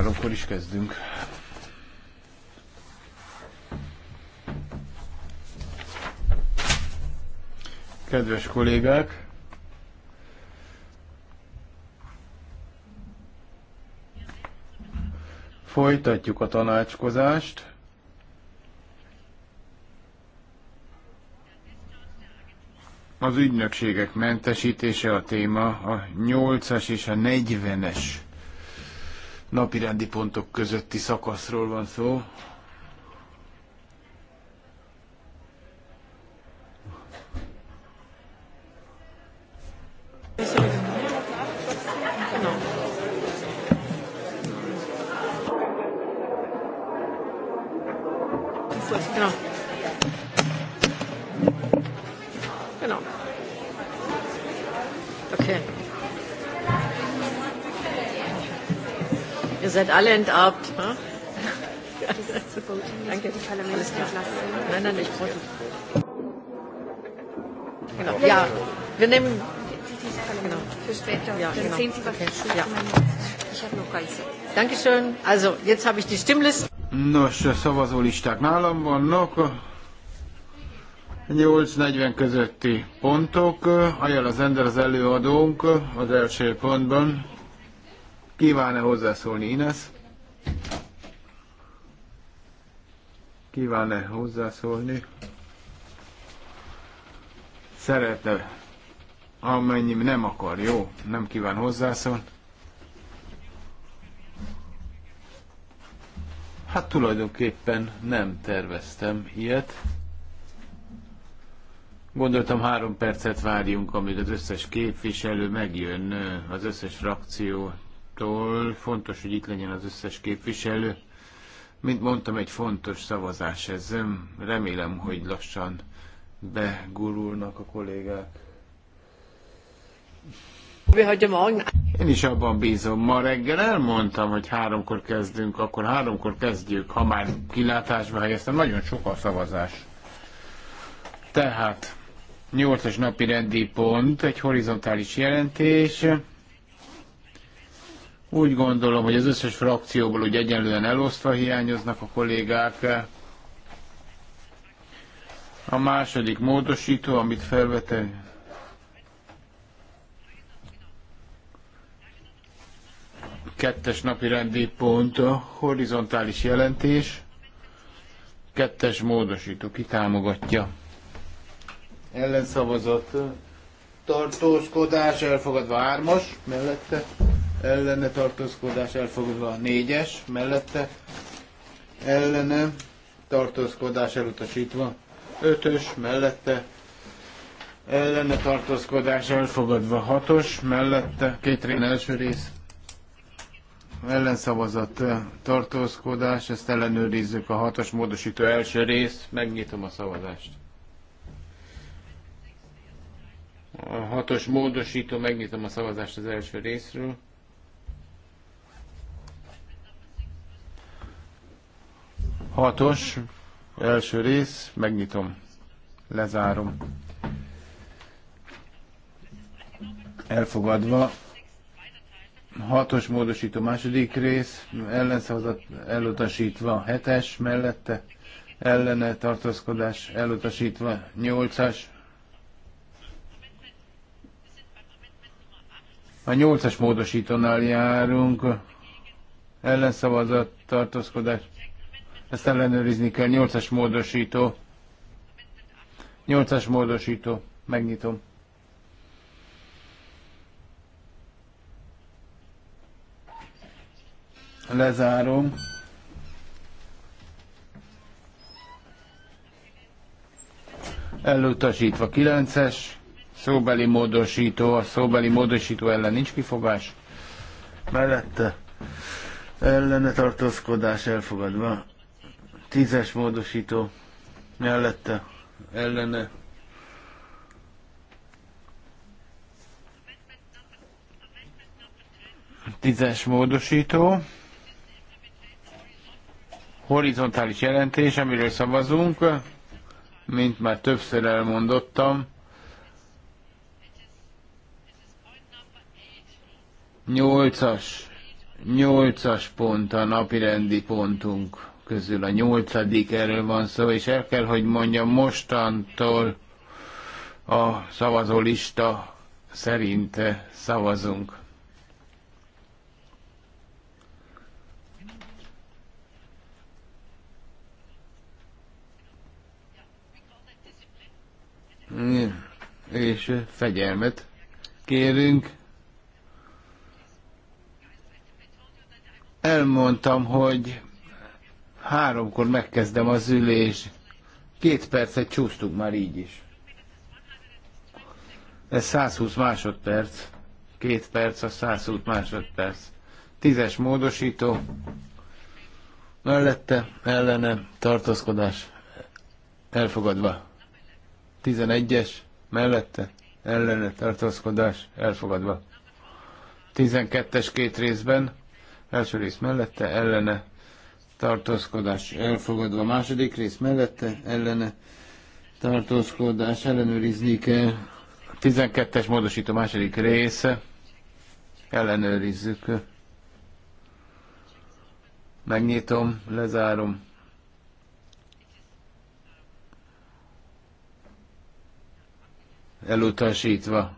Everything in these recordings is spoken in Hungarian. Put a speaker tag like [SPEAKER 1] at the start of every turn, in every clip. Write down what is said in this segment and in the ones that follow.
[SPEAKER 1] háromkor is kezdünk. Kedves kollégák! Folytatjuk a tanácskozást. Az ügynökségek mentesítése a téma, a 8-as és a 40-es napirendi pontok közötti szakaszról van szó.
[SPEAKER 2] Elend ab. Nein, nein, ich brauche. Genau. Ja, wir nehmen. Genau. Für später. Ja, genau. Dann sehen Sie, was okay. ja. Ich habe noch Geise. Dankeschön. Also, jetzt habe ich die Stimmliste.
[SPEAKER 1] Nos, a szavazólisták nálam vannak. 8-40 közötti pontok. Ajánl az ember az előadónk az első pontban. Kíván-e hozzászólni Inesz? Kíván-e hozzászólni? Szeretne, amennyi nem akar, jó? Nem kíván hozzászólni? Hát tulajdonképpen nem terveztem ilyet. Gondoltam három percet várjunk, amíg az összes képviselő megjön az összes frakciótól. Fontos, hogy itt legyen az összes képviselő. Mint mondtam, egy fontos szavazás ez. Remélem, hogy lassan begurulnak a kollégák. Én is abban bízom. Ma reggel elmondtam, hogy háromkor kezdünk, akkor háromkor kezdjük, ha már kilátásba helyeztem. Nagyon sok a szavazás. Tehát nyolcas napi rendi pont, egy horizontális jelentés. Úgy gondolom, hogy az összes frakcióból ugye egyenlően elosztva hiányoznak a kollégák. A második módosító, amit felvetek, kettes napi rendi pont, a horizontális jelentés, kettes módosító, ki támogatja? Ellenszavazott tartózkodás, elfogadva hármas, mellette, ellene tartózkodás elfogadva a négyes mellette, ellene tartózkodás elutasítva, ötös mellette, ellene tartózkodás elfogadva, hatos mellette, két rén első rész, ellenszavazat eh, tartózkodás, ezt ellenőrizzük a hatos módosító első rész. megnyitom a szavazást. A hatos módosító, megnyitom a szavazást az első részről. Hatos, első rész, megnyitom, lezárom. Elfogadva. Hatos módosító második rész, ellenszavazat elutasítva, hetes mellette, ellene tartózkodás elutasítva, nyolcas. A nyolcas módosítónál járunk, ellenszavazat tartózkodás ezt ellenőrizni kell. 8-as módosító. 8-as módosító. Megnyitom. Lezárom. Elutasítva 9-es. Szóbeli módosító. A szóbeli módosító ellen nincs kifogás. Mellette ellene tartózkodás elfogadva. Tízes módosító mellette ellene. Tízes módosító. Horizontális jelentés, amiről szavazunk, mint már többször elmondottam. Nyolcas, nyolcas pont a napi rendi pontunk közül, a nyolcadik erről van szó, és el kell, hogy mondjam, mostantól a szavazólista szerint szavazunk. És fegyelmet kérünk. Elmondtam, hogy Háromkor megkezdem az ülés. Két percet csúsztunk már így is. Ez 120 másodperc. Két perc a 120 másodperc. Tízes módosító. Mellette, ellene, tartózkodás. Elfogadva. 11-es, mellette, ellene, tartózkodás. Elfogadva. 12-es két részben, első rész mellette, ellene, tartózkodás elfogadva. Második rész mellette ellene tartózkodás ellenőrizni kell. 12-es módosító második része. Ellenőrizzük. Megnyitom, lezárom. Elutasítva.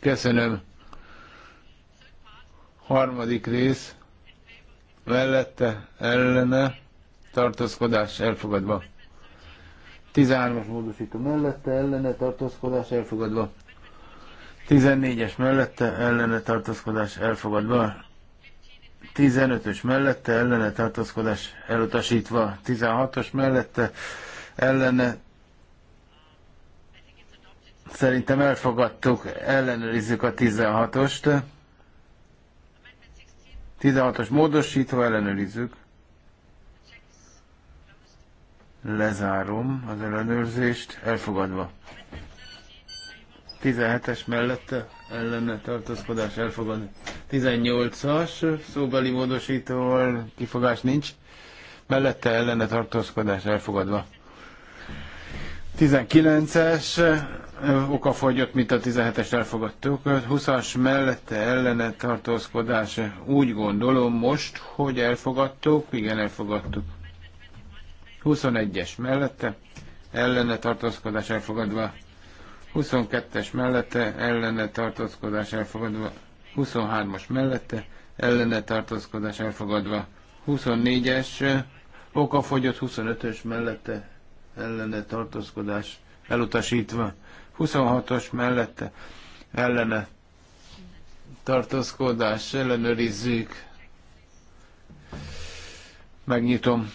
[SPEAKER 1] Köszönöm. Harmadik rész mellette ellene tartózkodás elfogadva. 13-as módosító mellette ellene tartózkodás elfogadva. 14-es mellette ellene tartózkodás elfogadva. 15-ös mellette ellene tartózkodás elutasítva. 16-os mellette ellene szerintem elfogadtuk, ellenőrizzük a 16-ost. 16-os módosító, ellenőrizzük. Lezárom az ellenőrzést, elfogadva. 17-es mellette ellene tartózkodás elfogadni. 18-as szóbeli módosítóval kifogás nincs. Mellette ellene tartózkodás elfogadva. 19-es okafogyott, mint a 17-es elfogadtuk. 20-as mellette ellene tartózkodás. Úgy gondolom most, hogy elfogadtuk. Igen, elfogadtuk. 21-es mellette ellene tartózkodás elfogadva. 22-es mellette ellene tartózkodás elfogadva. 23-as mellette ellene tartózkodás elfogadva. 24-es okafogyott 25-ös mellette ellene tartózkodás elutasítva. 26-os mellette ellene tartózkodás ellenőrizzük. Megnyitom.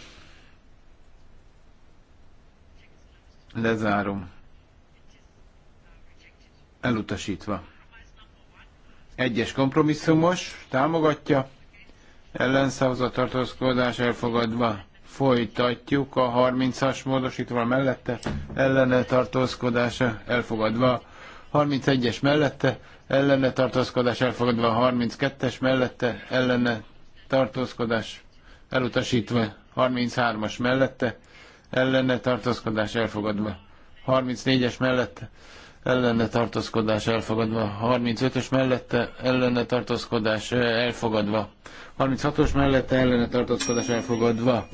[SPEAKER 1] Lezárom. Elutasítva. Egyes kompromisszumos, támogatja, ellenszavazat tartózkodás elfogadva. Folytatjuk a 30-as módosítóval mellette, ellene tartózkodása elfogadva. 31-es mellette, ellene tartózkodás elfogadva. 32-es mellette, ellene tartózkodás elutasítva. 33-as mellette, ellene tartózkodás elfogadva. 34-es mellette, ellene tartózkodás elfogadva, 35-ös mellette ellene tartózkodás elfogadva, 36-os mellette ellene tartózkodás elfogadva,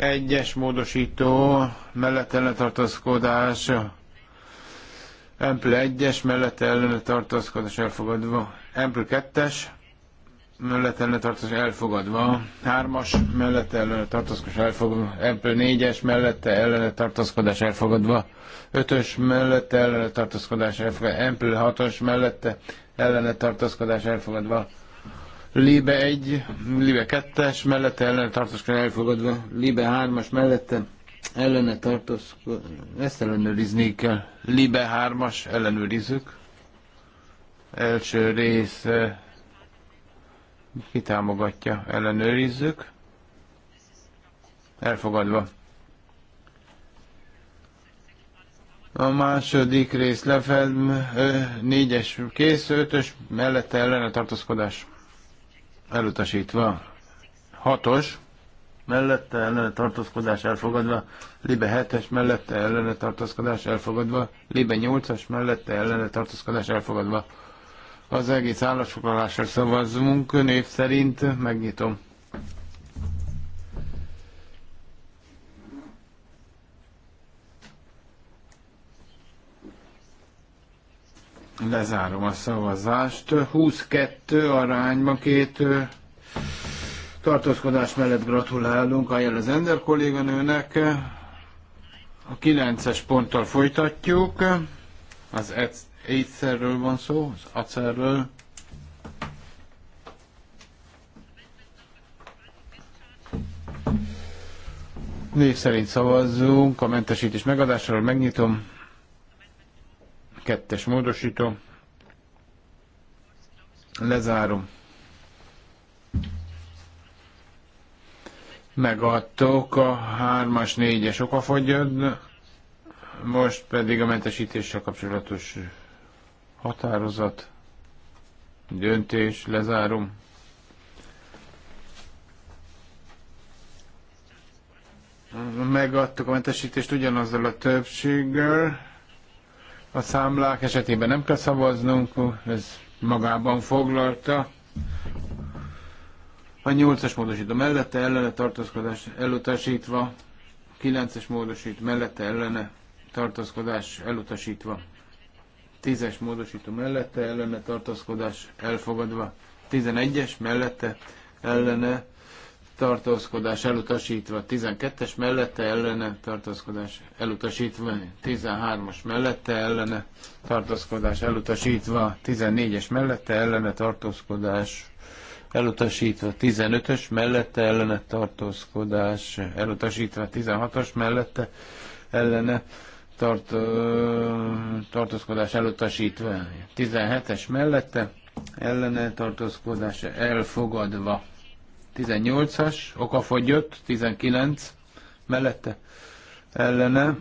[SPEAKER 1] egyes módosító mellett ellene tartózkodás. Ample 1-es mellett ellene tartózkodás elfogadva. Ample 2-es mellett ellene tartózkodás elfogadva. 3-as mellett ellene tartózkodás elfogadva. Ample 4-es mellett ellene tartózkodás elfogadva. 5-ös mellette ellene elfogadva. Ample 6-os mellett ellene tartózkodás elfogadva. Libe 1, Libe 2-es, mellette ellene tartózkodni elfogadva, Libe 3-as mellette ellene tartózkodni, ezt ellenőrizni kell. Libe 3-as, ellenőrizzük. Első rész kitámogatja, ellenőrizzük. Elfogadva. A második rész lefed, négyes kész, ötös, mellette ellene tartózkodás elutasítva. Hatos, mellette ellene tartózkodás elfogadva, Libe 7-es mellette ellene tartózkodás elfogadva, Libe 8-as mellette ellene tartózkodás elfogadva. Az egész állásfoglalásra szavazzunk, név szerint megnyitom. Lezárom a szavazást. 22 arányban két tartózkodás mellett gratulálunk jel az Ender kolléganőnek. A 9-es ponttal folytatjuk. Az egyszerről van szó, az acerről. Név szerint szavazzunk a mentesítés megadásáról, megnyitom. Kettes módosító. Lezárom. Megadtok a hármas, négyes okafogyad, most pedig a mentesítéssel kapcsolatos határozat, döntés, lezárom. Megadtuk a mentesítést ugyanazzal a többséggel. A számlák esetében nem kell szavaznunk, ez magában foglalta. A nyolcas módosító mellette ellene tartózkodás elutasítva, kilences es mellette ellene tartózkodás elutasítva, tízes es módosító mellette ellene tartózkodás elfogadva, tizenegyes mellette ellene tartózkodás elutasítva, 12-es mellette ellene tartózkodás elutasítva, 13-as mellette ellene tartózkodás elutasítva, 14-es mellette ellene tartózkodás elutasítva, 15-ös mellette ellene tartózkodás elutasítva, 16-os mellette ellene tart, tartózkodás elutasítva, 17-es mellette ellene tartózkodás elfogadva. 18-as, okafogyott, 19 mellette ellene.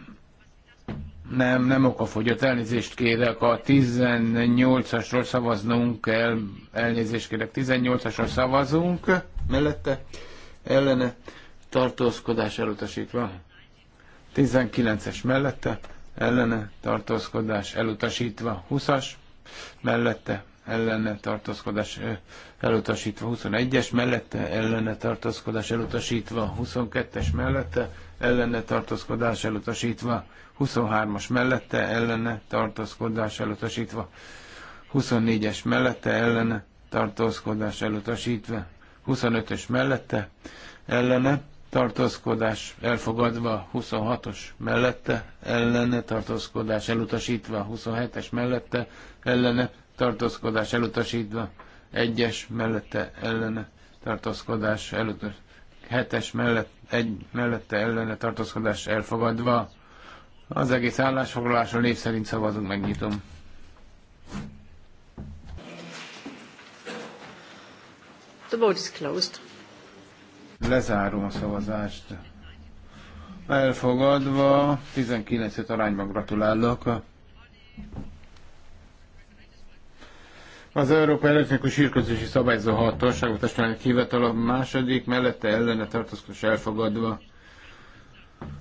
[SPEAKER 1] Nem, nem okafogyott, elnézést kérek, a 18-asról szavaznunk kell, elnézést kérek, 18-asról szavazunk, mellette ellene tartózkodás elutasítva. 19-es mellette ellene tartózkodás elutasítva. 20-as mellette ellene tartózkodás elutasítva, 21-es mellette ellene tartózkodás elutasítva, 22-es mellette ellene tartózkodás elutasítva, 23-as mellette ellene tartózkodás elutasítva, 24-es mellette ellene tartózkodás elutasítva, 25-ös mellette ellene tartózkodás elfogadva 26-os mellette, ellene tartózkodás elutasítva 27-es mellette, ellene tartózkodás elutasítva 1-es mellette, ellene tartózkodás elutasítva 7-es mellett, egy, mellette ellene tartózkodás elfogadva. Az egész állásfoglalásra név szerint szavazunk, megnyitom.
[SPEAKER 2] The vote is closed.
[SPEAKER 1] Lezárom a szavazást. Elfogadva, 19 et arányban gratulálok. Az Európai Elektronikus Hírközlési Szabályzó Hatóság utasítványok a második, mellette ellene tartózkodás elfogadva.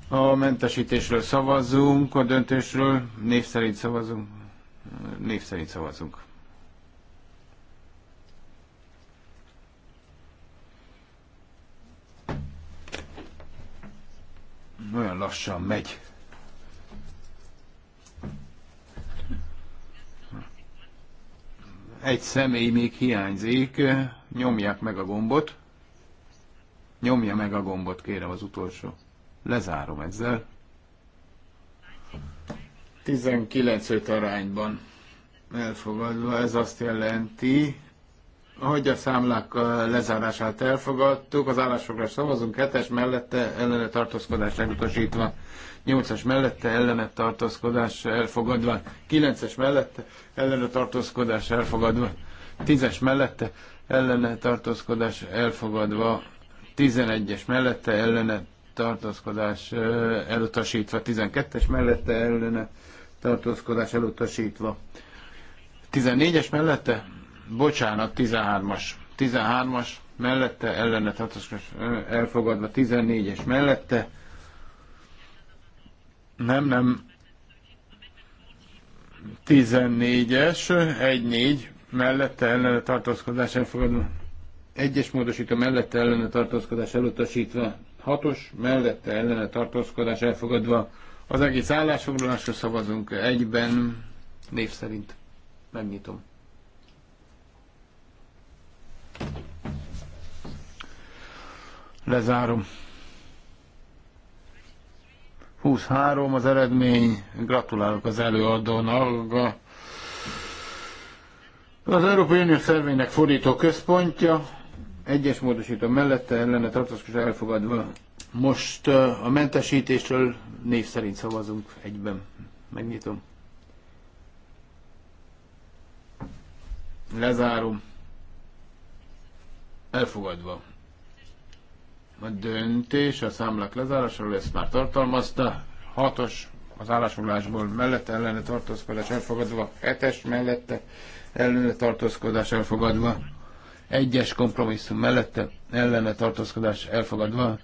[SPEAKER 1] A mentesítésről szavazunk, a döntésről név szerint szavazunk. Név szerint szavazunk. Olyan lassan megy. Egy személy még hiányzik. Nyomják meg a gombot. Nyomja meg a gombot, kérem az utolsó. Lezárom ezzel. 19 arányban elfogadva. Ez azt jelenti, ahogy a számlák lezárását elfogadtuk, az állásokra szavazunk, hetes mellette ellene tartózkodás elutasítva, nyolcas mellette ellene tartózkodás elfogadva, kilences mellette ellene tartózkodás elfogadva, tízes mellette ellene tartózkodás elfogadva, tizenegyes mellette ellene tartózkodás elutasítva, tizenkettes mellette ellene tartózkodás elutasítva. 14-es mellette bocsánat, 13-as. 13-as mellette, ellene tartózkodás elfogadva, 14-es mellette. Nem, nem. 14-es, 1-4 mellette, ellene tartózkodás elfogadva. Egyes módosító mellette ellene tartózkodás elutasítva, 6-os mellette ellene tartózkodás elfogadva. Az egész állásfoglalásra szavazunk egyben, név szerint. Megnyitom. Lezárom. 23 az eredmény. Gratulálok az előadónak. Az Európai Unió szervének fordító központja egyes módosító mellette ellene tartozkos elfogadva. Most a mentesítésről név szerint szavazunk egyben. Megnyitom. Lezárom. Elfogadva. A döntés a számlák lezárásáról ezt már tartalmazta. Hatos az állásfoglalásból mellette ellene tartózkodás elfogadva, hetes mellette ellene tartózkodás elfogadva, egyes kompromisszum mellette ellene tartózkodás elfogadva,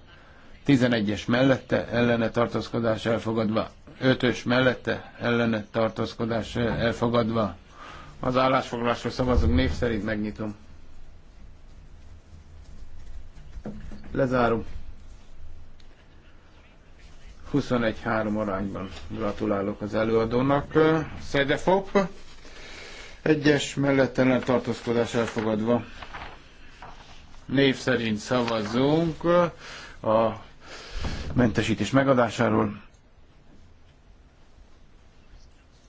[SPEAKER 1] tizenegyes mellette ellene tartózkodás elfogadva, ötös mellette ellene tartózkodás elfogadva. Az állásfoglalásról szavazunk név szerint megnyitom. Lezárom. 21-3 arányban gratulálok az előadónak. Szedefop, egyes mellettelen tartózkodás elfogadva. Név szerint szavazzunk a mentesítés megadásáról.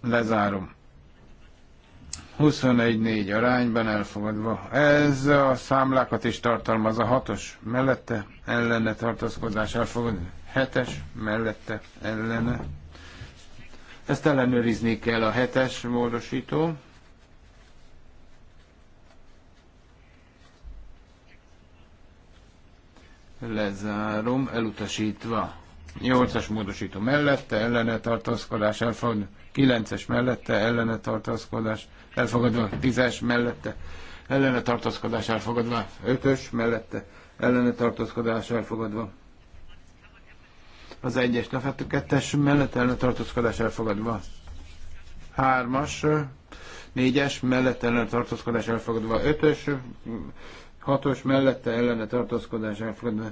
[SPEAKER 1] Lezárom. 21-4 arányban elfogadva. Ez a számlákat is tartalmaz a 6-os mellette ellene tartózkodás elfogadva. 7-es mellette ellene. Ezt ellenőrizni kell a 7-es módosító. Lezárom, elutasítva. 8-as módosító mellette, ellene tartózkodás elfogadva. 9-es mellette, ellene tartózkodás elfogadva. 10-es mellette, ellene tartózkodás elfogadva. 5-ös mellette, ellene tartózkodás elfogadva. Az 1-es lefettő 2-es mellette, ellene tartózkodás elfogadva. 3-as, 4-es mellette, ellene tartózkodás elfogadva. 5-ös, 6-os mellette, ellene tartózkodás elfogadva.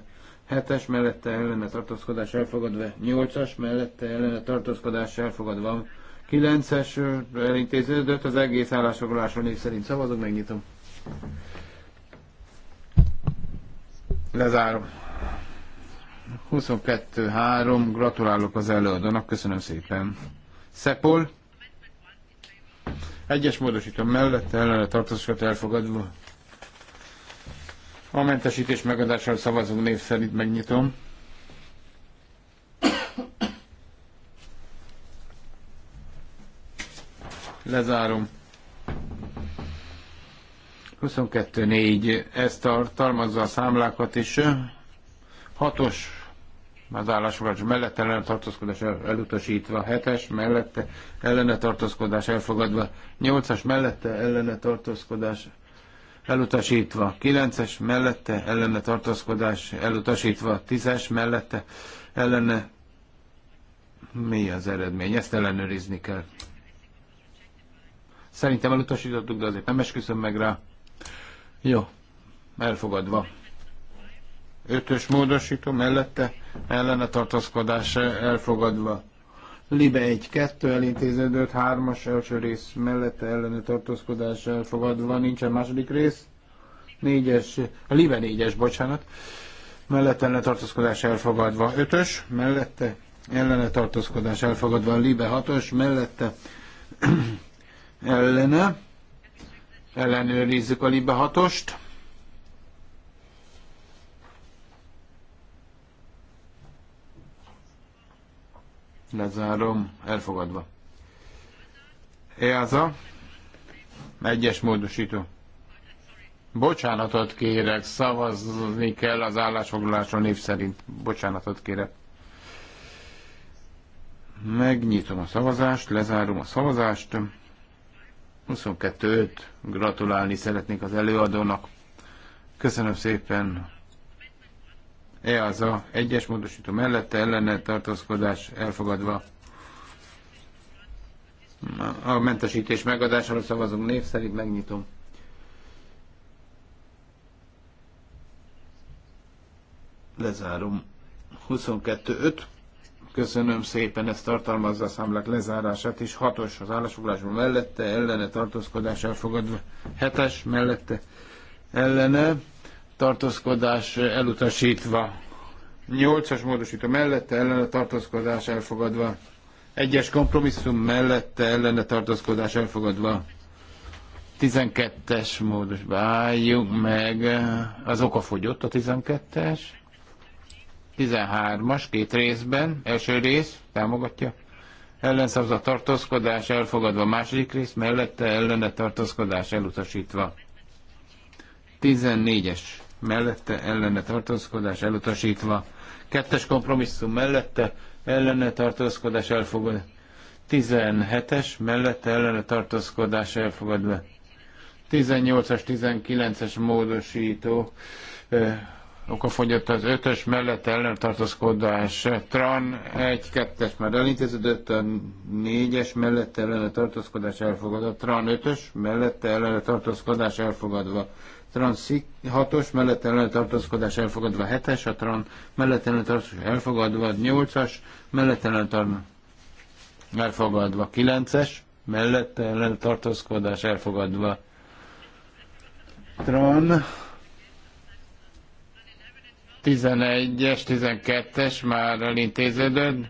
[SPEAKER 1] 7-es mellette ellene tartózkodás elfogadva, 8-as mellette ellene tartózkodás elfogadva, 9-es elintéződött, az egész állásfoglalásról név szerint szavazok, megnyitom. Lezárom. 22-3, gratulálok az előadónak, köszönöm szépen. Szepol. Egyes módosítom mellette, ellene tartózkodás elfogadva, a mentesítés megadásáról szavazunk név szerint megnyitom. Lezárom. 22.4. Ez tartalmazza a számlákat is. 6-os az állásfoglalás mellett ellene tartózkodás elutasítva, 7-es mellette ellene tartózkodás elfogadva, 8-as mellette ellene tartózkodás elutasítva, 9-es mellette ellene tartózkodás elutasítva, 10-es mellette ellene mi az eredmény, ezt ellenőrizni kell. Szerintem elutasítottuk, de azért nem esküszöm meg rá. Jó, elfogadva. Ötös módosító mellette ellene tartózkodás elfogadva. Libe 1-2 elintéződött, 3-as első rész mellett ellenő tartózkodás elfogadva, nincsen második rész, 4-es, Libe 4-es, bocsánat, Mellett ellene tartózkodás elfogadva, 5-ös, mellette ellene tartózkodás elfogadva, Libe 6-os, mellette ellene, ellenőrizzük a Libe 6-ost, Lezárom. Elfogadva. Éjáza. Egyes módosító. Bocsánatot kérek, szavazni kell az állásfoglalásról név szerint. Bocsánatot kérek. Megnyitom a szavazást, lezárom a szavazást. 22-5. Gratulálni szeretnék az előadónak. Köszönöm szépen E az a egyes módosító mellette ellene tartózkodás elfogadva. A mentesítés megadására szavazunk név szerint, megnyitom. Lezárom. 22.5. Köszönöm szépen, ez tartalmazza a számlák lezárását is. Hatos az állásfoglalásban mellette, ellene tartózkodás elfogadva. Hetes mellette, ellene tartózkodás elutasítva. 8-as módosító mellette ellene tartózkodás elfogadva. Egyes kompromisszum mellette ellene tartózkodás elfogadva. 12-es módos. Váljunk meg. Az oka fogyott a 12-es. 13-as, két részben. Első rész támogatja. Ellenszavazat tartózkodás elfogadva. Második rész mellette ellene tartózkodás elutasítva. 14-es mellette ellene tartózkodás elutasítva. Kettes kompromisszum mellette ellene tartózkodás elfogadva. 17-es mellette ellene tartózkodás elfogadva. 18-as, 19-es módosító okafogyott az 5-ös mellett ellen tartózkodás. Tran 1-2-es már elintéződött, a 4-es mellett ellen tartózkodás elfogadva. Tran 5-ös mellette ellen tartózkodás elfogadva. Tran 6-os, mellett ellen tartózkodás elfogadva 7-es, a Tran mellett ellen tartózkodás elfogadva 8-as, mellett ellen tartózkodás elfogadva 9-es, mellett ellen tartózkodás elfogadva Tran 11-es, 12-es már elintéződött,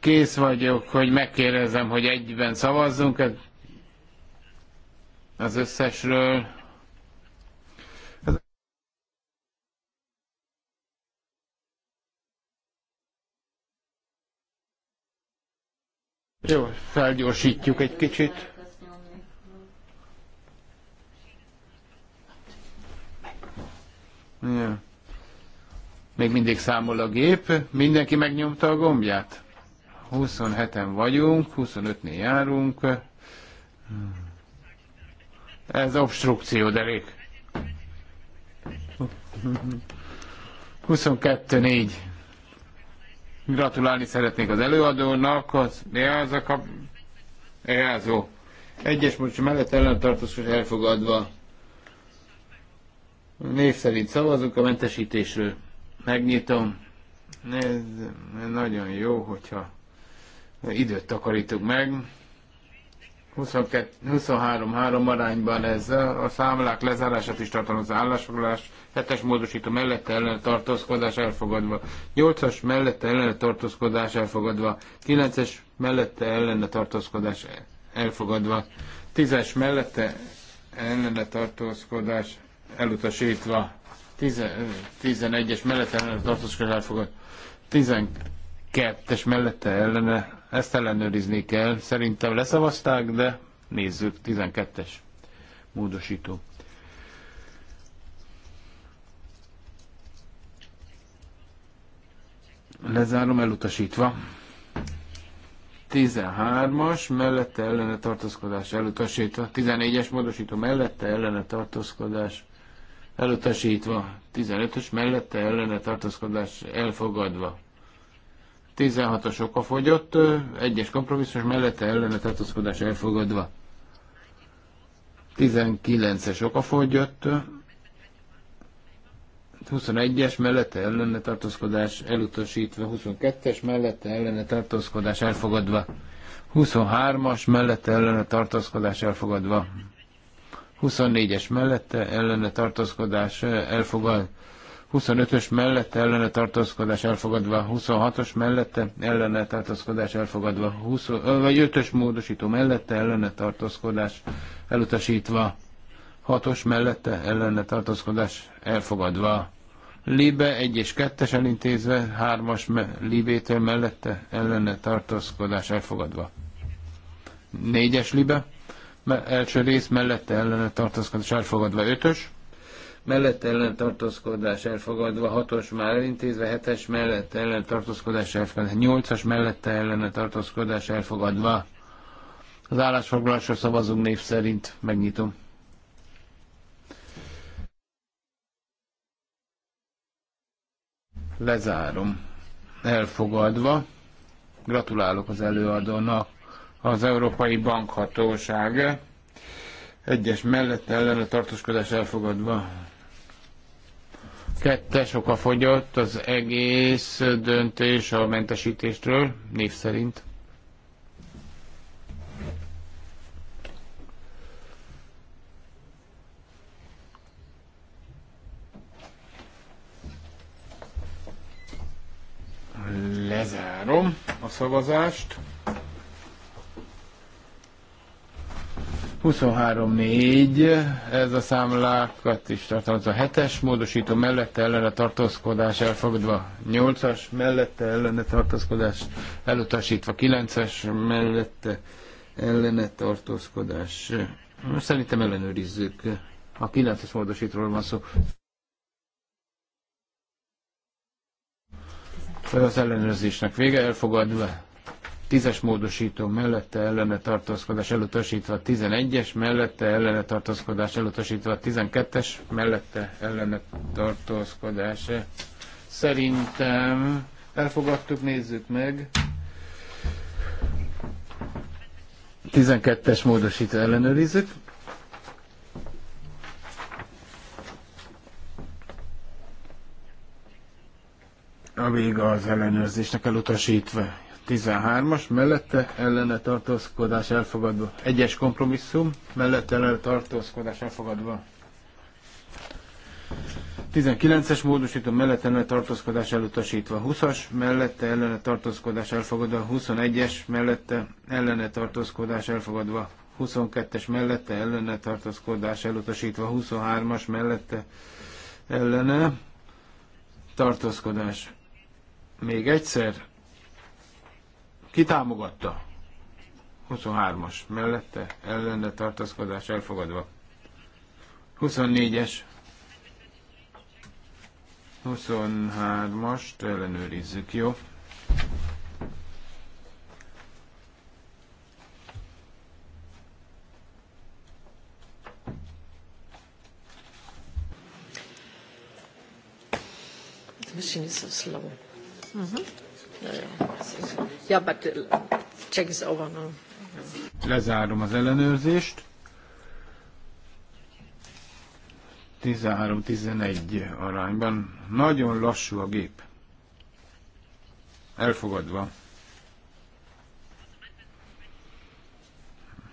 [SPEAKER 1] kész vagyok, hogy megkérdezem, hogy egyben szavazzunk az összesről. Jó, felgyorsítjuk egy kicsit. Ja. Még mindig számol a gép. Mindenki megnyomta a gombját? 27-en vagyunk, 25-nél járunk. Ez obstrukció, derék. 22-4. Gratulálni szeretnék az előadónak, az az a kap... Ejázó. Egyes most mellett ellentartozó elfogadva. Név szerint szavazunk a mentesítésről. Megnyitom. Ez nagyon jó, hogyha időt takarítunk meg. 23-3 arányban ez a számlák lezárását is tartalmaz állásfoglalás, 7-es módosító mellette ellen tartózkodás elfogadva, 8-as mellette ellen tartózkodás elfogadva, 9-es mellette ellen tartózkodás elfogadva, 10-es mellette ellen tartózkodás elutasítva, 11-es mellette ellen tartózkodás elfogadva, 12-es mellette ellene ezt ellenőrizni kell. Szerintem leszavazták, de nézzük. 12-es módosító. Lezárom elutasítva. 13-as, mellette ellene tartózkodás elutasítva. 14-es módosító, mellette ellene tartózkodás elutasítva. 15-ös, mellette ellene tartózkodás elfogadva. 16-os oka fogyott, egyes kompromisszus mellette ellene tartózkodás elfogadva. 19-es oka fogyott, 21-es mellette ellene tartózkodás elutasítva, 22-es mellette ellene tartózkodás elfogadva, 23-as mellette ellene tartózkodás elfogadva, 24-es mellette ellene tartózkodás elfogadva, 25-ös mellette ellene tartózkodás elfogadva, 26-os mellette ellene tartózkodás elfogadva, 20, vagy 5-ös módosító mellette ellene tartózkodás elutasítva, 6-os mellette ellene tartózkodás elfogadva. Libe 1 és 2-es elintézve, 3-as me, Libétől mellette ellene tartózkodás elfogadva. 4-es Libe, első rész mellette ellene tartózkodás elfogadva, 5-ös mellett ellentartózkodás elfogadva, hatos már elintézve, hetes mellett ellentartózkodás elfogadva, nyolcas mellette ellentartózkodás elfogadva. Az állásfoglalásra szavazunk név szerint, megnyitom. Lezárom. Elfogadva. Gratulálok az előadónak. Az Európai Bankhatóság egyes mellette ellen a tartózkodás elfogadva. Kettes oka fogyott az egész döntés a mentesítésről, név szerint. Lezárom a szavazást. 23.4, ez a számlákat is tartalmazza. 7-es módosító mellette ellene tartózkodás elfogadva, 8-as mellette ellene tartózkodás elutasítva, 9-es mellette ellene tartózkodás. Most szerintem ellenőrizzük. A 9-es módosítról van szó. Az ellenőrzésnek vége elfogadva. 10-es módosító mellette ellene tartózkodás elutasítva, 11-es mellette ellene tartózkodás elutasítva, 12-es mellette ellene tartózkodás. Szerintem elfogadtuk, nézzük meg. 12-es módosító ellenőrizzük. a vége az ellenőrzésnek elutasítva. 13-as mellette ellene tartózkodás elfogadva. Egyes kompromisszum mellette ellene tartózkodás elfogadva. 19-es módosító mellett ellene tartózkodás elutasítva, 20-as mellette ellene tartózkodás elfogadva, 21-es mellette ellene tartózkodás elfogadva, 22-es mellette ellene tartózkodás elutasítva, 23-as mellette ellene tartózkodás. Még egyszer ki támogatta? 23-as mellette ellene tartaszkodás elfogadva. 24-es. 23-ast ellenőrizzük, jó?
[SPEAKER 2] Mm-hmm. Uh,
[SPEAKER 1] Lezárom az ellenőrzést. 13-11 arányban. Nagyon lassú a gép. Elfogadva.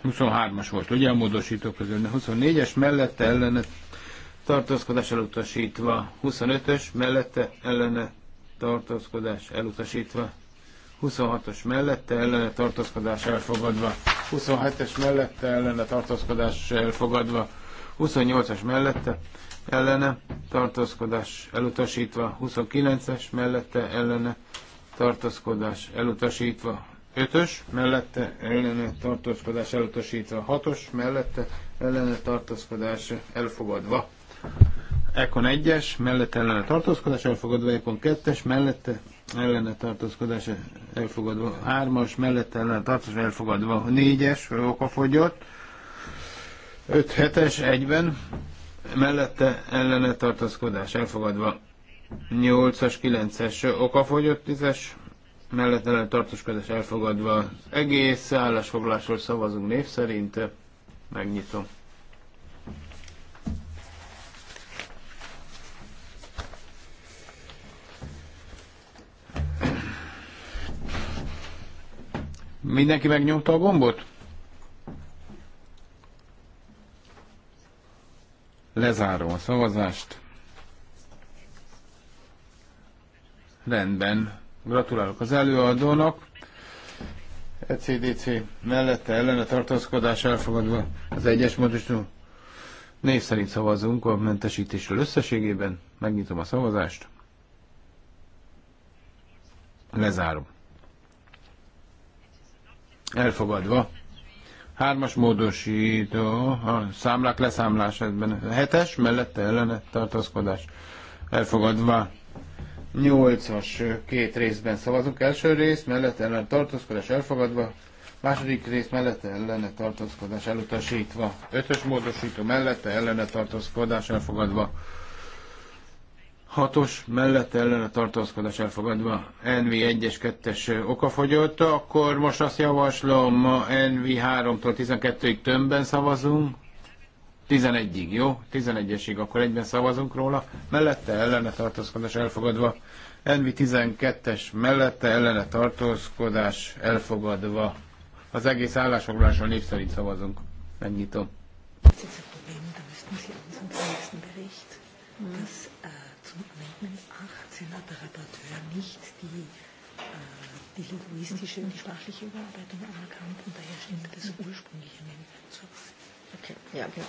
[SPEAKER 1] 23-as volt, ugye a módosító közül. 24-es mellette ellene tartózkodás elutasítva. 25-ös mellette ellene tartózkodás elutasítva. 26-os mellette ellene tartózkodás elfogadva. 27-es mellette ellene tartózkodás elfogadva. 28-as mellette ellene tartózkodás elutasítva. 29-es mellette ellene tartózkodás elutasítva. 5-ös mellette ellene tartózkodás elutasítva. 6-os mellette ellene tartózkodás elfogadva. Ekon 1-es, mellette ellene tartózkodás elfogadva, Ekon 2-es, mellette ellene tartózkodás elfogadva, 3-as, mellette ellene tartózkodás elfogadva, 4-es, okafogyott, 5-7-es, 1-ben, mellette ellene tartózkodás elfogadva, 8-as, 9-es, okafogyott, 10-es, mellette ellene tartózkodás elfogadva, egész állásfoglásról szavazunk név szerint, megnyitom. Mindenki megnyomta a gombot? Lezárom a szavazást. Rendben. Gratulálok az előadónak. ECDC mellette ellene tartózkodás elfogadva az egyes módosító. Név szerint szavazunk a mentesítésről összességében. Megnyitom a szavazást. Lezárom. Elfogadva. Hármas módosító, a számlák leszámlás ebben. Hetes, mellette ellene tartózkodás. Elfogadva. Nyolcas két részben szavazunk. Első rész mellette ellene tartózkodás elfogadva. Második rész mellette ellene tartózkodás elutasítva. Ötös módosító mellette ellene tartózkodás elfogadva. 6-os mellett ellen a tartózkodás elfogadva NV 1-es, 2-es okafogyott, akkor most azt javaslom, ma NV 3-tól 12-ig tömbben szavazunk, 11-ig, jó? 11-esig, akkor egyben szavazunk róla, mellette ellene tartózkodás elfogadva, NV 12-es mellette ellene tartózkodás elfogadva. Az egész állásfoglalásról név szerint szavazunk. Megnyitom. Ez a
[SPEAKER 2] probléma, de most nem Sie unseren nächsten Bericht, hm. äh, 2018 hat der nicht die, äh, die linguistische und die sprachliche Überarbeitung anerkannt und daher das ursprüngliche
[SPEAKER 3] Okay, ja, genau.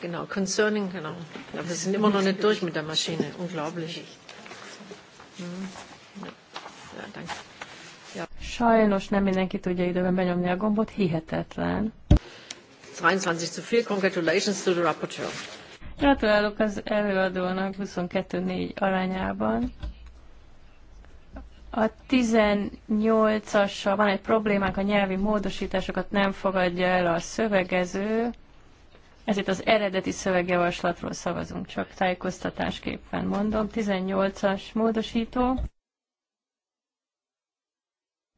[SPEAKER 3] genau. Concerning, genau. Ja, wir sind immer noch nicht durch mit der Maschine. Unglaublich. Hm, ja, danke. Ja. Sajnos nem mindenki tudja időben benyomni a gombot, hihetetlen. 23 zu 4, congratulations to the rapporteur. Gratulálok az előadónak 22-4 arányában. A 18-assal van egy problémák, a nyelvi módosításokat nem fogadja el a szövegező. Ez itt az eredeti szövegjavaslatról szavazunk, csak tájékoztatásképpen mondom. 18-as módosító.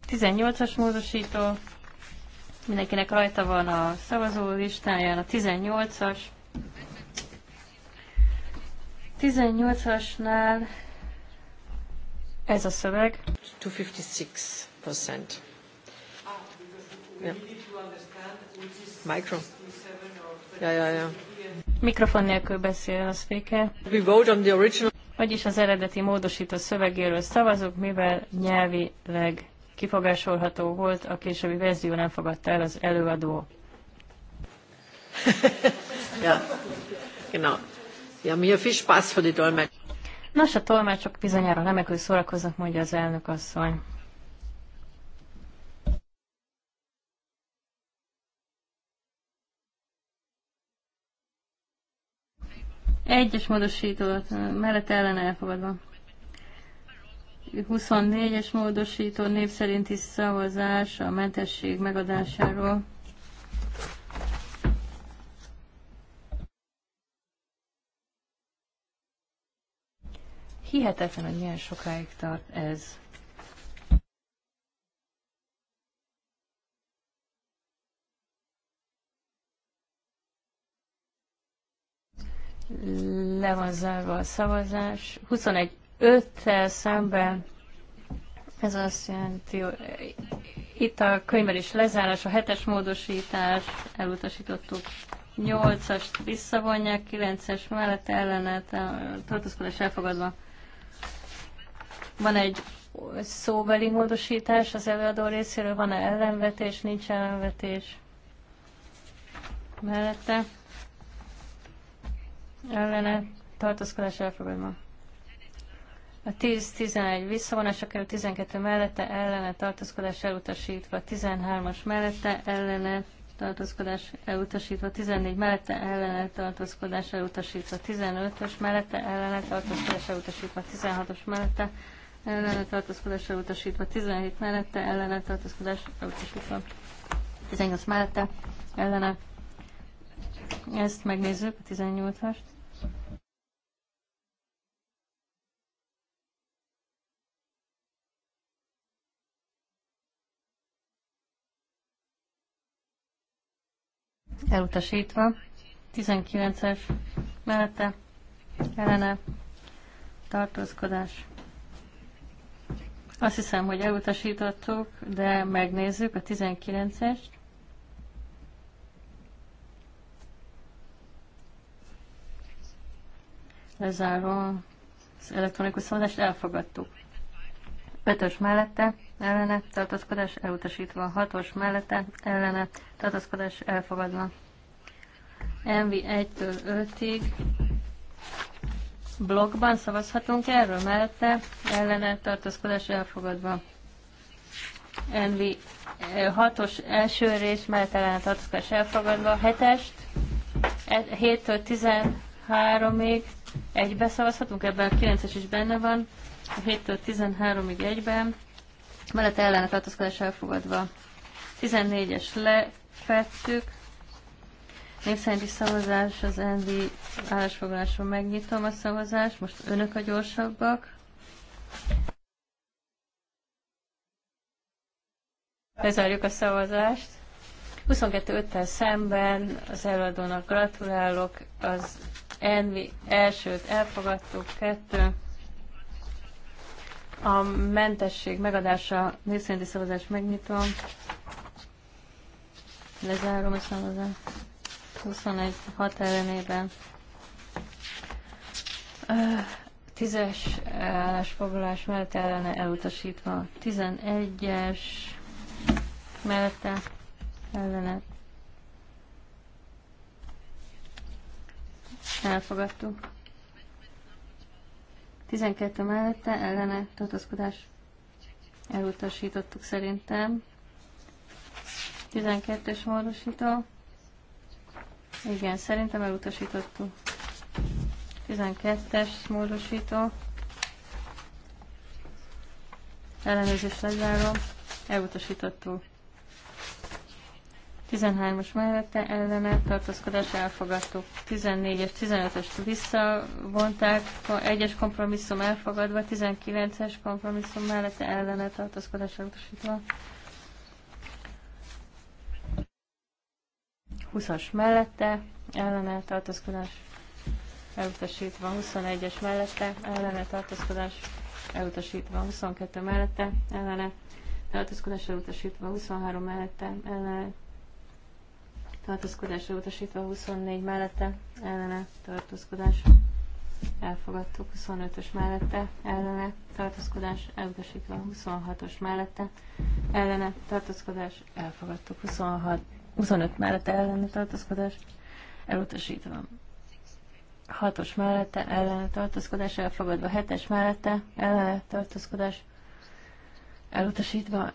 [SPEAKER 3] 18-as módosító. Mindenkinek rajta van a szavazó listáján a 18-as. 18-asnál
[SPEAKER 2] ez a szöveg. 256 percent. Yeah. Micro. Yeah, yeah, yeah. Mikrofon
[SPEAKER 3] nélkül beszél a széke. We vote on the original. Vagyis az eredeti módosított szövegéről szavazok, mivel nyelvileg kifogásolható volt, a későbbi verzió nem fogadta el az előadó.
[SPEAKER 2] Yeah. genau. Ja, mi a fish pass for the dolmács.
[SPEAKER 3] Nos, a tolmácsok bizonyára remekül szórakoznak, mondja az elnök asszony. Egyes módosító mellett ellen elfogadva. 24-es módosító név szerinti szavazás a mentesség megadásáról.
[SPEAKER 2] Hihetetlen, hogy milyen sokáig tart ez.
[SPEAKER 3] Le van zárva a szavazás. 21-5-tel szemben ez azt jelenti, itt a könyvelés lezárás, a hetes módosítás, elutasítottuk 8-ast visszavonják, 9-es mellett ellenet, tartózkodás elfogadva. Van egy szóbeli módosítás az előadó részéről, van-e ellenvetés, nincs ellenvetés mellette. Ellene tartózkodás elfogadva. A 10-11 visszavonása kerül, 12 mellette ellene tartózkodás elutasítva, 13-as mellette ellene tartózkodás elutasítva, 14 mellette ellene tartózkodás elutasítva, 15-ös mellette ellene tartózkodás elutasítva, 16-os mellette ellene tartózkodásra utasítva, 17 mellette ellene tartózkodásra utasítva, 18 mellette ellene. Ezt megnézzük, a 18-ast. Elutasítva, 19-es mellette ellene tartózkodás azt hiszem, hogy elutasítottuk, de megnézzük a 19-est. Lezárom az elektronikus szavazást, elfogadtuk. 5-ös mellette, ellene, tartózkodás elutasítva. 6-os mellette, ellene, tartózkodás elfogadva. MV 1-től 5-ig blogban szavazhatunk erről, mellette ellene tartózkodás elfogadva. Envi 6-os első rész, mellette ellene tartózkodás elfogadva. 7-est, 7-től 13-ig egybe szavazhatunk, ebben a 9-es is benne van. 7-től 13-ig egyben, mellette ellene tartózkodás elfogadva. 14-es lefettük, Név szerinti szavazás az ND állásfoglaláson megnyitom a szavazást. Most önök a gyorsabbak. Lezárjuk a szavazást. 22-5-tel szemben az előadónak gratulálok. Az Envi elsőt elfogadtuk, kettő. A mentesség megadása népszerinti szavazást megnyitom. Lezárom a szavazást. 21 ellenében. Tízes állásfoglalás mellett ellene elutasítva. 11-es mellette ellene elfogadtuk. 12 mellette ellene tartózkodás elutasítottuk szerintem. 12-es módosító igen, szerintem elutasítottuk. 12-es módosító. Ellenőrzés lezárom. Elutasítottuk. 13-as mellette ellene tartózkodás elfogadtuk. 14-es, 15-es visszavonták, 1-es kompromisszum elfogadva, 19-es kompromisszum mellette ellene tartózkodás elutasítva. 20-as mellette, ellene tartózkodás elutasítva, 21-es mellette, ellene tartózkodás elutasítva, 22 mellette, ellene tartózkodás elutasítva, 23 mellette, ellene tartózkodás elutasítva, 24 mellette, ellene tartózkodás elfogadtuk, 25-ös mellette, ellene tartózkodás elutasítva, 26-os mellette, ellene tartózkodás elfogadtuk, 26 25 mellette ellene tartózkodás elutasítva. 6-os mellette ellene tartózkodás elfogadva, 7-es mellette ellene tartózkodás elutasítva,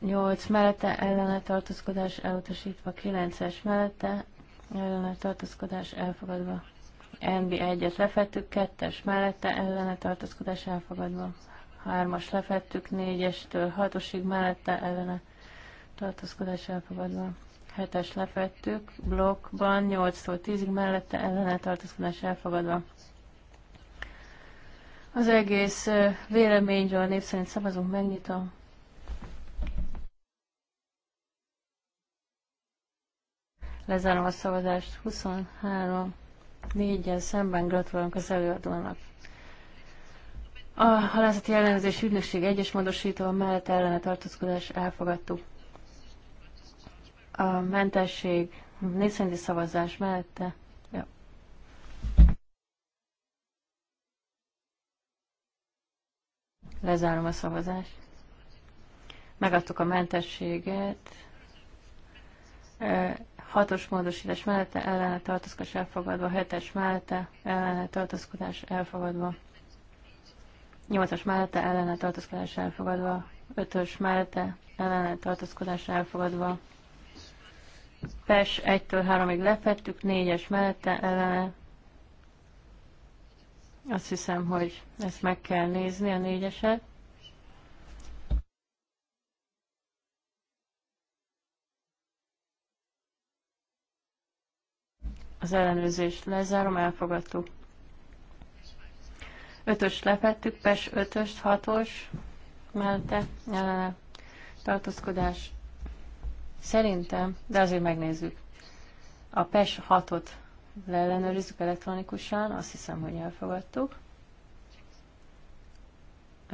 [SPEAKER 3] 8 mellette ellene tartózkodás elutasítva, 9-es mellette ellene tartózkodás elfogadva. NB1-et lefettük, 2-es mellette ellene tartózkodás elfogadva. 3-as lefettük, 4-estől 6-osig mellette ellene tartózkodás elfogadva. 7-es lefettük, blokkban 8-tól 10-ig mellette ellene tartózkodás elfogadva. Az egész véleményről a szerint szavazunk, megnyitom. Lezárom a szavazást 23 négyel szemben gratulálunk az előadónak. A halászati ellenőrzés ügynökség egyes a mellett ellene tartózkodás elfogadtuk. A mentesség nézszerinti szavazás mellette. Ja. Lezárom a szavazást. Megadtuk a mentességet. Hatos módosítás mellette ellene tartozkodás elfogadva, hetes mellette ellene tartozkodás elfogadva, nyolcas mellette ellene tartozkodás elfogadva, ötös mellette ellene tartozkodás elfogadva, PES 1-től 3-ig lefettük, 4-es mellette ellene. Azt hiszem, hogy ezt meg kell nézni, a 4-eset. Az ellenőrzést lezárom, elfogadtuk. 5-ös lefettük, PES 5-öst, 6-os mellette ellene tartózkodás Szerintem, de azért megnézzük. A PES 6-ot leellenőrizzük elektronikusan, azt hiszem, hogy elfogadtuk.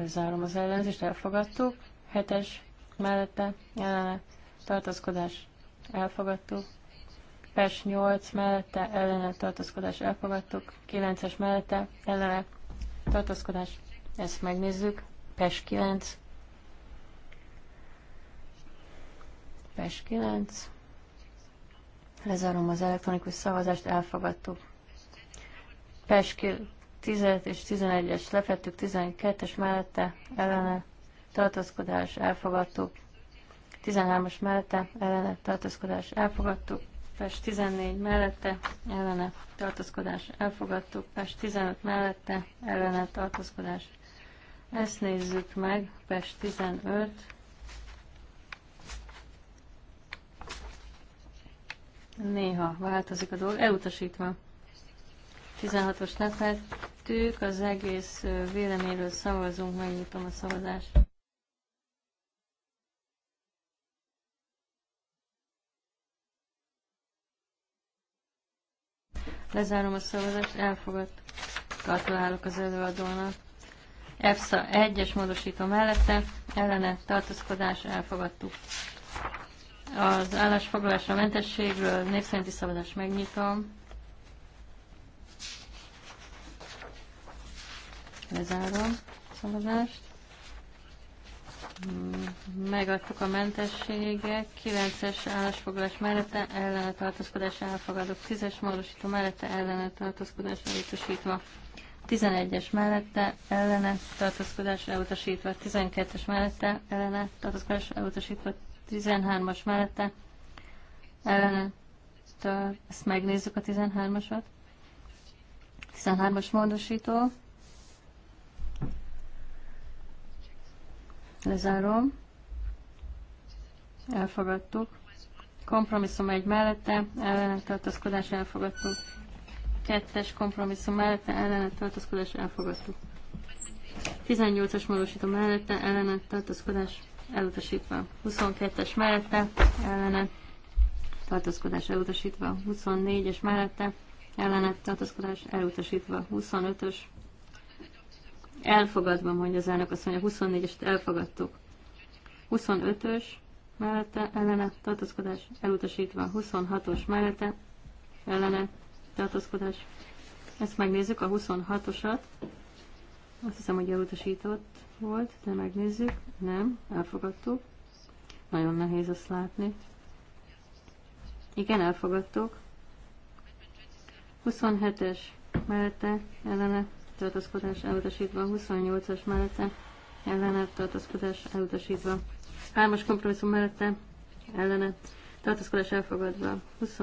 [SPEAKER 3] Zárom az ellenzést, elfogadtuk. 7-es mellette ellene tartózkodás elfogadtuk. PES 8 mellette ellene tartózkodás elfogadtuk. 9-es mellette ellene tartózkodás. Ezt megnézzük. PES 9. PES 9. Lezárom az elektronikus szavazást, elfogadtuk. PES 10 és 11-es lefettük, 12-es mellette ellene tartózkodás, elfogadtuk. 13-as mellette ellene tartózkodás, elfogadtuk. PES 14 mellette ellene tartózkodás, elfogadtuk. PES 15 mellette ellene tartózkodás. Ezt nézzük meg, PES 15 Néha változik a dolog. Elutasítva. 16-os lefettük, az egész véleményről szavazunk, megnyitom a szavazást. Lezárom a szavazást, elfogadt. Gratulálok az előadónak. EFSA 1-es módosító mellette, ellene tartózkodás elfogadtuk. Az állásfoglalásra mentességről népszerinti szavazást megnyitom. Lezárom a szavazást. Megadtuk a mentességek, 9-es állásfoglalás mellette ellene tartózkodás elfogadok, 10-es módosító mellette ellene tartózkodás elutasítva, 11-es mellette ellene tartózkodás elutasítva, 12-es mellette ellene tartózkodás elutasítva, 13-as mellette ellene ezt megnézzük a 13-asat. 13-as módosító. Lezárom. Elfogadtuk. Kompromisszum egy mellette, ellene tartózkodás elfogadtuk. Kettes kompromisszum mellette, ellene tartózkodás elfogadtuk. 18-as módosító mellette, ellene tartózkodás elutasítva 22-es mellette, ellene tartózkodás elutasítva 24-es mellette, ellene tartózkodás elutasítva 25-ös elfogadva, mondja az elnök azt mondja, 24-est elfogadtuk. 25-ös mellette ellene tartózkodás elutasítva, 26-os mellette ellene tartózkodás. Ezt megnézzük, a 26-osat. Azt hiszem, hogy elutasított volt, de megnézzük. Nem, elfogadtuk. Nagyon nehéz azt látni. Igen, elfogadtuk. 27-es mellette ellene tartaszkodás elutasítva, 28-as mellette ellene tartaszkodás elutasítva, 3-as kompromisszum mellette ellene tartaszkodás elfogadva, 20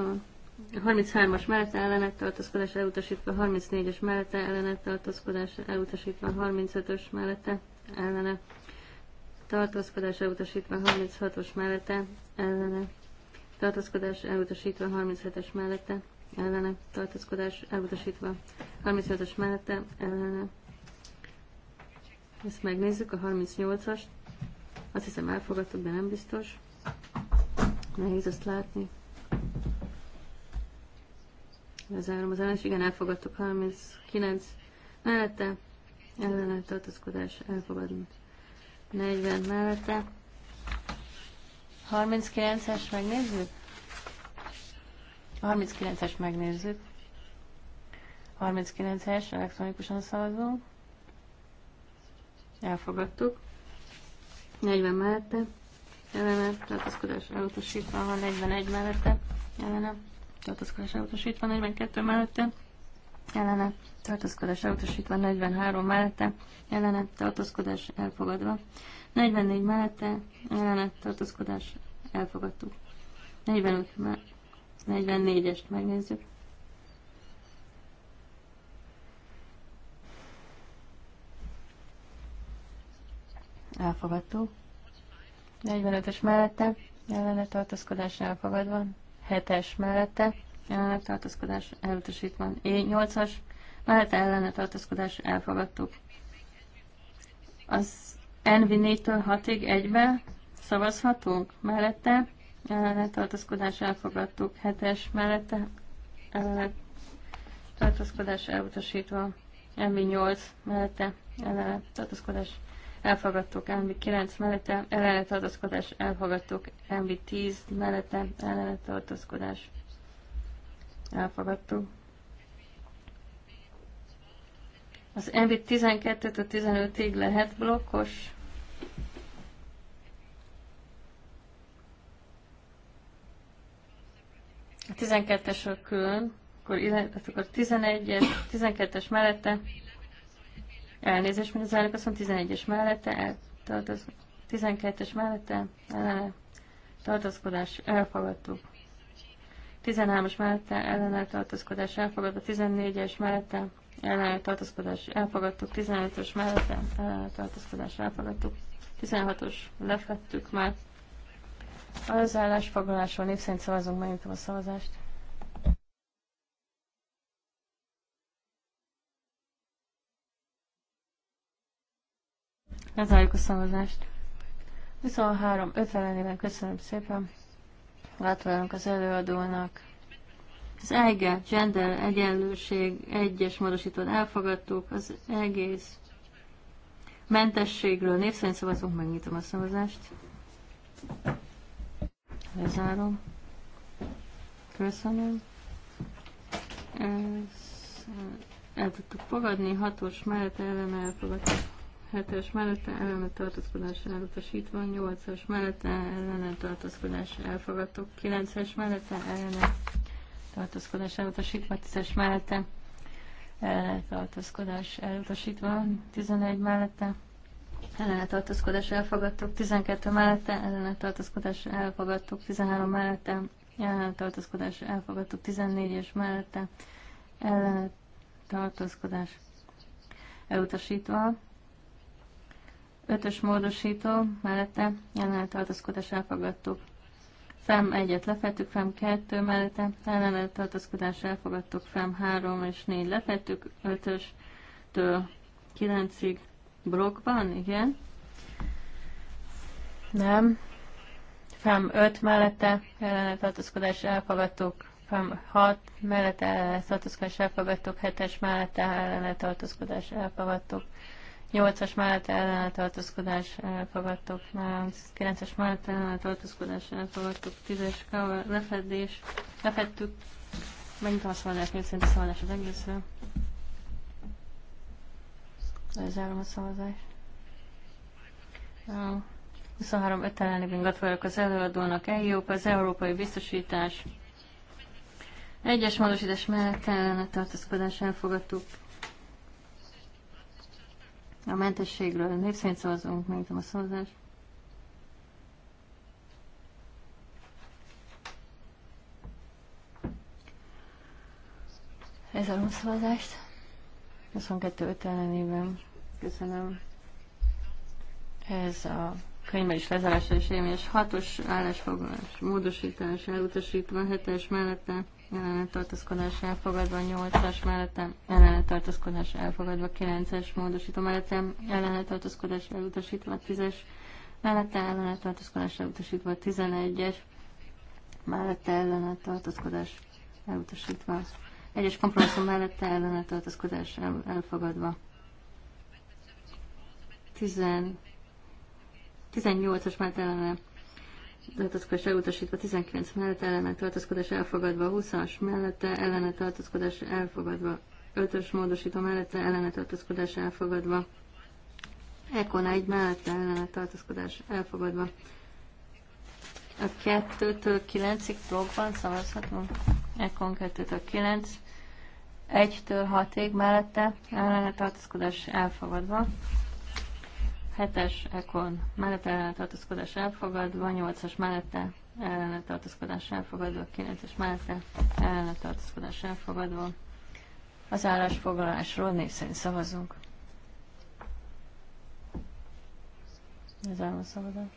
[SPEAKER 3] 33-as mellette ellenet tartózkodás elutasítva, 34-es mellette ellenet tartózkodás elutasítva, 35-ös mellette ellene tartózkodás elutasítva, 36-os mellette ellene tartózkodás elutasítva, 37-es mellette ellene tartózkodás elutasítva, 35-ös mellette ellene. Ezt megnézzük, a 38-ast. Azt hiszem elfogadtuk, de nem biztos. Nehéz azt látni. Lezárom az ellenség, Igen, elfogadtuk 39 mellette. ellenállt tartózkodás elfogadunk. 40 mellette. 39-es megnézzük? 39-es megnézzük. 39-es, elektronikusan szavazunk. Elfogadtuk. 40 mellette. Ellenem, tartózkodás elutasítva van 41 mellette. Ellenem, tartózkodás elutasítva 42 mellette, ellene tartózkodás elutasítva 43 mellette, ellene tartózkodás elfogadva 44 mellette, ellene tartózkodás elfogadtuk. 45 44-est megnézzük. Elfogadtuk. 45-ös mellette ellene tartózkodás elfogadva. 7-es mellette ellenet tartózkodás elutasítva. E8-as mellette ellenet tartózkodás elfogadtuk. Az NV4-től 6-ig egybe szavazhatunk mellette ellenet tartózkodás elfogadtuk. 7-es mellette ellenet tartózkodás elutasítva. NV8 mellette ellenet tartózkodás elfogadtuk elfogadtuk, MV9 mellette ellene tartózkodás, elfogadtuk, MV10 mellette ellene tartózkodás, elfogadtuk. Az mb 12 től 15-ig lehet blokkos, a 12-esről külön, akkor, akkor 11-es, 12-es mellette Elnézést, mint az elnök, azt 11-es mellette, eltartoz... 12-es mellette, ellene, tartózkodás, elfogadtuk. 13-as mellette, ellenállt tartózkodás, elfogadtuk. 14-es mellette, ellenállt tartózkodás, elfogadtuk. 15-ös mellette, ellenállt tartózkodás, elfogadtuk. 16-os lefettük már. Az állásfoglalásról név szerint szavazunk, megnyitom a szavazást. Lezárjuk a szavazást. 23 50 köszönöm szépen. Gratulálunk az előadónak. Az EG, gender, egyenlőség, egyes módosítót elfogadtuk, az egész mentességről név szavazunk, megnyitom a szavazást. Lezárom. Köszönöm. Ezt el tudtuk fogadni, hatos mellett ellen elfogadtuk. 7-es mellette ellene tartózkodás elutasítva, 8-as mellette ellene tartózkodás elfogadtuk, 9-es mellette ellene tartózkodás elutasítva, 10-es mellette ellene tartózkodás elutasítva, 11 mellette ellene tartózkodás elfogadtuk, 12 mellette ellene tartózkodás elfogadtuk, 13 mellette ellene tartózkodás elfogadtuk, 14-es mellette ellene tartózkodás elutasítva, Ötös módosító mellette ellene tartózkodás elfogadtuk. Fem egyet lefettük, Fem kettő mellette ellene tartózkodás elfogadtuk, Fem három és négy lefettük, ötös, től kilencig blokkban, igen. Nem. Fem 5 mellette ellene tartózkodás elfogadtuk, Fem 6 mellette ellene tartózkodás elfogadtuk, 7-es mellette ellene tartózkodás elfogadtuk. 8-as mellett ellenállt tartózkodás fogadtok, 9-es mellett ellenállt tartózkodás fogadtok, 10-es lefedés, lefedtük, megint a szavazás, miért szerint a szavazás az egészről. Lezárom a szavazást. 23 ellenében gratulálok az előadónak, eljók az európai biztosítás. Egyes módosítás mellett ellene tartózkodás elfogadtuk, a mentességről népszerint szavazunk, megnyitom a szavazást. Ez a rossz szavazást. 22 5 ellenében. Köszönöm. Ez a könyvben is lezárása és hatos állásfoglalás, módosítás, elutasítva, hetes mellette ellene tartózkodás elfogadva, 8-as mellettem ellene tartózkodás elfogadva, 9-es módosító mellettem ellene tartózkodás elutasítva, 10-es mellette ellene tartózkodás elutasítva, 11-es mellette ellene tartózkodás elutasítva, egyes kompromisszum mellette ellene tartózkodás el, elfogadva. 10, 18-as mellett ellene tartózkodás elutasítva 19 mellette, ellene tartózkodás elfogadva 20-as mellette, ellene tartózkodás elfogadva 5-ös módosító mellette, ellene tartózkodás elfogadva Ekon 1 mellette, ellene tartózkodás elfogadva a 2-től 9-ig blogban szavazhatunk? Ekon 2-től 9 1-től 6-ig mellette, ellene tartózkodás elfogadva 7-es Ekon mellette tartózkodás elfogadva, 8-as mellette ellene tartózkodás elfogadva, 9-es mellette ellene tartózkodás elfogadva. Az állásfoglalásról név szerint szavazunk. Ez szavazás.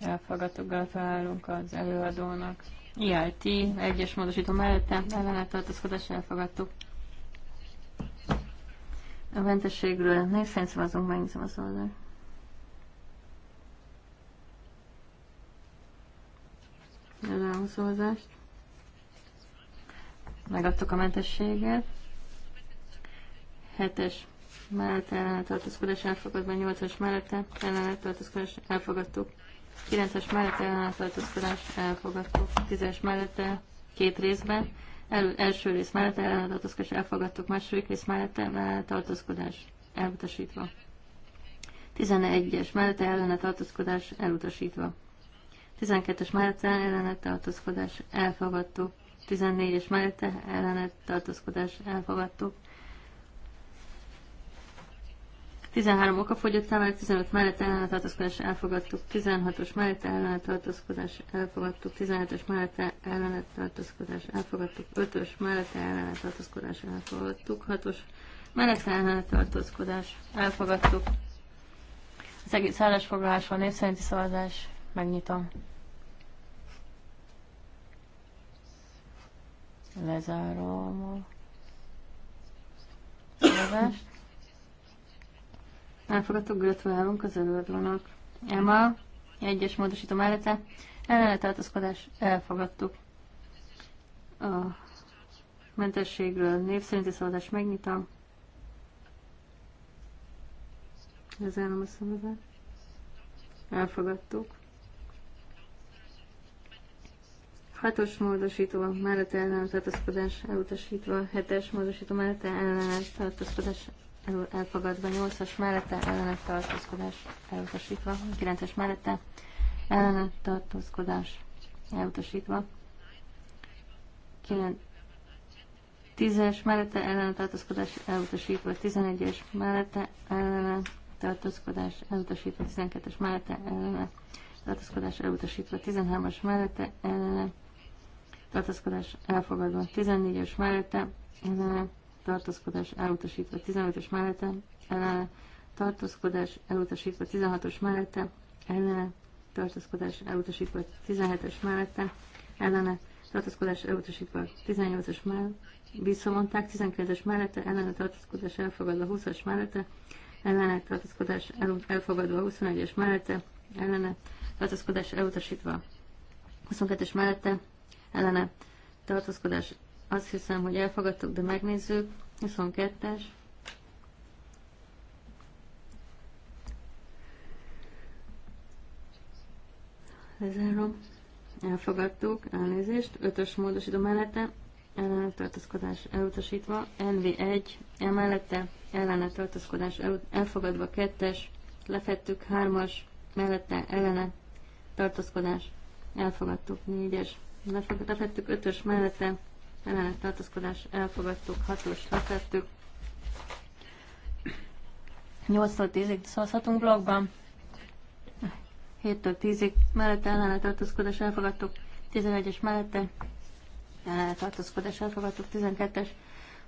[SPEAKER 3] Elfogadtuk, gratulálunk az előadónak. E IIT, egyes módosító mellette, ellene tartózkodás elfogadtuk. A mentességről név szerint szavazunk, megnyitom a szavazást. Lezárom a szavazást. Megadtuk a mentességet. Hetes mellett ellene tartózkodás elfogadva, 8-as mellette ellene tartózkodás elfogadtuk. 9-es mellette ellene tartózkodás elfogadtuk. 10-es mellette két részben el, első rész mellett ellene elfogadtuk, második rész mellett ellene elutasítva. 11-es mellett ellene elutasítva. 12-es mellett ellene elfogadtuk. 14-es mellett ellene elfogadtuk. 13 Oka fogyott számára, 15 mellett ellenetartózkodás elfogadtuk, 16-os mellett ellenetartózkodás elfogadtuk, 17-es mellett ellenetartózkodás elfogadtuk, 5-ös mellett ellenetartózkodás elfogadtuk, 6-os mellett ellenetartózkodás elfogadtuk. Az egész állásfoglalás van. szerinti szavazás, megnyitom. Lezárom a szavazást. Elfogadtuk, gratulálunk az előadónak. Emma, egyes módosító mellette, ellene tartózkodás, elfogadtuk. A mentességről név szerinti szavazást megnyitom. Lezárom a szavazást. Elfogadtuk. Hatos módosító mellett ellen tartózkodás elutasítva, hetes módosító mellett ellen tartózkodás elől elfogadva, 8-as mellette ellene tartózkodás elutasítva, 9-es mellette ellene tartózkodás elutasítva, 9 10-es mellette ellene tartózkodás elutasítva, 10 es mellette ellene tartózkodás elutasítva, 12-es mellette ellene tartózkodás elutasítva, 13-as mellette ellene tartózkodás elfogadva, 14-es mellette ellene tartózkodás elutasítva 15-ös mellette, ellene tartózkodás elutasítva 16-os mellette, ellene tartózkodás elutasítva 17-es mellette, ellene tartózkodás elutasítva 18-as mellette, visszavonták 19-es mellette, ellene tartózkodás elfogadva 20-as mellette, ellene tartózkodás elfogadva 21-es mellette, ellene tartózkodás elutasítva 22-es mellette, ellene tartózkodás azt hiszem, hogy elfogadtuk, de megnézzük. 22-es. Lezárom. Elfogadtuk, elnézést. Ötös módosító mellette, ellene tartozkodás elutasítva. NV1, emellette, ellene tartozkodás elfogadva. Kettes, lefettük. Hármas, mellette, ellene tartozkodás. elfogadtuk. Négyes, lefettük. Ötös mellette, emellett tartózkodás elfogadtuk, 6-os letettük. 8-tól 10-ig szavazhatunk blogban. 7-től 10-ig mellette ellene tartózkodás elfogadtuk, 11-es mellette ellene tartózkodás elfogadtuk, 12-es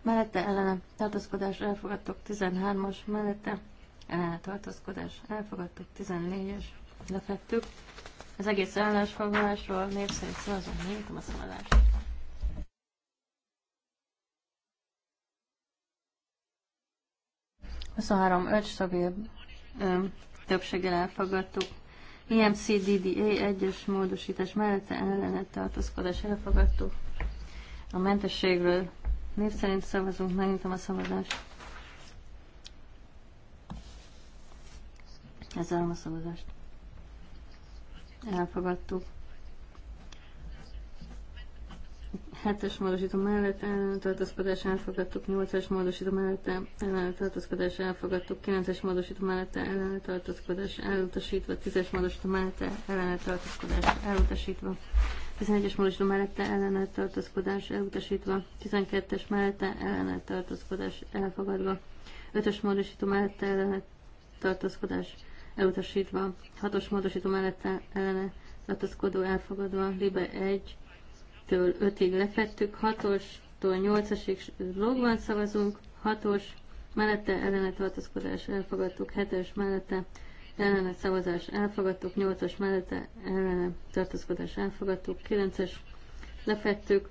[SPEAKER 3] mellette ellene tartózkodás elfogadtuk, 13-as mellette ellene tartózkodás elfogadtuk, 14-es lefettük. Az egész állásfoglalásról népszerű
[SPEAKER 2] szavazom, nyitom a szavazást.
[SPEAKER 3] 23-5 stabil többséggel elfogadtuk. IMCDDA egyes módosítás mellette ellenet tartózkodás elfogadtuk. A mentességről név szerint szavazunk, megnyitom a szavazást. Ezzel a szavazást. Elfogadtuk. 7-es módosító mellett tartózkodás elfogadtuk, 8 es módosító mellett tartózkodás elfogadtuk, 9-es módosító mellett tartózkodás elutasítva, 10-es módosító mellett tartózkodás elutasítva, 11-es módosító mellette ellenet tartózkodás elutasítva, 12-es mellette ellenet tartózkodás elfogadva, 5-ös módosító mellette ellenet tartózkodás elutasítva, 6-os módosító mellette ellene tartózkodó elfogadva, libe 1, 1-től 5-ig lefettük, 6-tól 8-asig logban szavazunk, 6-os mellette ellenet tartózkodás elfogadtuk, 7-es mellette ellenet szavazás elfogadtuk, 8-as mellette ellenet tartózkodás elfogadtuk, 9-es lefettük,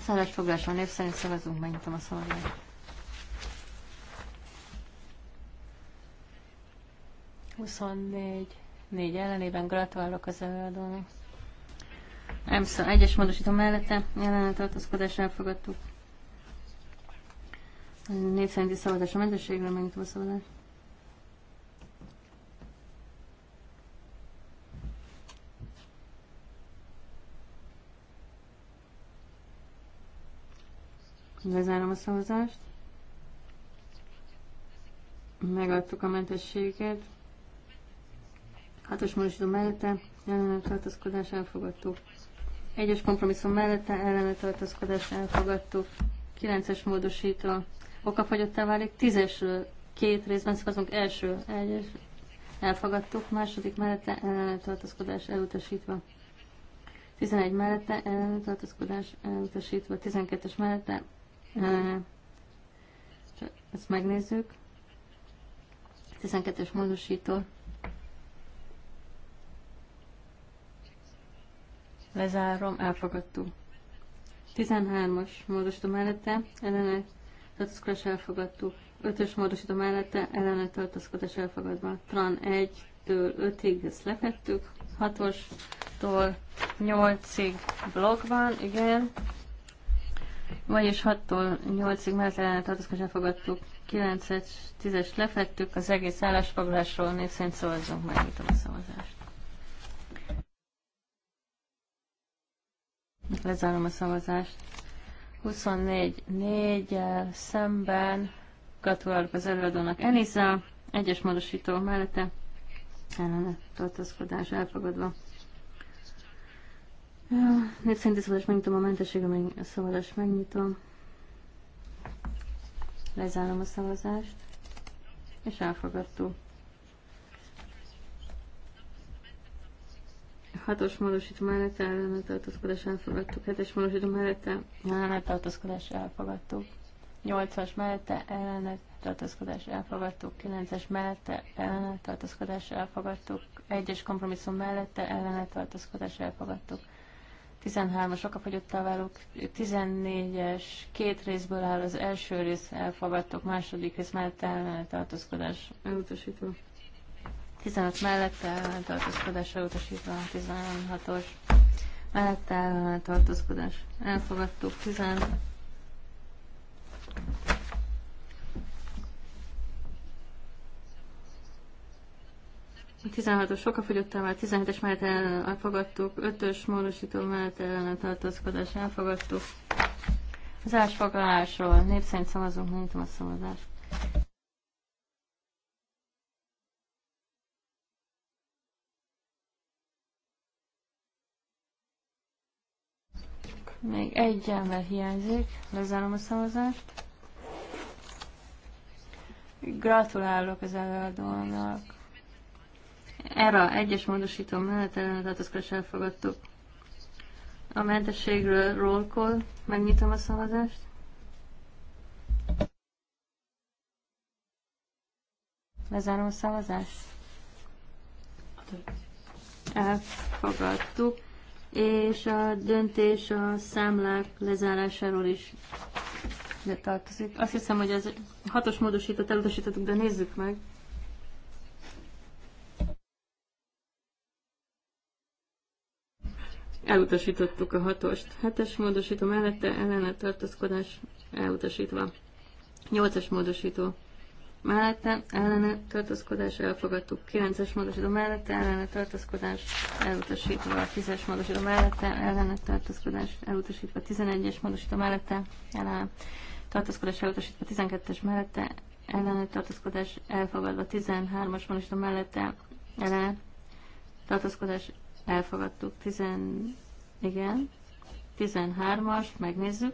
[SPEAKER 3] szállásfoglalásról név szerint szavazunk, megnyitom a szavazást. Huszonnégy. Négy ellenében gratulálok az előadónak. EMSZA egyes módosító mellette ellene tartózkodás elfogadtuk. 4 szerinti szavazás a mentességről, megnyitom a szavazást. Lezárom a szavazást. Megadtuk a mentességet. Hatos módosító mellette jelenet tartózkodás elfogadtuk. Egyes kompromisszum mellette ellene tartózkodás elfogadtuk. kilences módosító okafogyottá válik. 10 két részben szakaszunk Első egyes elfogadtuk, második mellette ellene tartózkodás elutasítva. 11 mellette ellene tartózkodás elutasítva. 12-es mellette ellene. Ezt megnézzük. 12-es módosító Lezárom, elfogadtuk. 13-as módosító mellette ellene tartózkodás elfogadtuk. 5-ös módosító mellette ellene tartózkodás elfogadva. Tran 1-től 5-ig ezt lefettük. 6-ostól 8-ig van, igen. Vagyis 6-tól 8-ig mellett ellene tartózkodás elfogadtuk. 9-es, 10-es lefettük. Az egész állásfoglalásról név szerint szavazzunk, megnyitom a szavazást. Lezárom a szavazást. 24-4 szemben gratulálok az előadónak Eliza, egyes módosító mellette ellene tartozkodás elfogadva. Ja, népszerinti szavazás megnyitom a mentességem, meg a szavazás megnyitom. Lezárom a szavazást. És elfogadtuk. Hatos módosító mellett ellene tartózkodás elfogadtuk. Hetes módosító mellette ellene tartózkodás elfogadtuk. Nyolcas mellette ellene tartózkodás elfogadtuk. Kilences mellette ellene tartózkodás elfogadtuk. Egyes kompromisszum mellette ellene tartózkodás elfogadtuk. 13-as okafogyottá válók, 14-es, két részből áll az első rész, elfogadtok, második rész mellett ellene tartózkodás. Elutasítva. 16 mellette utasítva elutasítva, 16-os mellette tartózkodás elfogadtuk, 16 16-os sokafogyottá már 17-es mellett elfogadtuk, 5-ös módosító mellett tartózkodás elfogadtuk. Az állásfoglalásról népszerint szavazunk, nyitom a szavazást. Még egy ember hiányzik, lezárom a szavazást. Gratulálok az előadónak. Erre egyes módosító mellett ellentartozkodás elfogadtuk. A mentességről roll call. Megnyitom a szavazást. Lezárom a szavazást. Elfogadtuk és a döntés a számlák lezárásáról is ide tartozik. Azt hiszem, hogy az hatos módosított, elutasítottuk, de nézzük meg. Elutasítottuk a hatost. Hetes módosító mellette ellene tartózkodás elutasítva. Nyolcas módosító mellette ellene tartózkodás elfogadtuk, 9-es módosító mellette ellene tartózkodás elutasítva, 10-es módosító mellette ellene tartózkodás elutasítva, 11-es módosító mellette ellene tartózkodás elutasítva, 12-es mellette ellene tartózkodás elfogadva, 13-as módosító mellette ellene tartózkodás elfogadtuk, 10, igen, 13-as, megnézzük.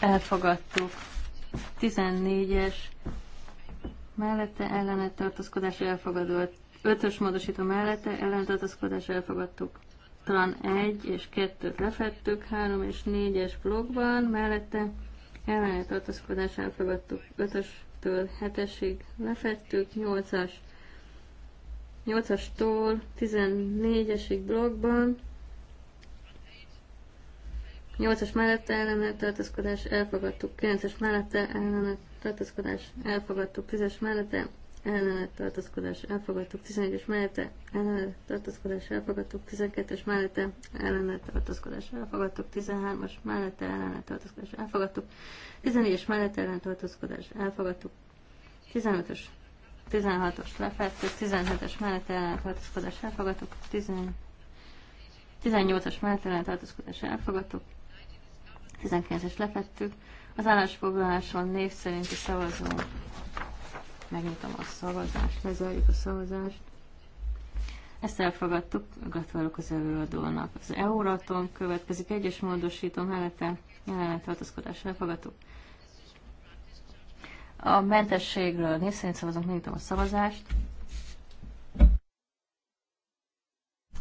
[SPEAKER 3] Elfogadtuk. 14-es mellette ellenet tartózkodás elfogadott. 5-ös módosító mellette ellenet tartózkodás elfogadtuk. Talán 1 és 2-t lefettük, 3 és 4-es blogban mellette ellenet tartózkodás elfogadtuk. 5-östől 7-esig lefettük, 8-as 8-astól 14-esig blogban 8-as mellette ellene tartózkodás elfogadtuk, 9-es mellette ellene tartózkodás elfogadtuk, 10-es mellette ellene tartózkodás elfogadtuk, 11-es mellette ellene tartózkodás elfogadtuk, 12-es mellette ellene tartózkodás elfogadtuk, 13-as mellette ellene tartózkodás elfogadtuk, 14-es mellette ellene tartózkodás elfogadtuk, 15-ös 16-os lefettük, 17-es mellette ellen tartózkodás elfogadtuk, 18-as mellett ellen tartózkodás elfogadtuk, 19-es lefettük. Az állásfoglaláson név szerinti szavazó. Megnyitom a szavazást, lezárjuk a szavazást. Ezt elfogadtuk, gratulálok az előadónak. Az Euratom következik egyes módosító mellette jelenleg tartózkodás elfogadtuk. A mentességről név szerint szavazunk, megnyitom a szavazást.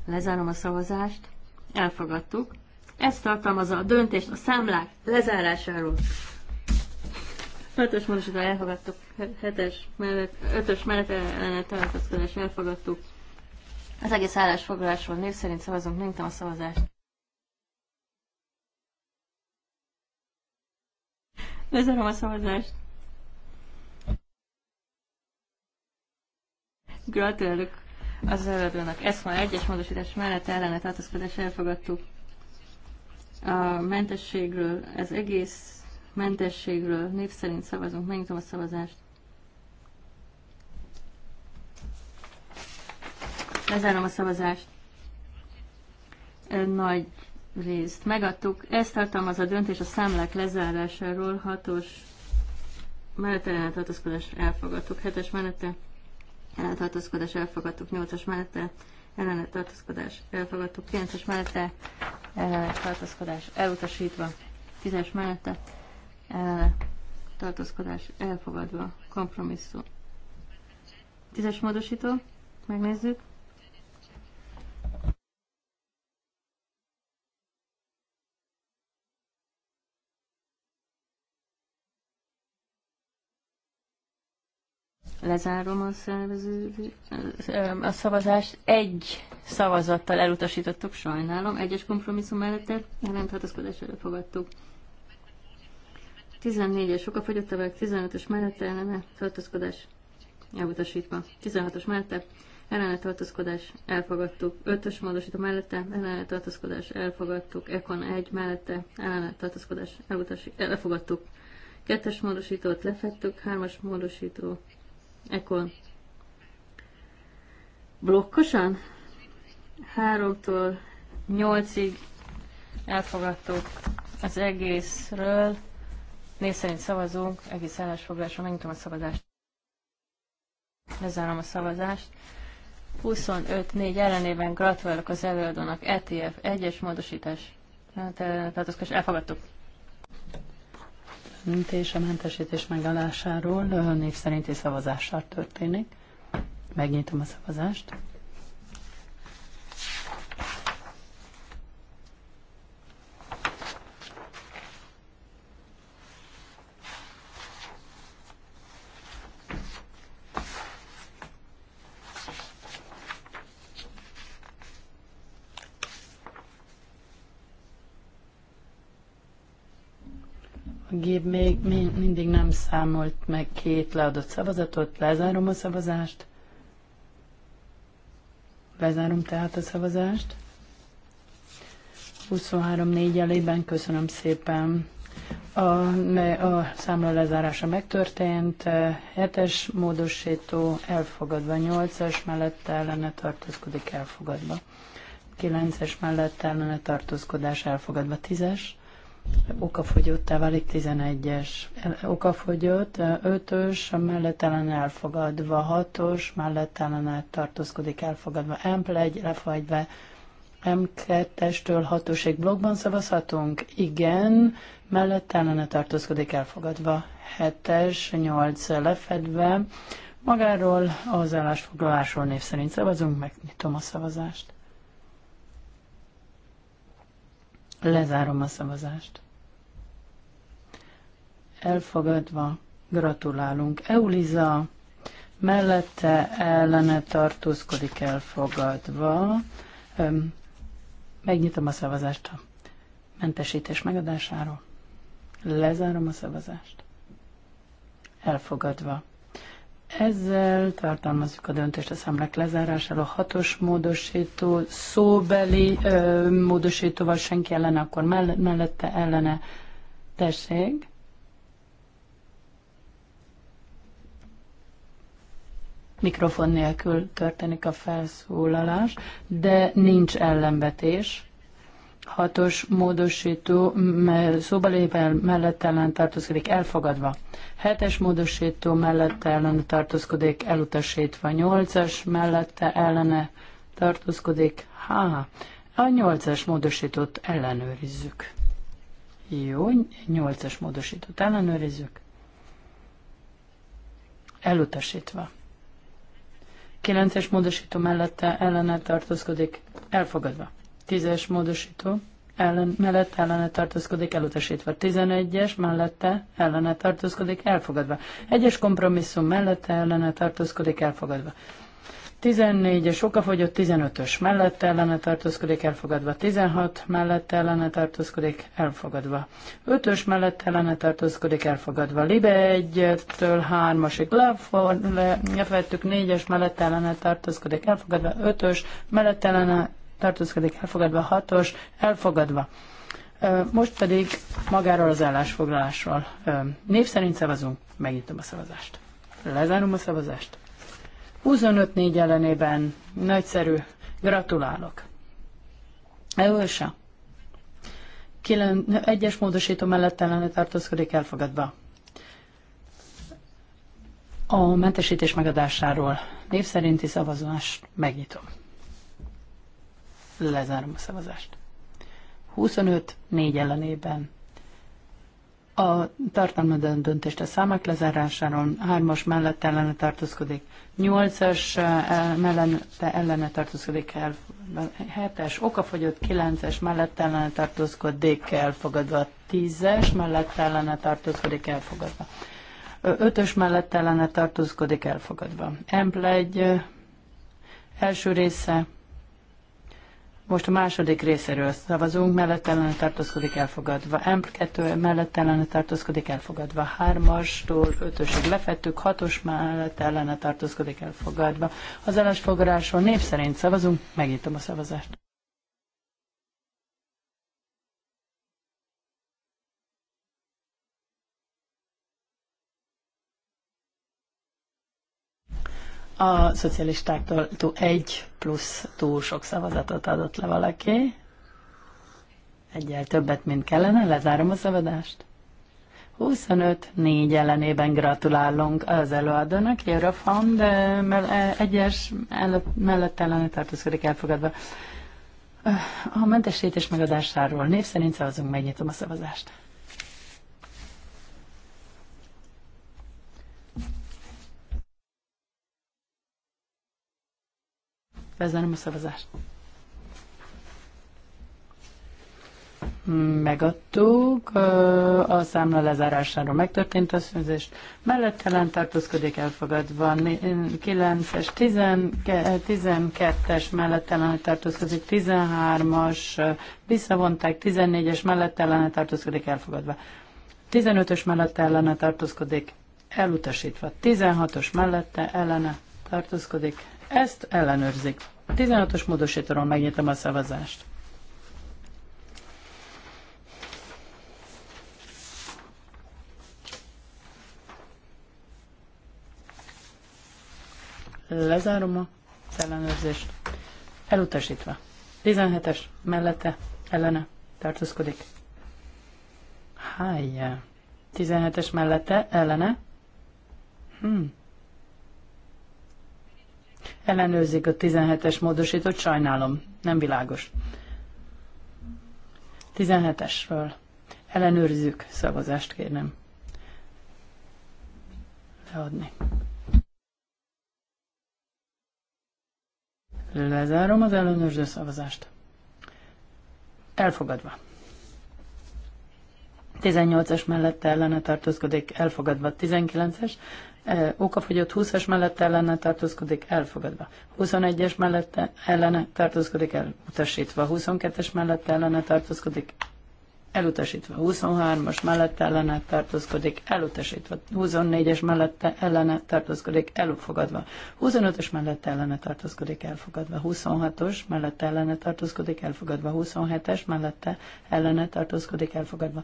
[SPEAKER 3] Lezárom a szavazást. Elfogadtuk. Ez tartalmazza a döntést a számlák lezárásáról. 5-ös módosítva elfogadtuk, 7-es mellett, 5-ös mellett ellene tartózkodás elfogadtuk. Az egész állásfoglalásról név szerint szavazunk, megnyitom a szavazást. Lezárom a szavazást. Gratulálok az előadónak. Ez ma egyes módosítás mellett ellene tartózkodás elfogadtuk. A mentességről, az egész mentességről név szerint szavazunk. Megnyitom a szavazást. Lezárom a szavazást. Nagy részt megadtuk. Ezt tartalmaz a döntés a számlák lezárásáról, hatos mellette ellentartózkodás elfogadtuk, hetes mellette ellentartózkodás elfogadtuk, nyolcas mellette ellene tartózkodás elfogadtuk, 9-es mellette ellene tartózkodás elutasítva, 10-es mellette ellene tartózkodás elfogadva, kompromisszum. 10-es módosító, megnézzük. Lezárom a, a szavazást. Egy szavazattal elutasítottuk, sajnálom. Egyes kompromisszum jelent hatoszkodás elfogadtuk. 14-es sokafogyott a 15-ös mellette ellene tartózkodás elutasítva. 16-os mellette ellene tartózkodás elfogadtuk. 5-ös módosító mellette ellene tartózkodás elfogadtuk. Ekon 1 mellette ellene tartózkodás elutasít, elfogadtuk. 2-es módosítót lefettük, 3-as módosító Ekkor blokkosan? Háromtól nyolcig elfogadtuk az egészről. Név szerint szavazunk, egész állásfoglásra megnyitom a szavazást. Lezárom a szavazást. 25-4 ellenében gratulálok az előadónak ETF 1-es módosítás. Tehát, eh, elfogadtuk
[SPEAKER 2] döntés a mentesítés megalásáról név szerinti szavazással történik. Megnyitom a szavazást. egyéb még mindig nem számolt meg két leadott szavazatot. Lezárom a szavazást. Lezárom tehát a szavazást. 23-4 elében köszönöm szépen. A, a számla lezárása megtörtént, 7-es módosító elfogadva, 8-es mellett ellene tartózkodik elfogadva, 9-es mellett ellene tartózkodás elfogadva, 10-es okafogyottá válik 11-es. Okafogyott, 5-ös, mellettelen elfogadva, 6-os, mellettelen tartózkodik elfogadva, M1 lefagyva, M2-estől 6-osig blogban szavazhatunk? Igen, mellettelen tartózkodik elfogadva. 7-es, 8 lefedve. Magáról az állásfoglalásról név szerint szavazunk, megnyitom a szavazást. Lezárom a szavazást. Elfogadva, gratulálunk. Euliza mellette ellene tartózkodik elfogadva. Megnyitom a szavazást a mentesítés megadásáról. Lezárom a szavazást. Elfogadva. Ezzel tartalmazjuk a döntést a számlák lezárásáról, A hatos módosító szóbeli ö, módosítóval senki ellene, akkor mellette ellene tessék. Mikrofon nélkül történik a felszólalás, de nincs ellenvetés. Hatos módosító szóbalével mellett ellen tartózkodik elfogadva. Hetes módosító mellette ellen tartózkodik elutasítva. Nyolcas mellette ellene tartózkodik. ha a nyolcas módosítót ellenőrizzük. Jó, nyolcas módosítót ellenőrizzük. Elutasítva. Kilences módosító mellette ellene tartózkodik elfogadva tízes módosító ellen, mellett ellene tartózkodik, elutasítva. 11-es mellette ellene tartózkodik, elfogadva. egyes kompromisszum mellette ellene tartózkodik, elfogadva. 14-es okafogyott, 15-ös mellette ellene tartózkodik, elfogadva. 16 mellette ellene tartózkodik, elfogadva. 5-ös mellette ellene tartózkodik, elfogadva. Libe 1-től 3-asig levettük, 4-es mellette ellene tartózkodik, elfogadva. 5-ös mellette ellene tartózkodik, elfogadva hatos, elfogadva. Most pedig magáról az állásfoglalásról. Név szerint szavazunk, megnyitom a szavazást. Lezárom a szavazást. 25-4 ellenében nagyszerű. Gratulálok. Elősa. 1-es módosító mellett ellene tartózkodik elfogadva. A mentesítés megadásáról név szerinti szavazást megnyitom. Lezárom a szavazást. 25 négy ellenében a tartalma döntést a számok lezárásáról, 3-as mellett ellene tartózkodik, 8-as mellette ellene tartózkodik, 7-es eh, okafogyott, 9-es mellett ellene tartózkodik, elfogadva, 10-es mellett ellene tartózkodik, elfogadva. 5-ös mellett ellene tartózkodik, elfogadva. Emple 1 eh, első része most a második részéről szavazunk, mellett ellene tartózkodik elfogadva. M2 mellett ellene tartózkodik elfogadva. 3-astól 5-ösig lefettük, 6-os mellett ellene tartózkodik elfogadva. Az állásfoglalásról név szerint szavazunk, megnyitom a szavazást. A szocialistáktól egy plusz túl sok szavazatot adott le valaki. Egyel többet, mint kellene. Lezárom a szavazást. 25-4 ellenében gratulálunk az előadónak, Eurofond, de e- egyes mellett ellene tartózkodik elfogadva. A mentesítés megadásáról név szerint szavazunk, megnyitom a szavazást. Lezárom a szavazást. Megadtuk. A számla lezárásáról megtörtént a szűzést. szűzés. Mellettelen tartózkodik elfogadva. 9-es, 12-es mellettelen tartózkodik. 13-as visszavonták. 14-es mellettelen tartózkodik elfogadva. 15-ös mellette ellene tartózkodik, elutasítva. 16-os mellette ellene tartózkodik, ezt ellenőrzik. 16-os módosítóról megnyitom a szavazást. Lezárom a ellenőrzést. Elutasítva. 17-es mellette ellene tartózkodik. Hájjá. 17-es mellette ellene. Hmm. Ellenőrzik a 17-es módosítót, sajnálom, nem világos. 17-esről. Ellenőrizzük, szavazást kérem. Leadni. Lezárom az ellenőrző szavazást. Elfogadva. 18-es mellette ellene tartózkodik, elfogadva 19-es, okafogyott 20-as mellett ellene tartózkodik elfogadva, 21-es mellette ellene tartózkodik elutasítva, 22-es mellett ellene tartózkodik elutasítva, 23-as mellette ellene tartózkodik elutasítva, 24-es mellette ellene tartózkodik elfogadva, 25-ös mellette ellene tartózkodik elfogadva, 26-os mellette ellene tartózkodik elfogadva, 27-es mellette ellene tartózkodik elfogadva.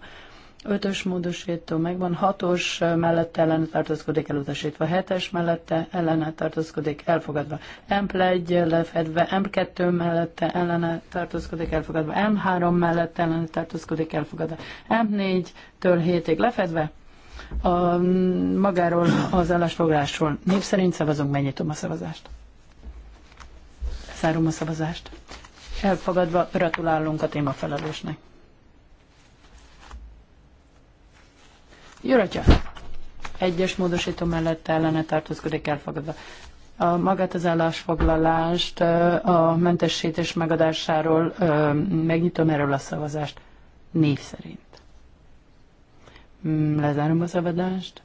[SPEAKER 2] Ötös módosító megvan, hatos mellette ellene tartózkodik elutasítva, hetes mellette ellene tartózkodik elfogadva, M1 lefedve, M2 mellette ellene tartózkodik elfogadva, M3 mellette ellene tartózkodik elfogadva, M4-től 7-ig lefedve, a, magáról az állásfoglásról. név szerint szavazunk, megnyitom a szavazást. Szárom a szavazást. Elfogadva gratulálunk a témafelelősnek. Juratja. Egyes módosító mellett ellene tartózkodik elfogadva. A magát az állásfoglalást a mentesítés megadásáról megnyitom erről a szavazást név szerint. Mm, lezárom a szavazást.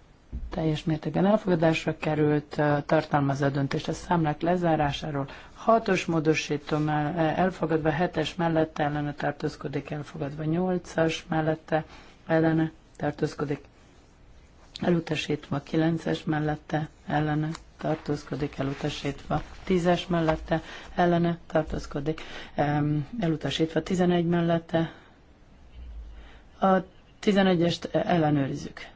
[SPEAKER 2] Teljes mértékben elfogadásra került, tartalmazza a döntést a számlák lezárásáról. Hatos módosító elfogadva, hetes mellette ellene tartózkodik, elfogadva nyolcas mellette ellene tartózkodik, elutasítva 9-es mellette ellene tartózkodik, elutasítva 10-es mellette ellene tartózkodik, elutasítva 11 mellette. A 11-est ellenőrizzük.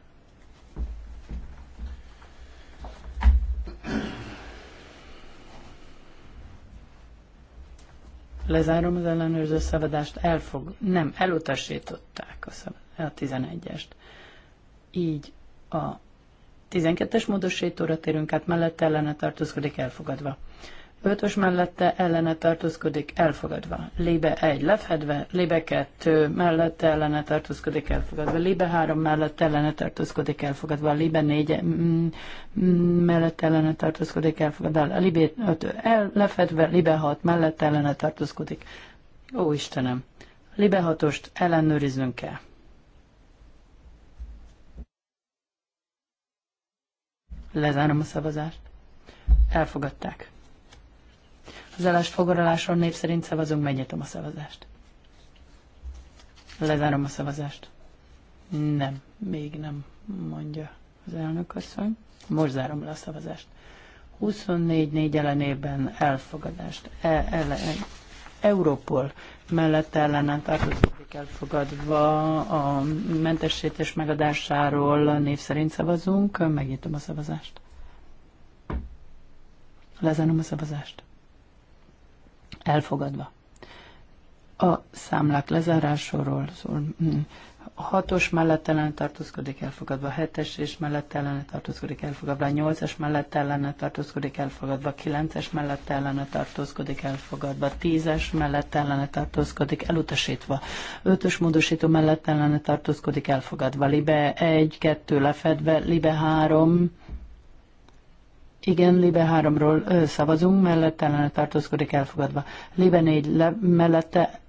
[SPEAKER 2] Lezárom az ellenőrző szabadást, elfog, nem, elutasították a, a 11-est. Így a 12-es módosítóra térünk át, mellette ellene tartózkodik elfogadva. 5-ös mellette ellene tartózkodik elfogadva. Lébe 1 lefedve, lébe 2 mellette ellene tartózkodik elfogadva, lébe 3 mellette ellene tartózkodik elfogadva, lébe 4 mm, mm, mellette ellene tartózkodik elfogadva, lébe 5 el, lefedve, lébe 6 mellette ellene tartózkodik. Ó Istenem, lébe 6-ost ellenőriznünk kell. Lezárom a szavazást. Elfogadták. Az fogorolásról név szerint szavazunk, megnyitom a szavazást. Lezárom a szavazást. Nem, még nem, mondja az elnök asszony. Most zárom le a szavazást. 24-4 ellenében elfogadást. E, ele, Európol mellett ellenen tartozik tartottuk elfogadva a mentesítés megadásáról név szerint szavazunk. Megnyitom a szavazást. Lezárom a szavazást. Elfogadva. A számlák lezárásáról szól hatos mellett ellene tartózkodik elfogadva, hetes és mellett ellene tartózkodik elfogadva, nyolcas mellett ellene tartózkodik elfogadva, kilences mellett ellene tartózkodik elfogadva, tízes mellett ellene tartózkodik elutasítva, ötös módosító mellett ellene tartózkodik elfogadva, libe egy, kettő lefedve, libe három, igen, Libe 3-ról szavazunk, mellette ellene tartózkodik elfogadva. Libe 4 le, mellette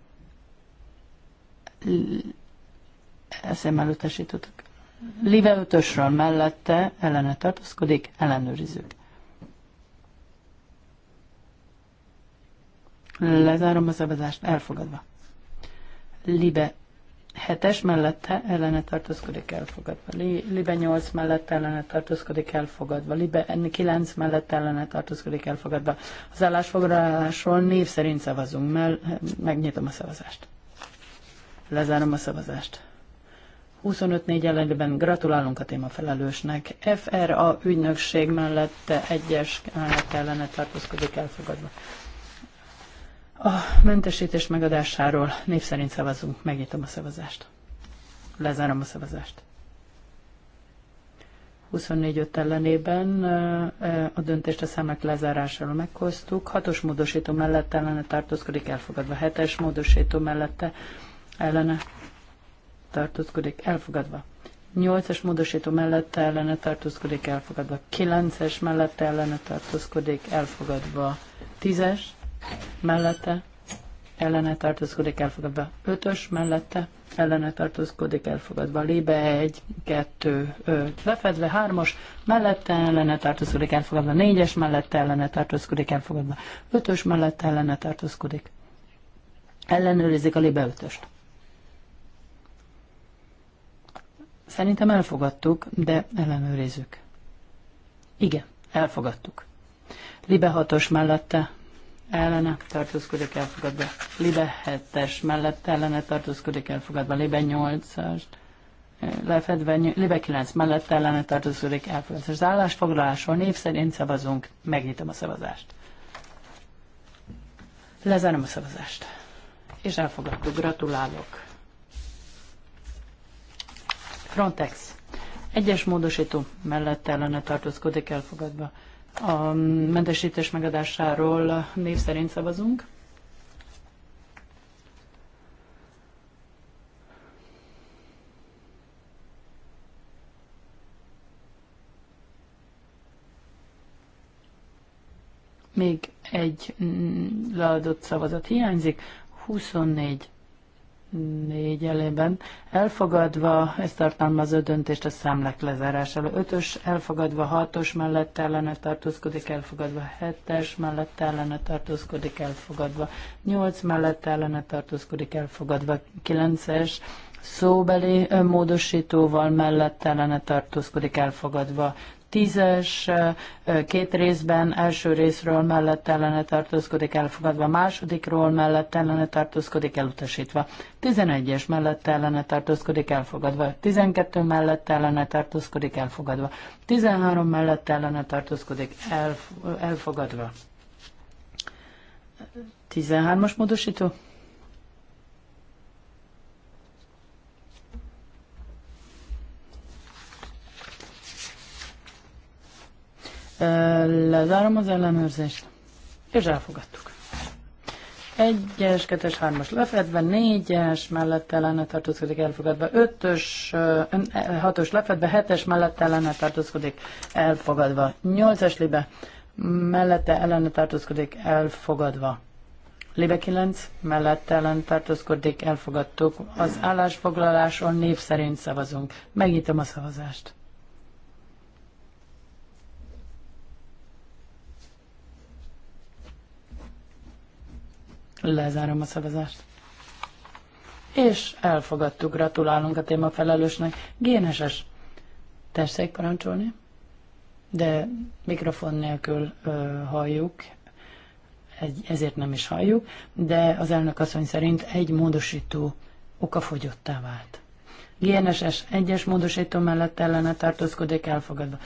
[SPEAKER 2] szemmel utasítottuk. Live 5 mellette ellene tartózkodik, ellenőrizzük. Lezárom a szavazást, elfogadva. Libe 7-es mellette ellene tartózkodik elfogadva. Libe 8 mellette ellene tartózkodik elfogadva. Libe 9 mellette ellene tartózkodik elfogadva. Az állásfoglalásról név szerint szavazunk, mert megnyitom a szavazást. Lezárom a szavazást. 25-4 ellenében gratulálunk a témafelelősnek. FRA ügynökség mellette egyes mellett ellene tartózkodik elfogadva. A mentesítés megadásáról név szerint szavazunk. Megnyitom a szavazást. Lezárom a szavazást. 24-5 ellenében eh, a döntést a számlák lezárásáról meghoztuk. Hatos módosító mellett ellene tartózkodik elfogadva. Hetes módosító mellette ellene tartózkodik, elfogadva. 8-as módosító mellette ellene tartózkodik, elfogadva. 9-es mellette ellene tartózkodik, elfogadva. 10-es mellette ellene tartózkodik, elfogadva. 5-ös mellette ellene tartózkodik, elfogadva. Lébe 1, 2, 5, lefedve 3 os mellette ellene tartózkodik, elfogadva. 4-es mellette ellene tartózkodik, elfogadva. 5-ös mellette ellene tartózkodik. Ellenőrizik a lébe 5-öst. Szerintem elfogadtuk, de ellenőrizzük. Igen, elfogadtuk. Libe hatos mellette ellene tartózkodik elfogadva. Libe hetes mellette ellene tartózkodik elfogadva. Libe nyolcas lefedve, Libe 9 mellette ellene tartózkodik elfogadva. Az állásfoglalásról név szerint szavazunk. Megnyitom a szavazást. Lezárom a szavazást. És elfogadtuk. Gratulálok. Frontex. Egyes módosító mellett ellene tartózkodik elfogadva. A mentesítés megadásáról név szerint szavazunk. Még egy mm, leadott szavazat hiányzik, 24 négy elében elfogadva, ez tartalmazó döntést a számlák lezárására. Ötös elfogadva, hatos mellett ellene tartózkodik, elfogadva, hetes mellett ellene tartózkodik, elfogadva, nyolc mellett ellene tartózkodik, elfogadva, kilences szóbeli módosítóval mellett ellene tartózkodik, elfogadva, Tízes két részben, első részről mellett ellene tartózkodik elfogadva, másodikról mellett ellene tartózkodik elutasítva. Tizenegyes mellett ellene tartózkodik elfogadva, tizenkettő mellett ellene tartózkodik elfogadva, tizenhárom mellett ellene tartózkodik elf- elfogadva. 13-as módosító? Lezárom az ellenőrzést, és elfogadtuk. Egyes, kettes, hármas lefedve, négyes mellette ellene tartózkodik, elfogadva, ötös, hatos lefedve, hetes mellette ellene tartózkodik, elfogadva, nyolcas libe mellette ellene tartózkodik, elfogadva. Libe 9 mellette ellen tartózkodik, elfogadtuk. Az állásfoglalásról név szerint szavazunk. Megnyitom a szavazást. Lezárom a szavazást. És elfogadtuk, gratulálunk a felelősnek. Géneses. Tessék parancsolni. De mikrofon nélkül ö, halljuk, egy, ezért nem is halljuk, de az elnök asszony szerint egy módosító okafogyottá vált. GNSS egyes módosító mellett ellene tartózkodik elfogadva.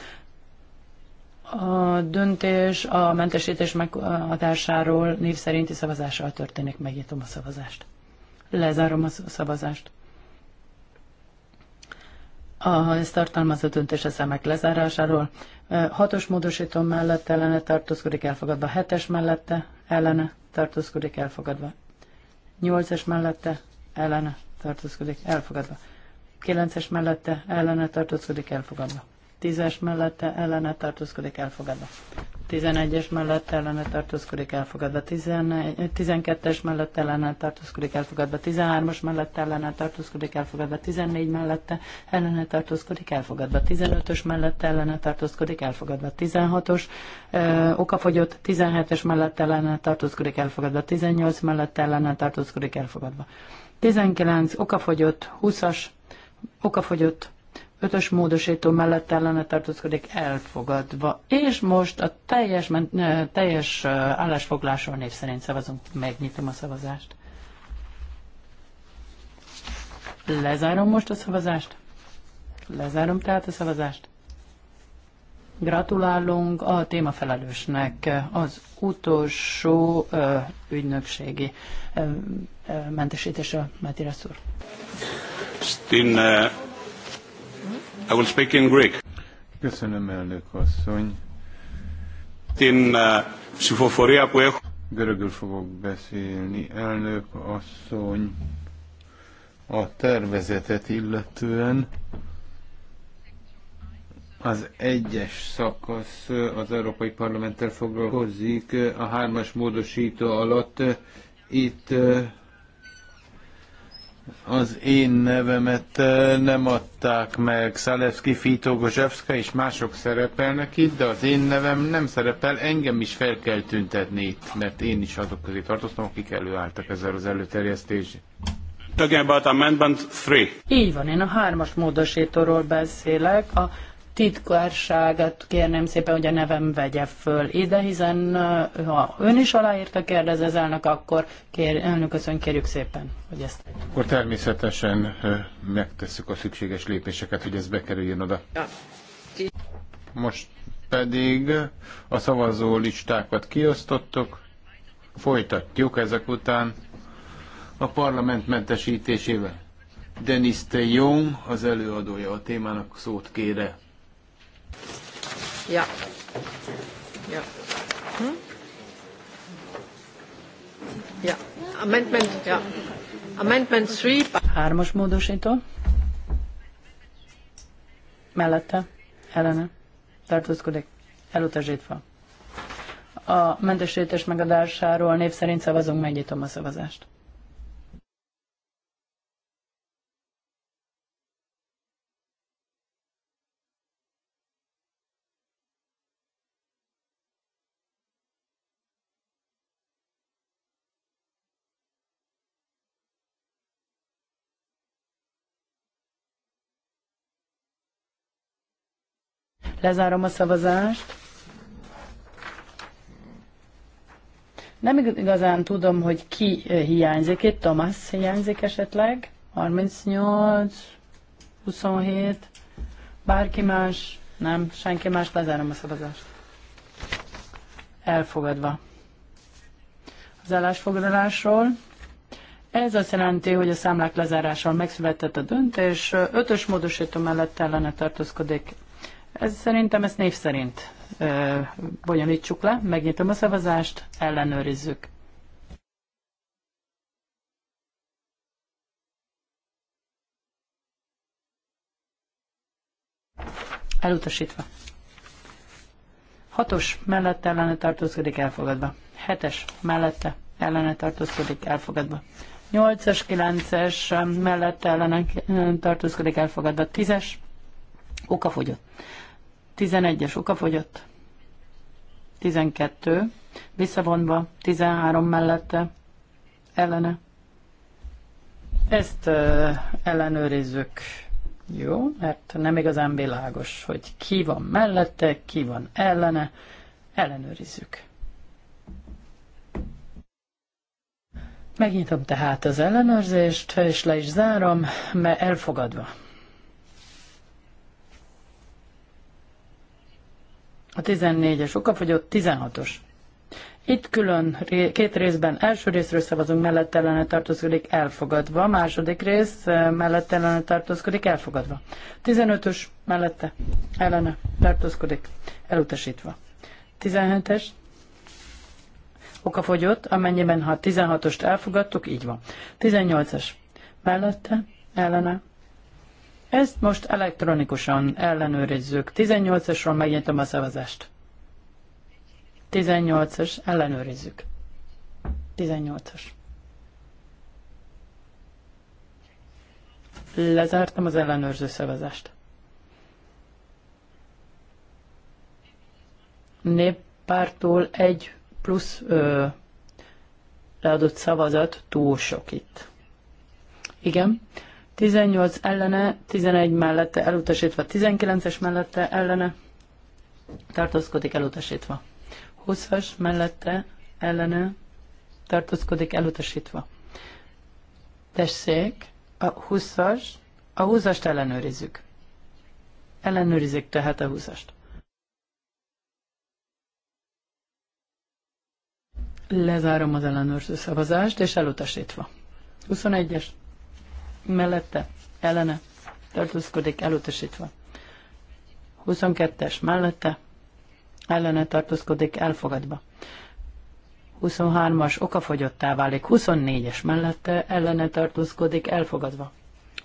[SPEAKER 2] A döntés a mentesítés meghatásáról név szerinti szavazással történik. Megnyitom a szavazást. Lezárom a szavazást. A, ez tartalmaz a döntés a szemek lezárásáról. Hatos módosító mellett ellene tartózkodik elfogadva, hetes mellette ellene tartózkodik elfogadva, nyolcas mellette ellene tartózkodik elfogadva, kilences mellette ellene tartózkodik elfogadva. 10-es mellette ellene tartózkodik elfogadva. 11-es mellett ellene tartózkodik elfogadva, 12-es mellett ellene tartózkodik elfogadva, 13-as mellett ellene tartózkodik elfogadva, 14 mellette ellene tartózkodik elfogadva, 15-ös eh, mellett ellene tartózkodik elfogadva, 16-os ö, okafogyott, 17-es mellett ellene tartózkodik elfogadva, 18 mellett ellene tartózkodik elfogadva, 19 eh, okafogyott, 20-as okafogyott, ötös módosító mellett ellene tartózkodik elfogadva. És most a teljes, teljes állásfoglásról név szerint szavazunk. Megnyitom a szavazást. Lezárom most a szavazást. Lezárom tehát a szavazást. Gratulálunk a témafelelősnek az utolsó ö, ügynökségi ö, ö, mentesítésre, Mátyi úr.
[SPEAKER 1] Stine I will speak in Greek. Köszönöm, elnök asszony. Την ψηφοφορία uh, που έχω... Görögül fogok beszélni, elnök asszony. A tervezetet illetően az egyes szakasz az Európai Parlamenttel foglalkozik a hármas módosító alatt. Itt az én nevemet nem adták meg. Szalevszki, Fito, Gozsevszka és mások szerepelnek itt, de az én nevem nem szerepel, engem is fel kell tüntetni itt, mert én is azok közé tartoztam, akik előálltak ezzel az előterjesztés. Talking about amendment three.
[SPEAKER 2] Így van, én a hármas módosítóról beszélek, a titkárságát kérném szépen, hogy a nevem vegye föl ide, hiszen ha ön is aláírta, kérdez az elnök, akkor kér, elnök asszony, kérjük szépen, hogy ezt.
[SPEAKER 1] Akkor természetesen megtesszük a szükséges lépéseket, hogy ez bekerüljön oda. Most pedig a szavazó listákat kiosztottuk, folytatjuk ezek után a parlament mentesítésével. Denis de az előadója a témának szót kére.
[SPEAKER 2] Ja. Ja. Hm? Ja. Amendment, ja. Amendment 3. Hármas módosító. Mellette. Ellene. Tartózkodik. Elutasítva. A mentesítés megadásáról név szerint szavazunk, megnyitom a szavazást. Lezárom a szavazást. Nem igazán tudom, hogy ki eh, hiányzik itt. Thomas hiányzik esetleg. 38, 27, bárki más. Nem, senki más. Lezárom a szavazást. Elfogadva. Az állásfoglalásról. Ez azt jelenti, hogy a számlák lezárással megszületett a döntés, ötös módosító mellett ellene tartózkodik, ez szerintem ezt név szerint ö, bonyolítsuk le, megnyitom a szavazást, ellenőrizzük. Elutasítva. Hatos mellette ellene tartózkodik elfogadva. Hetes mellette ellene tartózkodik elfogadva. Nyolcas, kilences mellette ellene tartózkodik elfogadva. Tízes okafogyott. 11-es okafogyott. 12. Visszavonva 13 mellette ellene. Ezt uh, ellenőrizzük. Jó, mert nem igazán világos, hogy ki van mellette, ki van ellene. Ellenőrizzük. Megnyitom tehát az ellenőrzést, és le is zárom, mert elfogadva. A 14-es okafogyott, 16-os. Itt külön két részben első részről szavazunk, mellett ellene tartózkodik elfogadva, második rész eh, mellett ellene tartózkodik elfogadva. 15-ös mellette ellene tartózkodik elutasítva. 17-es okafogyott, amennyiben ha 16-ost elfogadtuk, így van. 18-es mellette ellene ezt most elektronikusan ellenőrizzük. 18-asról megnyitom a szavazást. 18-as, ellenőrizzük. 18-as. Lezártam az ellenőrző szavazást. Néppártól egy plusz ö, leadott szavazat túl sok itt. Igen, 18 ellene, 11 mellette elutasítva, 19-es mellette ellene tartózkodik elutasítva. 20-as mellette ellene tartózkodik elutasítva. Tessék, a 20-as, a 20-ast ellenőrizzük. Ellenőrizzük tehát a 20-ast. Lezárom az ellenőrző szavazást, és elutasítva. 21-es mellette ellene tartózkodik elutasítva. 22-es mellette ellene tartózkodik elfogadva. 23-as okafogyottá válik, 24-es mellette ellene tartózkodik elfogadva.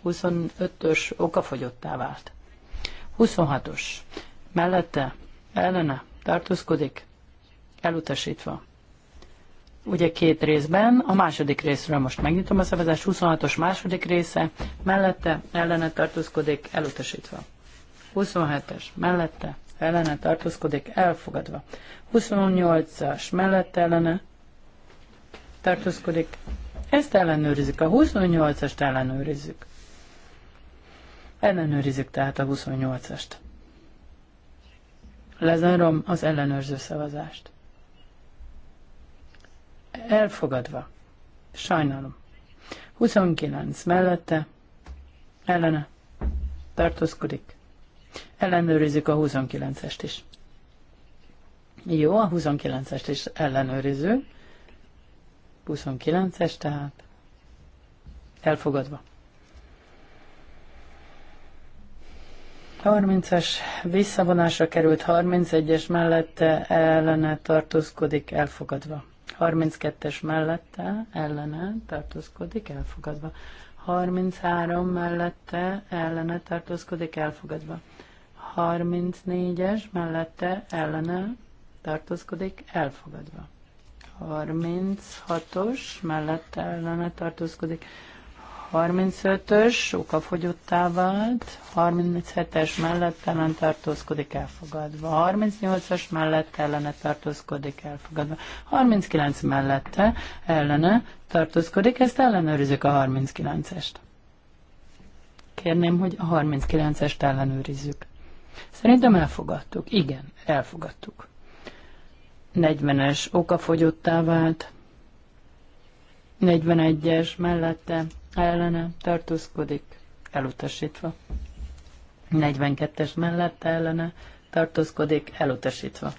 [SPEAKER 2] 25-ös okafogyottá vált. 26-os mellette ellene tartózkodik elutasítva ugye két részben. A második részről most megnyitom a szavazást, 26-os második része, mellette ellene tartózkodik, elutasítva. 27-es, mellette ellene tartózkodik, elfogadva. 28-as, mellette ellene tartózkodik, ezt ellenőrizzük, a 28-ast ellenőrizzük. Ellenőrizzük tehát a 28-ast. Lezárom az ellenőrző szavazást. Elfogadva. Sajnálom. 29 mellette, ellene, tartózkodik. Ellenőrizzük a 29-est is. Jó, a 29-est is ellenőrizzük. 29-es tehát. Elfogadva. 30-es visszavonásra került 31-es mellette ellene tartózkodik elfogadva. 32-es mellette ellene tartózkodik, elfogadva. 33 mellette ellene tartózkodik, elfogadva. 34-es mellette ellene tartózkodik, elfogadva. 36-os mellette ellene tartózkodik, elfogadva. 35-ös okafogyottá vált, 37-es mellett ellen tartózkodik elfogadva, 38-as mellett ellene tartózkodik elfogadva, 39 mellette ellene tartózkodik, ezt ellenőrizzük a 39-est. Kérném, hogy a 39-est ellenőrizzük. Szerintem elfogadtuk. Igen, elfogadtuk. 40-es okafogyottá vált, 41-es mellette ellene tartózkodik, elutasítva. 42-es mellette ellene tartózkodik, elutasítva.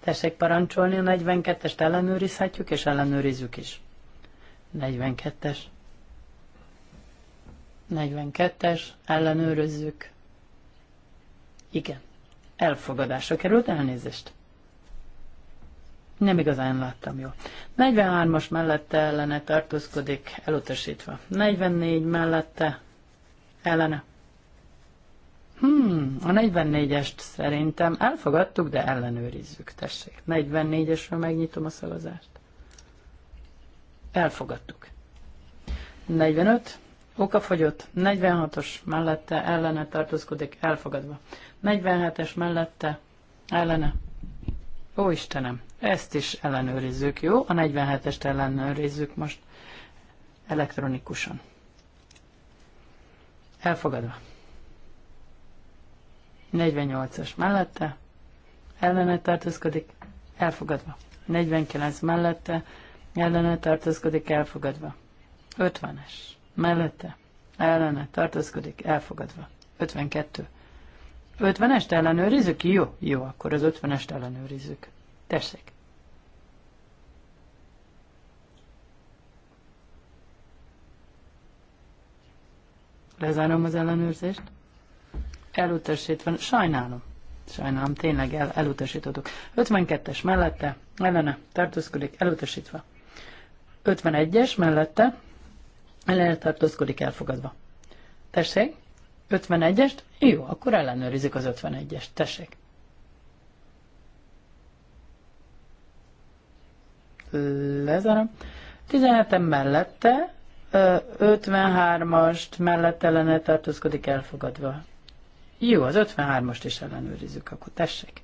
[SPEAKER 2] Tessék parancsolni, a 42-est ellenőrizhetjük, és ellenőrizzük is. 42-es. 42-es, ellenőrözzük. Igen, elfogadásra került elnézést. Nem igazán láttam jól. 43-as mellette ellene tartózkodik, elutasítva. 44 mellette ellene. Hmm, a 44-est szerintem elfogadtuk, de ellenőrizzük, tessék. 44-esről megnyitom a szavazást. Elfogadtuk. 45, okafogyott, 46-os mellette ellene tartózkodik, elfogadva. 47-es mellette ellene. Ó Istenem, ezt is ellenőrizzük, jó? A 47-est ellenőrizzük most elektronikusan. Elfogadva. 48-as mellette, ellene tartózkodik, elfogadva. 49 mellette, ellene tartózkodik, elfogadva. 50-es mellette, ellene tartózkodik, elfogadva. 52. 50-est ellenőrizzük? Jó, jó, akkor az 50-est ellenőrizzük. Tessék. Lezárom az ellenőrzést. Elutasítva, sajnálom. Sajnálom, tényleg el, elutasítottuk. 52-es mellette, ellene, tartózkodik, elutasítva. 51-es mellette, ellene tartózkodik, elfogadva. Tessék, 51-est? Jó, akkor ellenőrizik az 51-est. Tessék. Lezárom. 17 mellette, 53-ast mellett ellene tartózkodik elfogadva. Jó, az 53-ast is ellenőrizzük, akkor tessék.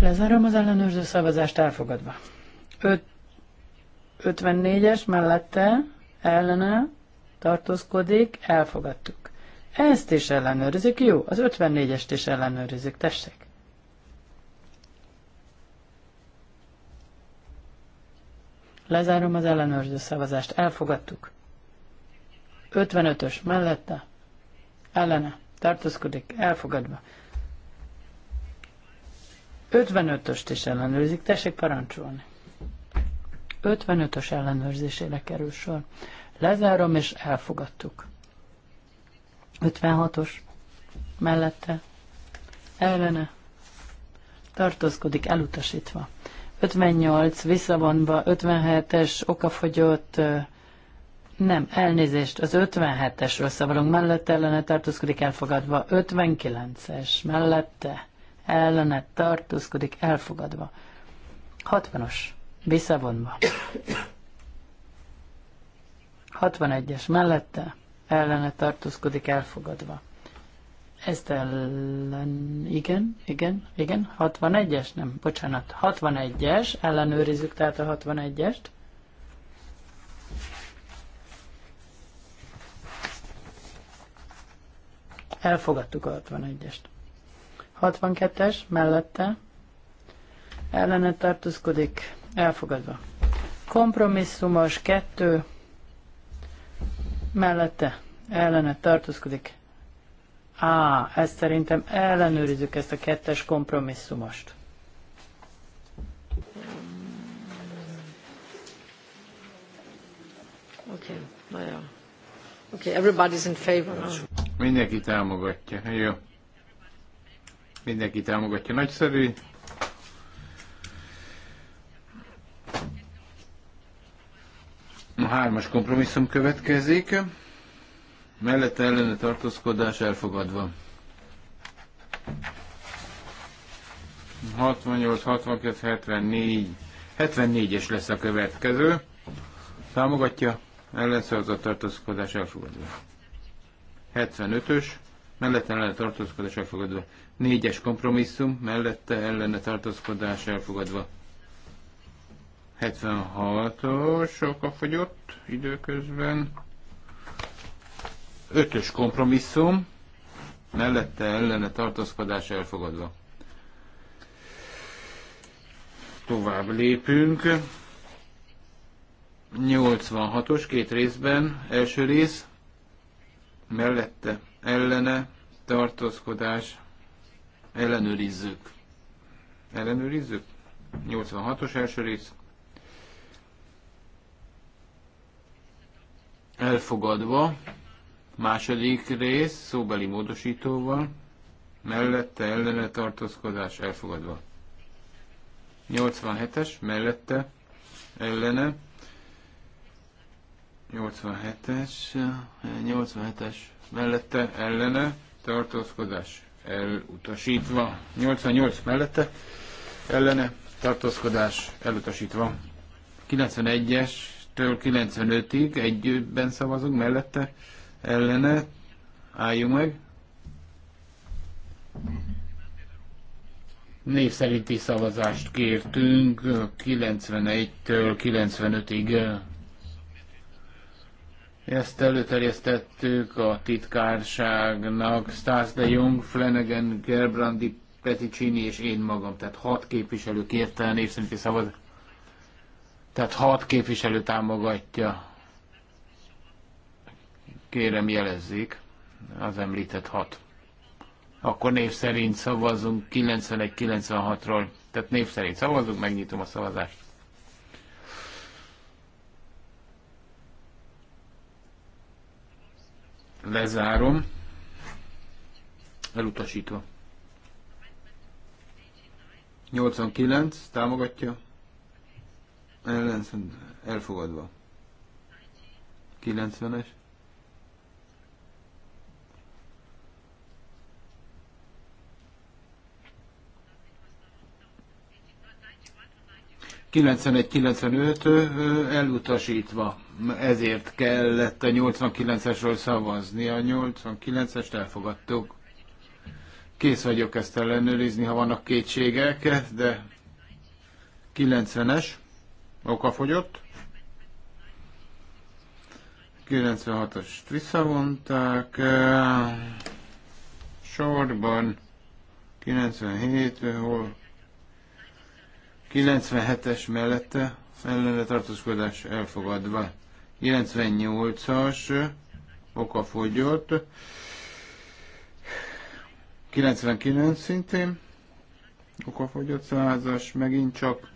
[SPEAKER 2] Lezárom az ellenőrző szavazást elfogadva. 54-es mellette ellene tartózkodik, elfogadtuk. Ezt is ellenőrizik, jó, az 54-est is ellenőrizik, tessék. Lezárom az ellenőrző szavazást. Elfogadtuk. 55-ös mellette. Ellene. Tartózkodik. Elfogadva. 55-öst is ellenőrzik. Tessék parancsolni. 55-ös ellenőrzésére kerül sor. Lezárom és elfogadtuk. 56-os mellette. Ellene. Tartózkodik elutasítva. 58 visszavonva, 57-es okafogyott, nem, elnézést, az 57-esről szavarunk mellette, ellene tartózkodik elfogadva, 59-es mellette, ellene tartózkodik elfogadva. 60-os, visszavonva. 61-es mellette, ellene tartózkodik elfogadva. Ezt ellen, igen, igen, igen, 61-es, nem, bocsánat, 61-es, ellenőrizzük tehát a 61-est. Elfogadtuk a 61-est. 62-es, mellette, Ellenet tartózkodik, elfogadva. Kompromisszumos 2, mellette, ellenet tartózkodik, Á, ezt szerintem ellenőrizzük ezt a kettes kompromisszumost. Okay, yeah. okay, everybody's in favor.
[SPEAKER 1] Mindenki támogatja. Jó. Mindenki támogatja. Nagyszerű. A hármas kompromisszum következik mellette ellene tartózkodás elfogadva. 68, 62, 74, 74-es lesz a következő. Támogatja, ellenszavazat tartózkodás elfogadva. 75-ös, mellette ellene tartózkodás elfogadva. 4-es kompromisszum, mellette ellene tartózkodás elfogadva. 76-os, fogyott időközben. Ötös kompromisszum, mellette ellene tartózkodás elfogadva. Tovább lépünk. 86-os két részben, első rész, mellette ellene tartózkodás ellenőrizzük. Ellenőrizzük? 86-os első rész. Elfogadva. Második rész szóbeli módosítóval,
[SPEAKER 2] mellette ellene
[SPEAKER 1] tartózkodás elfogadva. 87-es, mellette ellene. 87-es, 87-es, mellette ellene tartózkodás elutasítva. 88 mellette ellene tartózkodás elutasítva. 91 es től 95-ig együttben szavazunk mellette ellene, álljunk meg. Név szerinti szavazást kértünk 91-től 95-ig. Ezt előterjesztettük a titkárságnak, Stas de Jong, Flanagan, Gerbrandi, Peticini és én magam. Tehát hat képviselő kérte a név szerinti szavazást. Tehát hat képviselő támogatja kérem jelezzék az említett hat. Akkor név szerint szavazunk 91-96-ról. Tehát név szerint szavazunk, megnyitom a szavazást. Lezárom. Elutasítva. 89 támogatja. Ellen elfogadva. 90-es. 91-95 elutasítva. Ezért kellett a 89-esről szavazni. A 89-est elfogadtuk. Kész vagyok ezt ellenőrizni, ha vannak kétségek, de 90-es fogyott. 96 ast visszavonták. Sorban 97 hol 97-es mellette ellene tartózkodás elfogadva. 98-as oka fogyott. 99 szintén oka fogyott 100-as, megint csak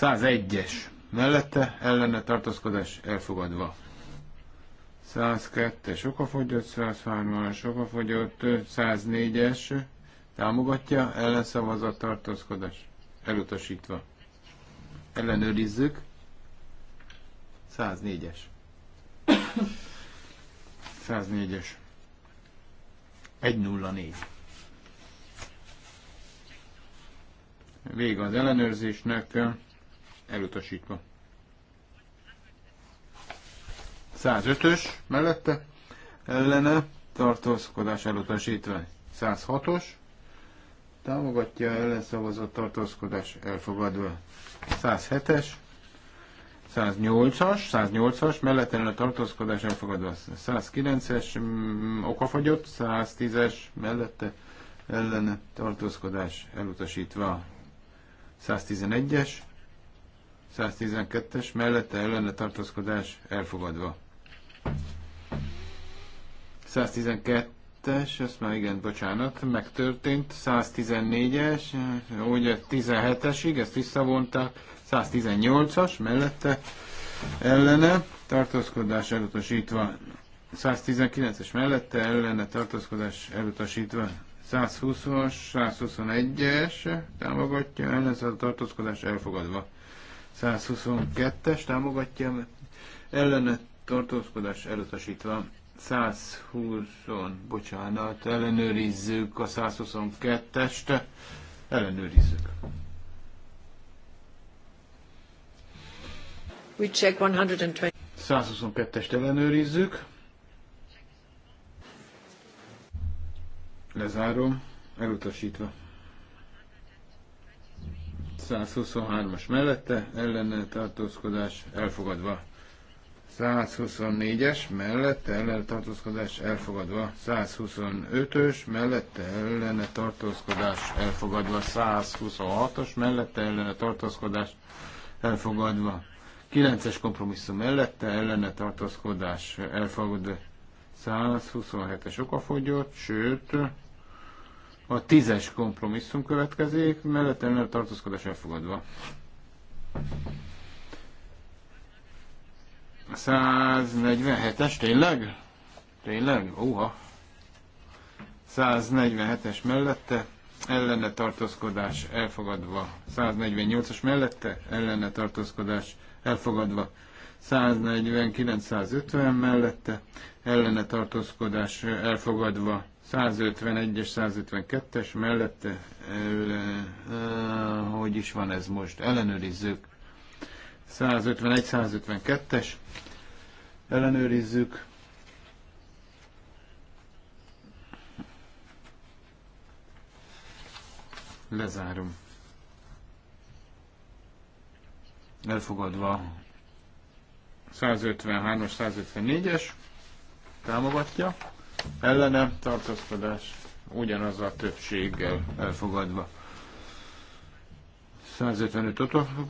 [SPEAKER 1] 101-es mellette ellene tartózkodás elfogadva. 102-es okafogyott, 103-as okafogyott, 104-es támogatja ellenszavazat tartózkodás elutasítva. Ellenőrizzük. 104-es. 104-es. 104. Vége az ellenőrzésnek, elutasítva. 105-ös mellette, ellene, tartózkodás elutasítva. 106-os támogatja, ellenszavazott tartózkodás elfogadva. 107-es, 108-as, 108-as, mellette a tartózkodás elfogadva. 109-es, okafagyott, 110-es, mellette ellene tartózkodás elutasítva. 111-es, 112-es, mellette ellene tartózkodás elfogadva. 112 12-es, ezt már igen, bocsánat, megtörtént, 114-es, ugye 17-esig, ezt visszavonták, 118-as mellette ellene, tartózkodás elutasítva, 119-es mellette ellene, tartózkodás elutasítva, 120-as, 121-es támogatja, a tartózkodás elfogadva. 122-es támogatja, ellene tartózkodás elutasítva. 120-on, bocsánat, ellenőrizzük a 122-est, ellenőrizzük. We check 120. 122-est ellenőrizzük. Lezárom, elutasítva. 123-as mellette, ellene tartózkodás elfogadva. 124-es mellette ellen tartózkodás elfogadva, 125-ös mellette ellen tartózkodás elfogadva, 126-os mellette ellen tartózkodás elfogadva, 9-es kompromisszum mellette ellen tartózkodás elfogadva, 127-es okafogyott, sőt a 10-es kompromisszum következik, mellette ellen tartózkodás elfogadva. 147-es, tényleg? Tényleg? Óha! 147-es mellette, ellene tartózkodás elfogadva. 148-as mellette, ellene tartózkodás elfogadva. 149-150 mellette, ellene tartózkodás elfogadva. 151-es, 152-es mellette, el, eh, hogy is van ez most, ellenőrizzük. 151-152-es. Ellenőrizzük. Lezárom. Elfogadva 153-as, 154-es támogatja. Ellene tartózkodás ugyanaz a többséggel elfogadva. 155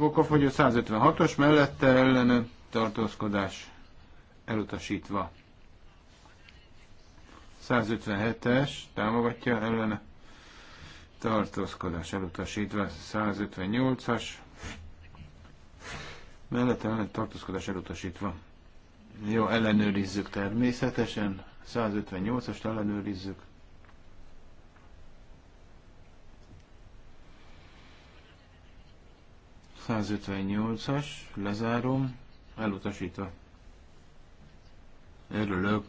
[SPEAKER 1] okafogyott, 156-os mellette ellene tartózkodás elutasítva. 157-es támogatja ellene tartózkodás elutasítva. 158-as mellette ellene tartózkodás elutasítva. Jó, ellenőrizzük természetesen. 158-ast ellenőrizzük. 158-as, lezárom, elutasítva. Örülök.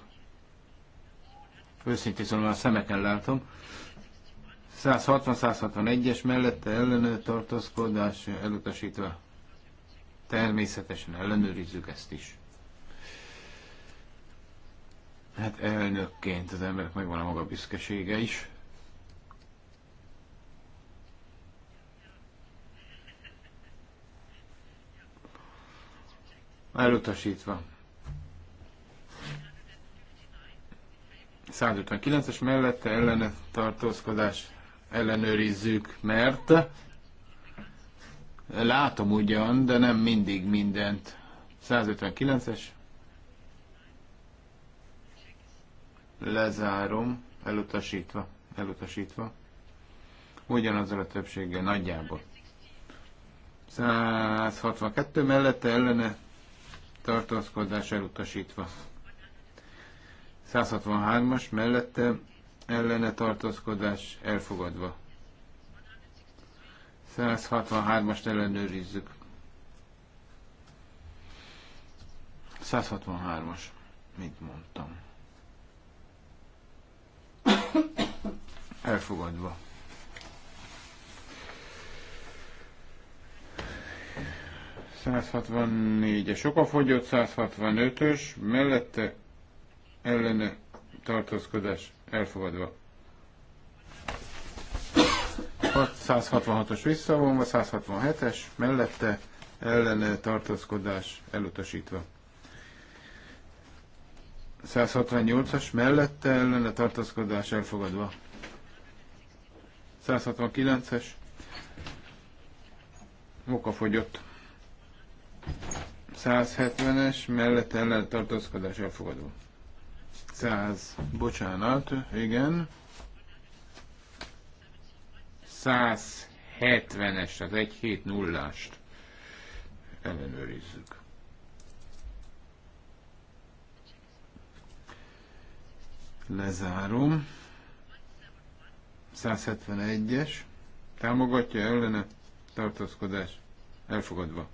[SPEAKER 1] Őszintén szólom, a szemeken látom. 160-161-es mellette ellenő tartózkodás elutasítva. Természetesen ellenőrizzük ezt is. Hát elnökként az emberek megvan a maga büszkesége is. elutasítva. 159-es mellette ellene tartózkodás ellenőrizzük, mert látom ugyan, de nem mindig mindent. 159-es. Lezárom, elutasítva, elutasítva. Ugyanazzal a többséggel nagyjából. 162 mellette ellene tartózkodás elutasítva. 163-as mellette ellene tartózkodás elfogadva. 163-ast ellenőrizzük. 163-as, mint mondtam. Elfogadva. 164-es okafogyott, 165-ös, mellette ellene tartózkodás elfogadva. 166-os visszavonva, 167-es, mellette ellene tartózkodás elutasítva. 168-as, mellette ellene tartózkodás elfogadva. 169-es, moka fogyott. 170-es mellett ellen tartózkodás elfogadó. 100, bocsánat, igen. 170-es, tehát egy 7 0 -ást. ellenőrizzük. Lezárom. 171-es. Támogatja ellene tartózkodás elfogadva.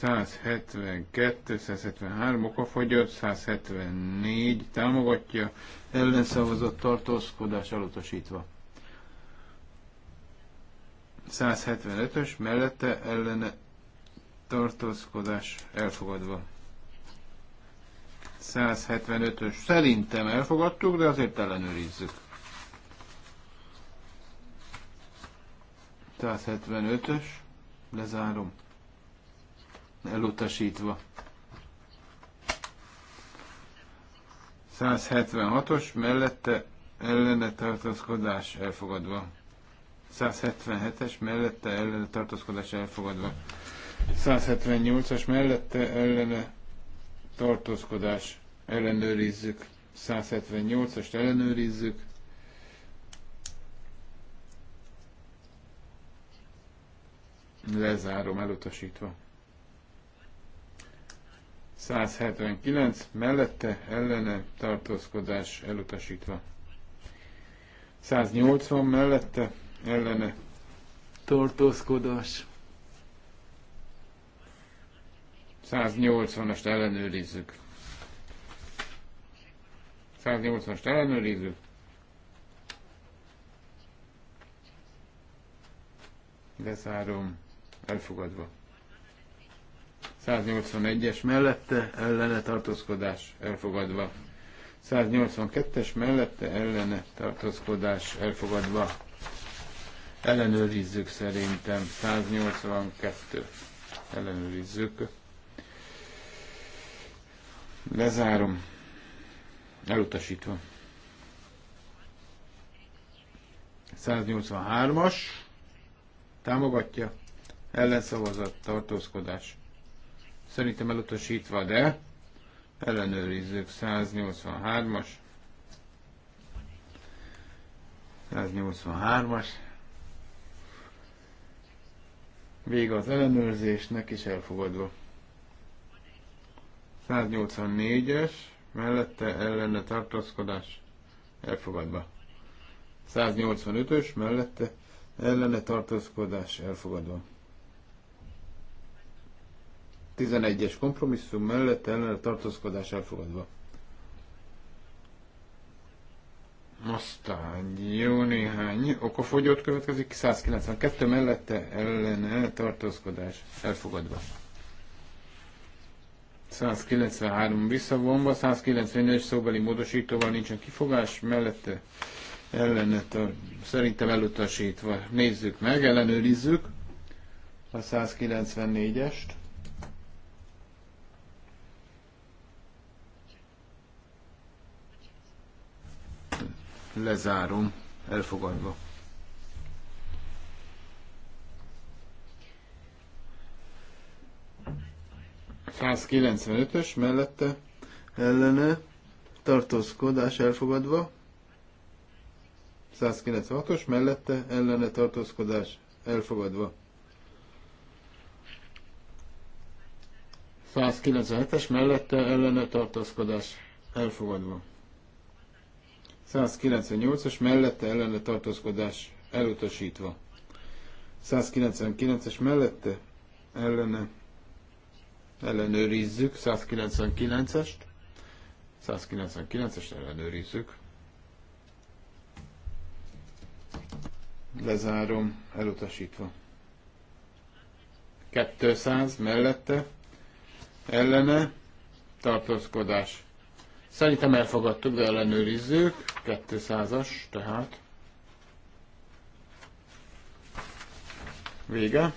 [SPEAKER 1] 172, 173 okafogyott, 174 támogatja, ellenszavazott tartózkodás alutasítva. 175-ös, mellette ellene tartózkodás elfogadva. 175-ös szerintem elfogadtuk, de azért ellenőrizzük. 175-ös, lezárom elutasítva. 176-os mellette ellene tartózkodás elfogadva. 177-es mellette ellene tartózkodás elfogadva. 178-as mellette ellene tartózkodás ellenőrizzük. 178-ast ellenőrizzük. Lezárom elutasítva. 179 mellette ellene tartózkodás elutasítva. 180 mellette ellene tartózkodás. 180-ast ellenőrizzük. 180-ast ellenőrizzük. Lezárom, elfogadva. 181-es mellette ellene tartózkodás elfogadva. 182-es mellette ellene tartózkodás elfogadva. Ellenőrizzük szerintem. 182. Ellenőrizzük. Lezárom. Elutasítva. 183-as. Támogatja. Ellenszavazat. Tartózkodás Szerintem elutasítva, de ellenőrizzük 183-as. 183-as. Vége az ellenőrzésnek is elfogadva. 184-es, mellette ellene tartózkodás elfogadva. 185-ös, mellette ellene tartózkodás elfogadva. 11-es kompromisszum mellett a tartózkodás elfogadva. Aztán jó néhány okofogyót következik, 192 mellette ellene tartózkodás elfogadva. 193 visszavonva, 194 szóbeli módosítóval nincsen kifogás, mellette ellenet a, szerintem elutasítva. Nézzük meg, ellenőrizzük a 194-est. Lezárom. Elfogadva. ös mellette ellene tartózkodás elfogadva. 196-os mellette ellene tartózkodás elfogadva. 197-es mellette ellene tartózkodás elfogadva. 198-as mellette ellene tartózkodás elutasítva. 199-es mellette ellene ellenőrizzük, 199-est, 199-est ellenőrizzük. Lezárom, elutasítva. 200 mellette ellene tartózkodás Szerintem elfogadtuk, de ellenőrizzük. 200-as, tehát. Vége.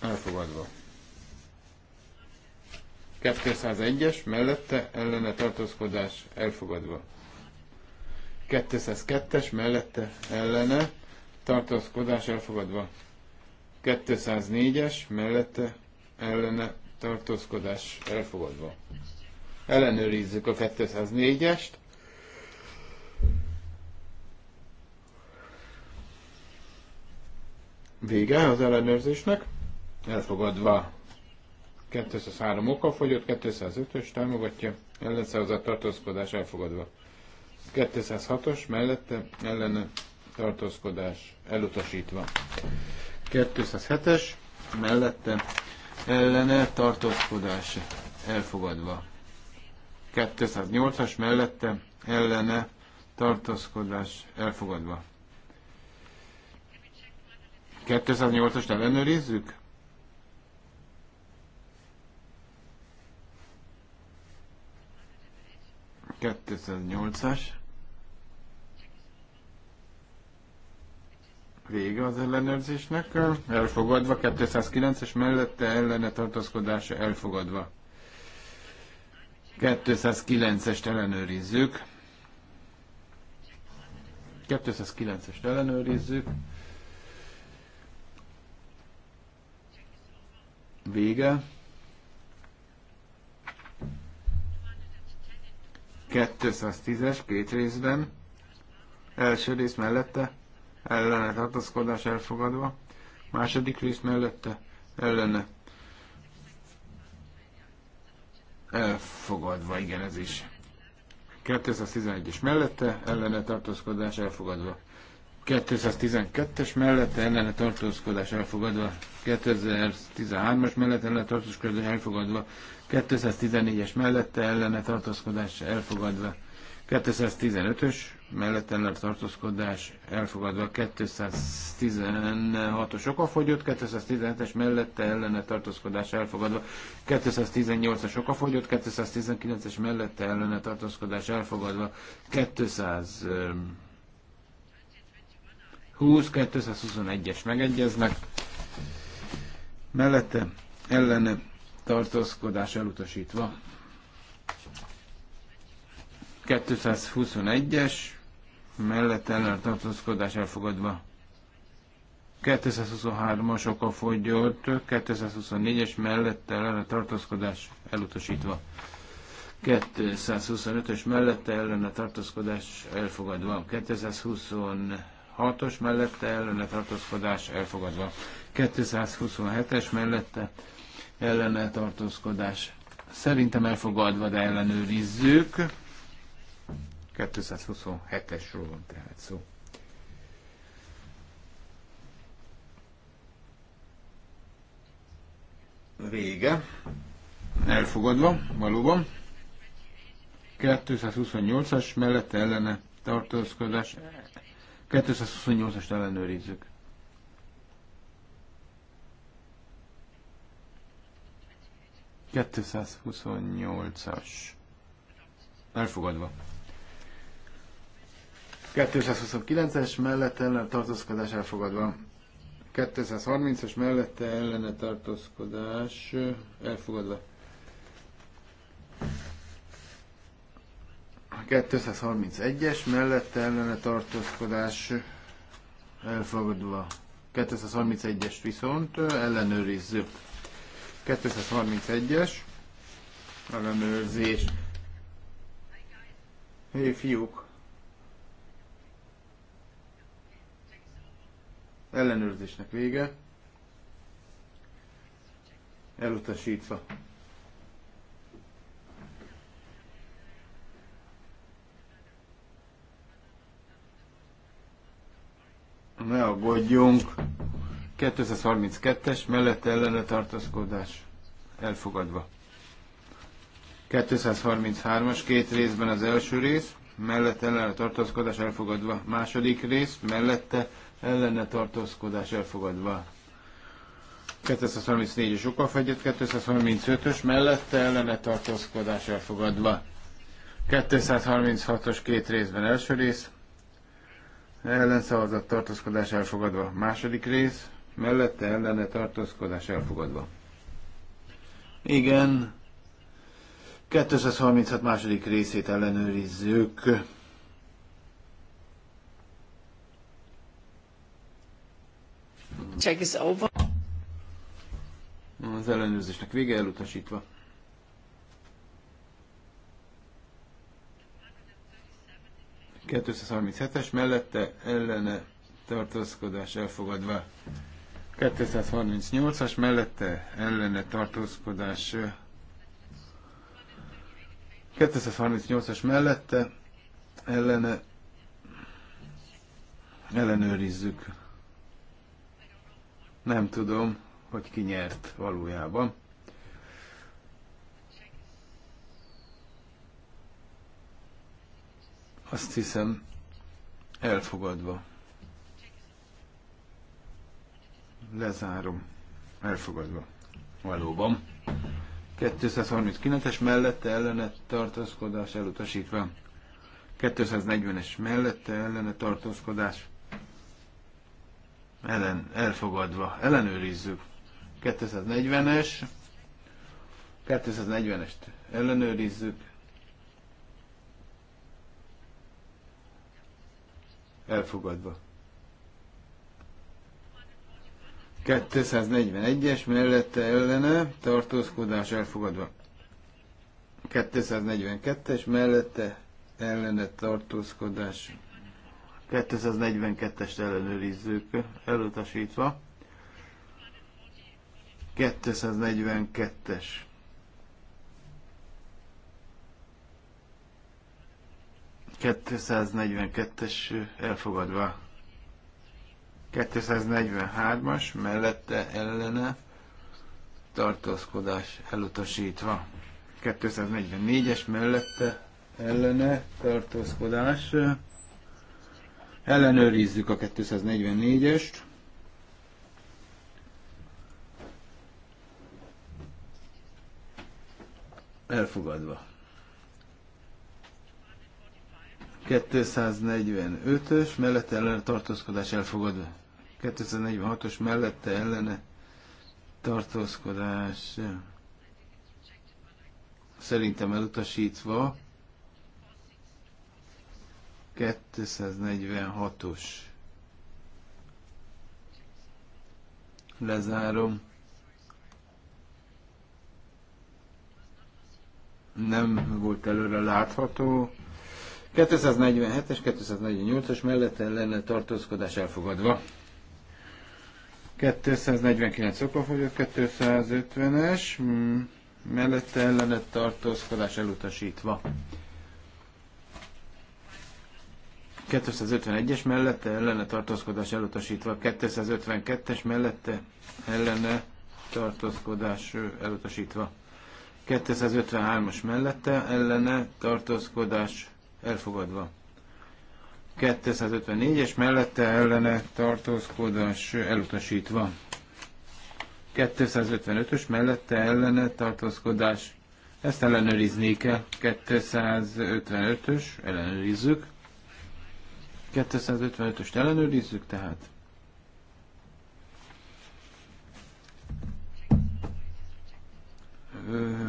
[SPEAKER 1] Elfogadva. 201-es, mellette ellene tartózkodás elfogadva. 202-es, mellette ellene tartózkodás elfogadva. 204-es, mellette ellene tartózkodás elfogadva. Ellenőrizzük a 204-est. Vége az ellenőrzésnek. Elfogadva 203 oka fogyott, 205-ös támogatja, ellenszavazat tartózkodás elfogadva. 206-os mellette ellene tartózkodás elutasítva. 207-es mellette ellene tartózkodás elfogadva. 208-as mellette ellene tartózkodás elfogadva. 208-ast ellenőrizzük? Kettőszáznyolcas. Vége az ellenőrzésnek. Elfogadva. 209-es mellette ellene tartózkodása elfogadva. 209-est ellenőrizzük. 209-est ellenőrizzük. Vége. 210-es két részben. Első rész mellette ellene tartózkodás elfogadva. Második rész mellette ellene Elfogadva, igen, ez is. 211-es mellette, ellene tartózkodás elfogadva. 212-es mellette ellene tartózkodás elfogadva, 2013-as mellette ellene tartózkodás elfogadva, 214-es mellette ellene tartózkodás elfogadva, 215-ös mellett ellen tartózkodás elfogadva 216-os okafogyott, 217-es mellette ellene tartózkodás elfogadva 218-as okafogyott, 219-es mellette ellene tartózkodás elfogadva 220 221 es megegyeznek, mellette ellene tartózkodás elutasítva. 221-es, mellett ellen tartózkodás elfogadva. 223-as oka fogyott, 224-es mellett ellen tartózkodás elutasítva. 225-ös mellette ellen a tartózkodás elfogadva. 226-os mellette ellen a tartózkodás elfogadva. 227-es mellette ellen a tartózkodás szerintem elfogadva, de ellenőrizzük. 227-esről van tehát szó. Vége. Elfogadva, valóban. 228-as mellett ellene tartózkodás. 228-ast ellenőrizzük. Kettőszázhuszonnyolcas. Elfogadva. 229-es mellette ellen tartózkodás elfogadva. 230 es mellette ellene tartózkodás elfogadva. 231-es mellette ellene tartózkodás elfogadva. 231-est viszont ellenőrizzük. 231-es ellenőrzés. Hé, hey, fiúk, ellenőrzésnek vége, elutasítva. Ne aggódjunk. 232-es mellett ellene tartaszkodás elfogadva. 233-as két részben az első rész, mellett ellene tartaszkodás elfogadva. Második rész, mellette ellene tartózkodás elfogadva. 234-es okafegyet, 235-ös mellette ellene tartózkodás elfogadva. 236-os két részben első rész, ellenszavazat tartózkodás elfogadva. Második rész, mellette ellene tartózkodás elfogadva. Igen, 236 második részét ellenőrizzük.
[SPEAKER 2] Check is over.
[SPEAKER 1] Az ellenőrzésnek vége elutasítva. 237-es mellette ellene tartózkodás elfogadva. 238-as mellette ellene tartózkodás 238-as mellette ellene ellenőrizzük. Nem tudom, hogy ki nyert valójában. Azt hiszem, elfogadva. Lezárom. Elfogadva. Valóban. 239-es mellette ellene tartózkodás elutasítva. 240-es mellette ellene tartózkodás ellen, elfogadva, ellenőrizzük. 240-es, 240-est ellenőrizzük. Elfogadva. 241-es mellette ellene tartózkodás elfogadva. 242-es mellette ellene tartózkodás 242-est ellenőrizzük elutasítva. 242-es. ...242-es elfogadva. 243-as mellette ellene tartózkodás elutasítva. 244-es mellette ellene tartózkodás Ellenőrizzük a 244-est. Elfogadva. 245-ös, mellette ellene tartózkodás elfogadva. 246-os mellette ellene tartózkodás szerintem elutasítva. 246-os. Lezárom. Nem volt előre látható. 247-es, 248-as mellett lenne tartózkodás elfogadva. 249 okafogyott, 250-es, mm, mellette ellenett tartózkodás elutasítva. 251-es mellette ellene tartózkodás elutasítva, 252-es mellette ellene tartózkodás elutasítva, 253-as mellette ellene tartózkodás elfogadva. 254-es mellette ellene tartózkodás elutasítva. 255-ös mellette ellene tartózkodás. Ezt ellenőrizni kell. 255-ös, ellenőrizzük. 255-öst ellenőrizzük tehát.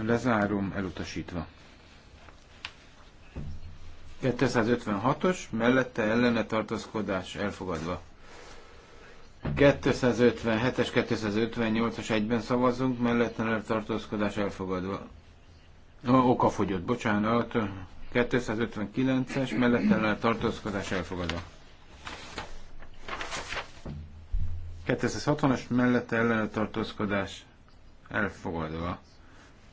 [SPEAKER 1] Lezárom elutasítva. 256-os, mellette ellene tartózkodás elfogadva. 257-es, 258-as egyben szavazunk, mellette ellene tartózkodás elfogadva. Oka fogyott, bocsánat. 259-es mellettelen ellen tartózkodás elfogadva. 260-as mellette ellen tartózkodás elfogadva.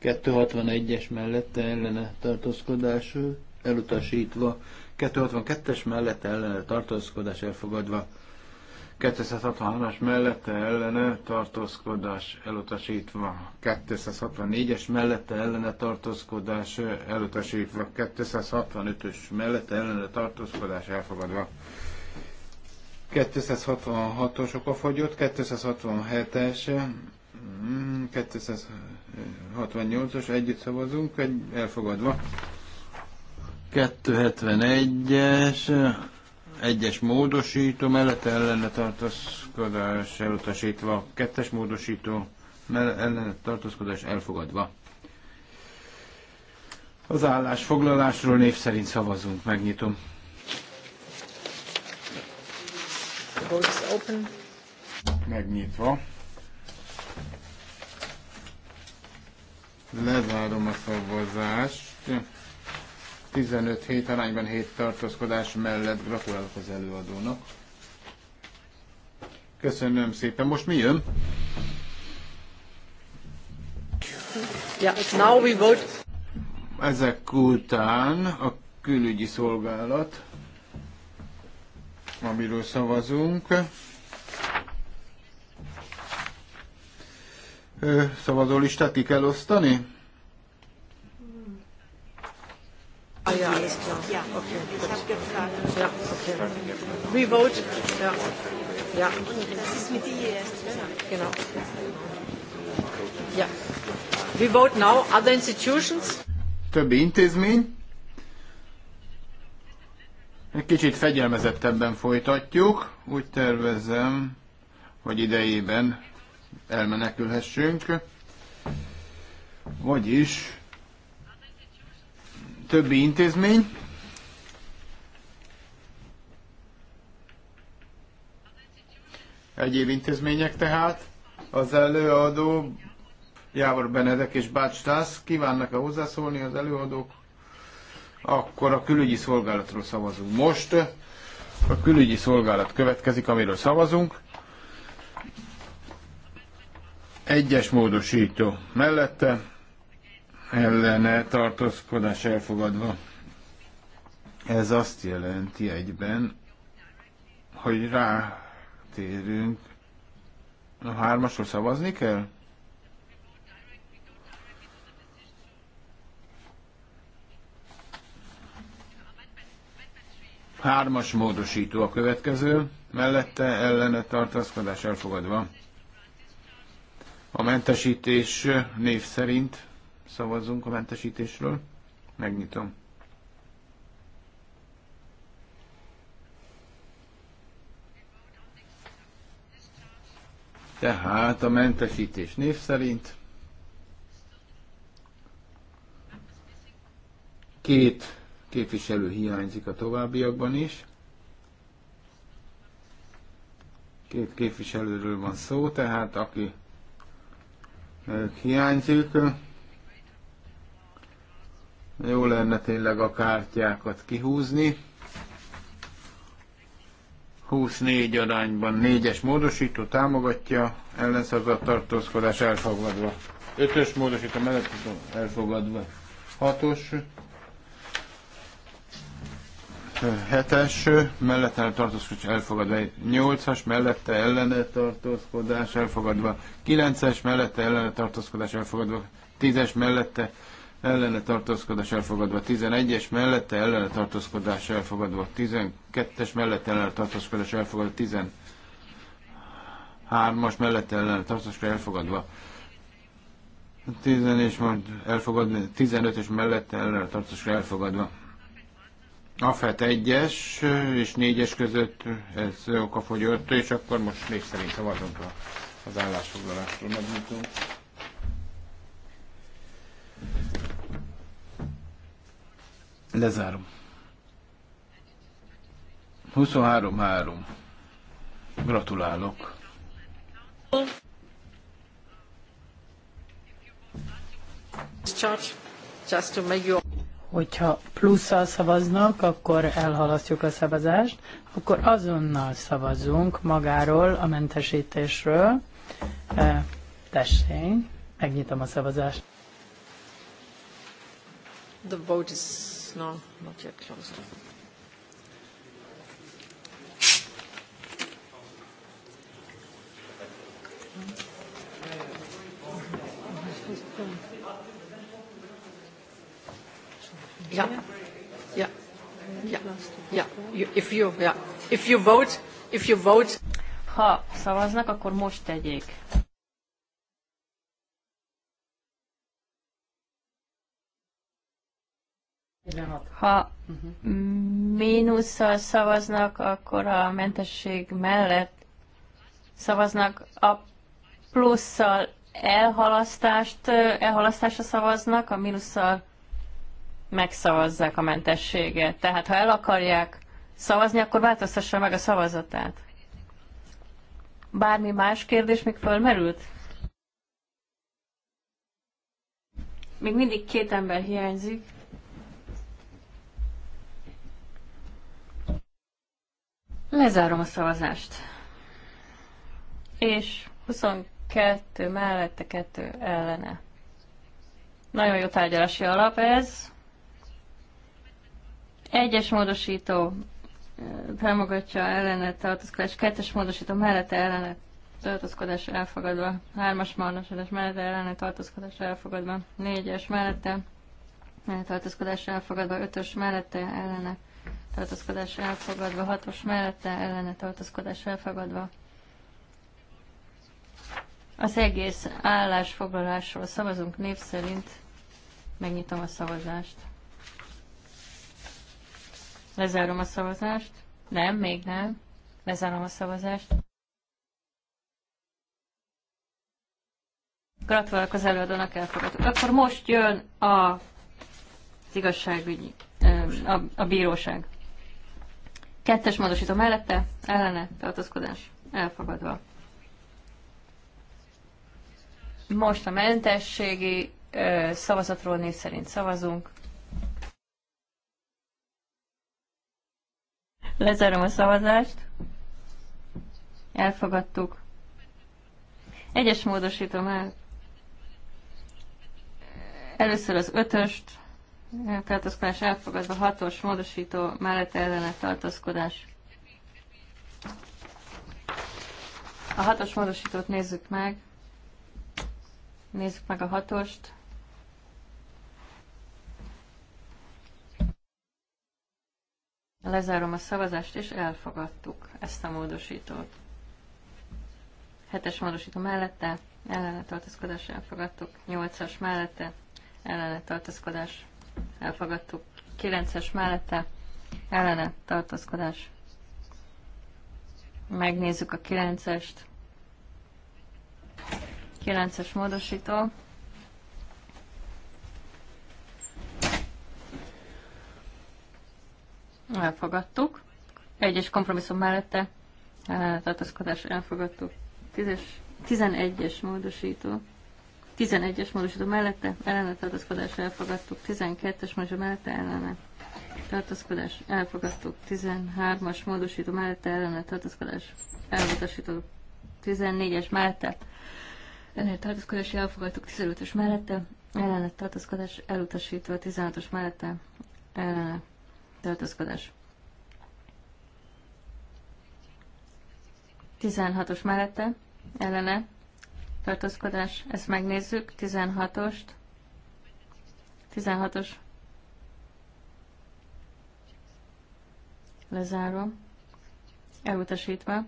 [SPEAKER 1] 261-es mellette ellene tartózkodás elutasítva, 262-es mellette ellene tartózkodás elfogadva, 263-as mellette ellene tartózkodás elutasítva. 264-es mellette ellene tartózkodás elutasítva. 265-ös mellette ellene tartózkodás elfogadva. 266-os okafogyott, 267-es, 268-os mm, együtt szavazunk, elfogadva. 271-es, egyes módosító mellett ellene tartózkodás elutasítva. Kettes módosító mellett ellene tartózkodás elfogadva. Az állásfoglalásról név szerint szavazunk. Megnyitom. Open. Megnyitva. Lezárom a szavazást. 15 hét arányban 7 tartózkodás mellett gratulálok az előadónak. Köszönöm szépen. Most mi jön?
[SPEAKER 2] Yeah, now we vote.
[SPEAKER 1] Ezek után a külügyi szolgálat, amiről szavazunk. Szavazólistát ki kell osztani?
[SPEAKER 2] Ah ja, alles klar. Ja, okay. Ich habe gefragt. Ja, okay. We Ja. Ja. Das ist mit ihr erst. Genau. Ja. We vote now other institutions?
[SPEAKER 1] Többi intézmény. Egy kicsit fegyelmezettebben folytatjuk. Úgy tervezem, hogy idejében elmenekülhessünk. Vagyis többi intézmény. Egyéb intézmények tehát. Az előadó Jávor Benedek és Bács Tász kívánnak-e hozzászólni az előadók? Akkor a külügyi szolgálatról szavazunk. Most a külügyi szolgálat következik, amiről szavazunk. Egyes módosító mellette ellene tartózkodás elfogadva. Ez azt jelenti egyben, hogy rátérünk. A hármasról szavazni kell? Hármas módosító a következő, mellette ellene tartózkodás elfogadva. A mentesítés név szerint Szavazzunk a mentesítésről. Megnyitom. Tehát a mentesítés név szerint két képviselő hiányzik a továbbiakban is. Két képviselőről van szó, tehát aki eh, hiányzik, jó lenne tényleg a kártyákat kihúzni. 24 arányban 4-es módosító támogatja, ellenszavazat tartózkodás elfogadva. 5-ös módosító mellett elfogadva. 6-os. 7-es mellette tartózkodás elfogadva. 8-as mellette ellene tartózkodás elfogadva. 9-es mellette ellene tartózkodás elfogadva. 10-es mellette ellene tartózkodás elfogadva 11-es, mellette ellene tartózkodás elfogadva 12-es, mellette ellene tartózkodás elfogadva 13-as, mellette ellene tartózkodás elfogadva 10 és majd elfogadni, 15-ös mellette ellene tartózkodás elfogadva. A FET 1-es és 4-es között ez okafogyott, és akkor most még szerint szavazunk az állásfoglalásról. Megnyitunk. Lezárom. 23-3. Gratulálok.
[SPEAKER 2] Hogyha plusszal szavaznak, akkor elhalasztjuk a szavazást, akkor azonnal szavazunk magáról a mentesítésről. E, tessék, megnyitom a szavazást. The vote is closed? No, not yet closed. Yeah. Yeah. if you, yeah. If you vote, if you vote. Ha szavaznak, akkor most tegyék.
[SPEAKER 3] Ha mínusszal szavaznak, akkor a mentesség mellett szavaznak, a plusszal elhalasztást, elhalasztásra szavaznak, a mínusszal megszavazzák a mentességet. Tehát ha el akarják szavazni, akkor változtassa meg a szavazatát. Bármi más kérdés még fölmerült? Még mindig két ember hiányzik. Lezárom a szavazást. És 22 mellette, 2 ellene. Nagyon jó tárgyalási alap ez. Egyes módosító támogatja ellene tartózkodás, kettes módosító mellette ellene tartózkodás elfogadva, hármas marnasodás mellette ellene tartózkodás elfogadva, négyes mellette ellene tartózkodás elfogadva, ötös mellette ellene tartózkodás elfogadva, hatos mellette ellene tartózkodás elfogadva. Az egész állásfoglalásról szavazunk név szerint. Megnyitom a szavazást. Lezárom a szavazást. Nem, még nem. Lezárom a szavazást. Gratulálok az előadónak, elfogadtuk. Akkor most jön a, az igazságügyi, a, a bíróság. Kettes módosító mellette, ellene, tartózkodás elfogadva. Most a mentességi ö, szavazatról név szerint szavazunk. Lezárom a szavazást. Elfogadtuk. Egyes módosítom el. Először az ötöst, tartózkodás elfogadva, hatos módosító mellett ellene tartózkodás. A hatos módosítót nézzük meg. Nézzük meg a hatost. Lezárom a szavazást, és elfogadtuk ezt a módosítót. Hetes módosító mellette, ellene tartózkodás elfogadtuk. Nyolcas mellette, ellene tartózkodás elfogadtuk. 9-es mellette ellene tartózkodás. Megnézzük a 9-est. 9-es módosító. Elfogadtuk. Egyes kompromisszum mellette ellene tartózkodás elfogadtuk. 10-es, 11-es módosító. 11-es módosító mellette ellene tartózkodás elfogadtuk, 12-es módosító mellette ellene tartózkodás elfogadtuk, 13-as módosító mellette ellene tartózkodás elutasítottuk, 14-es mellette ellene tartózkodás elfogadtuk, 15-ös mellette ellene tartózkodás elutasítva, 16-os mellette ellene tartózkodás. 16-os mellette ellene tartózkodás, ezt megnézzük, 16-ost, 16-os, lezárom, elutasítva,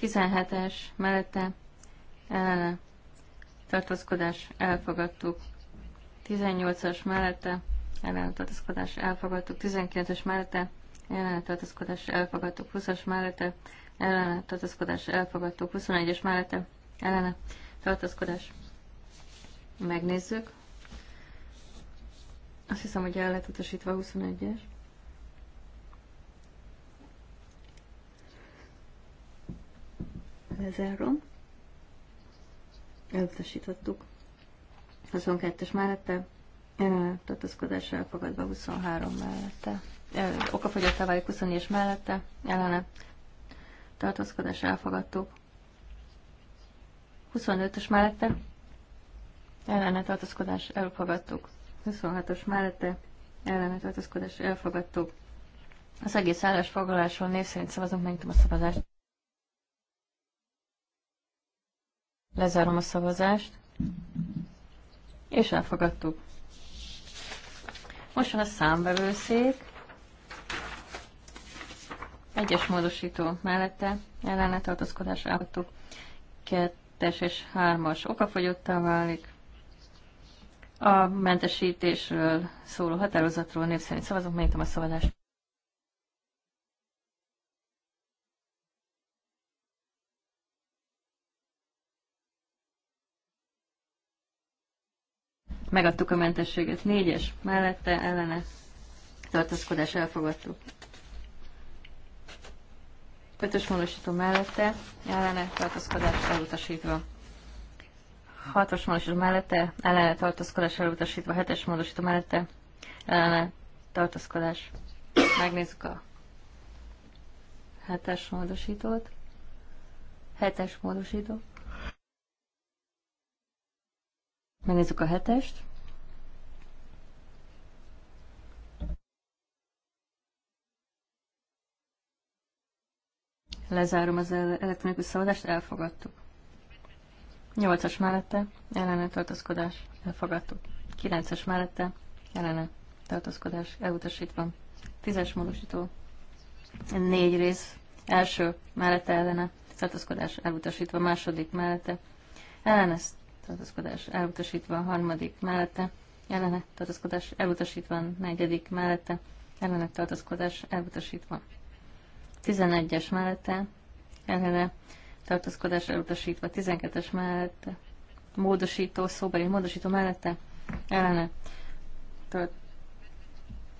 [SPEAKER 3] 17-es mellette, ellene, tartózkodás, elfogadtuk, 18-as mellette, ellene tartózkodás, elfogadtuk, 19-es mellette, ellene tartózkodás, elfogadtuk, 20-as mellette, ellene tartózkodás, elfogadtuk, 21-es mellette, ellene Tartaszkodás. Megnézzük. Azt hiszem, hogy el lehet utasítva 21-es. Lezárom. Elutasítottuk. 22-es mellette, Tartaszkodás elfogadva 23 mellette. Okafogyottá válik 24-es mellette, ellene tartózkodás elfogadtuk. 25-ös mellette ellene tartózkodás elfogadtuk. 26-os mellette ellene tartózkodás elfogadtuk. Az egész állásfoglalásról név szerint szavazunk, megnyitom a szavazást. Lezárom a szavazást. És elfogadtuk. Most van a számvevőszék. Egyes módosító mellette ellene tartózkodás elfogadtuk. Kettő 2-es és 3-as okafogyottá válik. A mentesítésről szóló határozatról név szerint szavazok, megnyitom a szavazást. Megadtuk a mentességet. Négyes mellette ellene tartózkodás elfogadtuk. Ötös módosító mellette ellene tartózkodás elutasítva. Hatos módosító mellette ellene tartózkodás elutasítva. Hetes módosító mellette ellene tartózkodás. Megnézzük a hetes módosítót. Hetes módosító. Megnézzük a hetest. Lezárom az elektronikus szavazást, elfogadtuk. 8-as mellette ellene tartózkodás, elfogadtuk. 9-es mellette ellene tartózkodás, elutasítva. 10-es módosító, 4 rész, első mellette ellene tartózkodás, elutasítva. Második mellette ellene tartózkodás, elutasítva. Harmadik mellette ellene tartózkodás, elutasítva. Negyedik mellette ellene tartózkodás, elutasítva. 11-es mellette ellene tartózkodás elutasítva, 12-es mellette módosító, szóbeli módosító mellette ellene.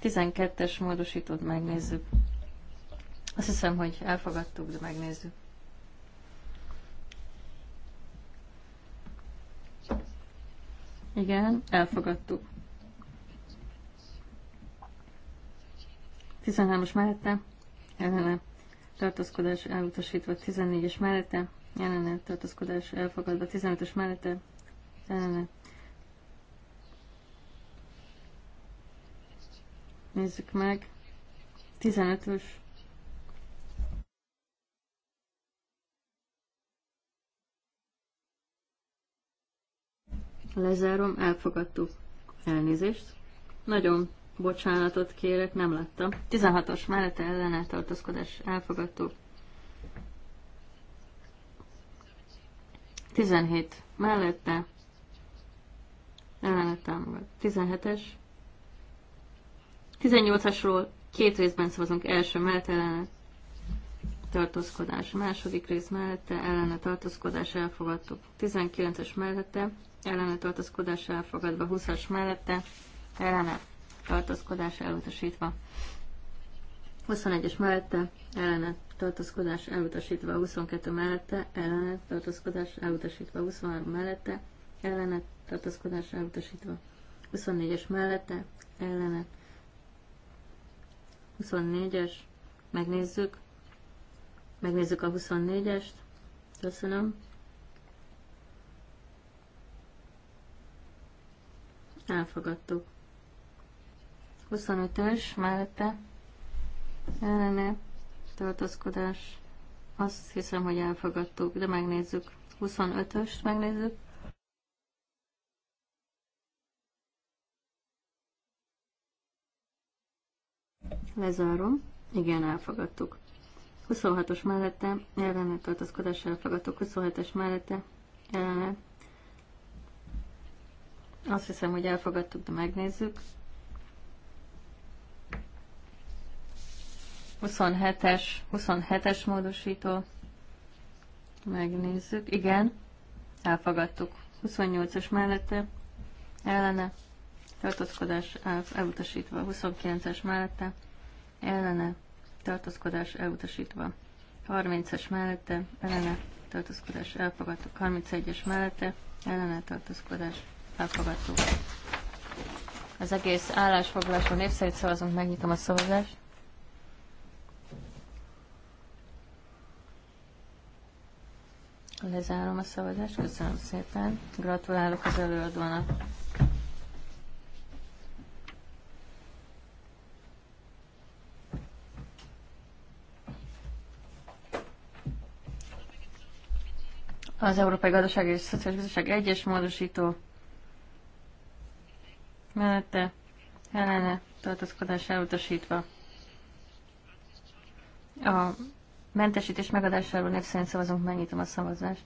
[SPEAKER 3] 12-es módosítót megnézzük. Azt hiszem, hogy elfogadtuk, de megnézzük. Igen, elfogadtuk. 13-as mellette ellene tartózkodás elutasítva 14-es mellette, ellene tartózkodás elfogadva 15-ös mellette, ellene. Nézzük
[SPEAKER 2] meg. 15-ös.
[SPEAKER 3] Lezárom, elfogadtuk. Elnézést. Nagyon Bocsánatot kérek, nem láttam. 16-os mellett ellene tartózkodás 17 mellette ellene támogat. 17-es. 18-asról két részben szavazunk. Első mellett ellene tartózkodás. Második rész mellette ellene tartózkodás elfogadtuk. 19-es mellette ellene tartózkodás elfogadva. 20-as mellette ellene tartózkodás elutasítva. 21-es mellette ellene tartózkodás elutasítva, 22 mellette ellene tartózkodás elutasítva, 23 mellette ellene tartózkodás elutasítva, 24-es mellette ellene 24-es, megnézzük, megnézzük a 24-est, köszönöm. Elfogadtuk. 25-ös mellette ellene tartózkodás. Azt hiszem, hogy elfogadtuk, de megnézzük. 25-öst megnézzük. Lezárom. Igen, elfogadtuk. 26-os mellette ellene tartózkodás elfogadtuk. 27-es mellette ellene. Azt hiszem, hogy elfogadtuk, de megnézzük. 27-es, 27-es módosító. Megnézzük. Igen, elfogadtuk. 28-as mellette, ellene, tartózkodás elutasítva. 29-es mellette, ellene, tartózkodás elutasítva. 30-es mellette, ellene, tartózkodás elfogadtuk. 31-es mellette, ellene, tartózkodás elfogadtuk. Az egész állásfoglalásról népszerűt szavazunk, megnyitom a szavazást. Lezárom a szavazást, köszönöm szépen. Gratulálok az előadónak. Az Európai Gazdaság és Szociális Bizottság egyes módosító mellette ellene tartozkodás elutasítva. A mentesítés megadásáról név szerint szavazunk, megnyitom a szavazást.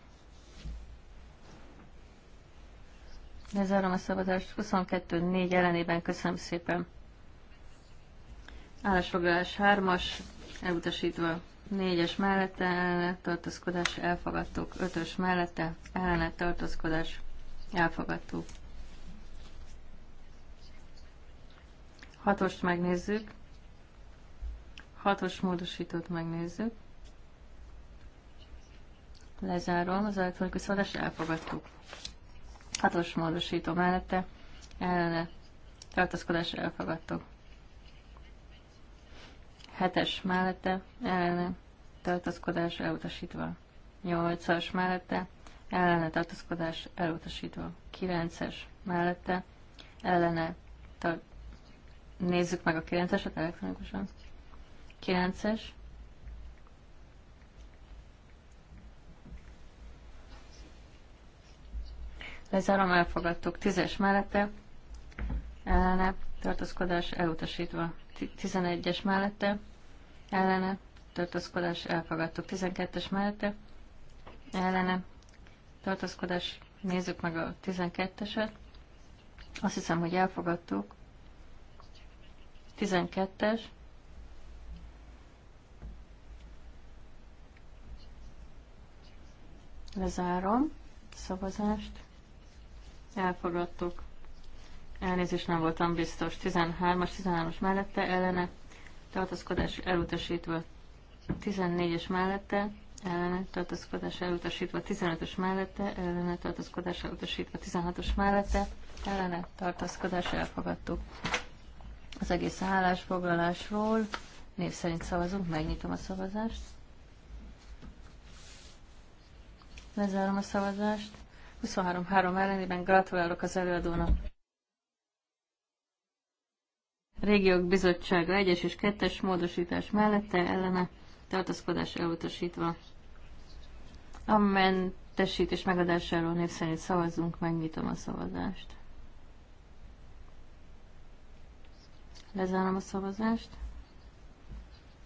[SPEAKER 3] Lezárom a szavazást. 22-4 ellenében köszönöm szépen. Állásfoglalás 3-as, elutasítva 4-es mellette, ellenet tartózkodás, elfogadtuk. 5-ös mellette, ellenet tartózkodás, elfogadtuk. 6-ost megnézzük. 6-os módosítót megnézzük. Lezárom az elektronikus szavazást, elfogadtuk. Hatos módosító mellette ellene tartózkodás elfogadtuk. Hetes mellette ellene tartózkodás elutasítva. Nyolcas mellette ellene tartózkodás elutasítva. Kilences mellette ellene tar- Nézzük meg a 9-eset elektronikusan. 9-es. Lezárom, elfogadtuk. Tízes mellette ellene tartózkodás elutasítva. tizenegyes mellette ellene tartózkodás elfogadtuk. tizenkettes mellette ellene tartózkodás. Nézzük meg a tizenketteset. Azt hiszem, hogy elfogadtuk. 12-es. Lezárom szavazást elfogadtuk. Elnézést nem voltam biztos. 13-as, 13-as mellette ellene tartózkodás elutasítva. 14-es mellette ellene tartózkodás elutasítva. 15-ös mellette ellene tartózkodás elutasítva. 16-os mellette ellene tartózkodás elfogadtuk. Az egész állásfoglalásról név szerint szavazunk, megnyitom a szavazást. Lezárom a szavazást. 23-3 ellenében gratulálok az előadónak. Régiók Bizottsága 1 és 2-es módosítás mellette ellene tartaszkodás elutasítva. A mentesítés megadásáról név szerint szavazzunk, megnyitom a szavazást. Lezárom a szavazást.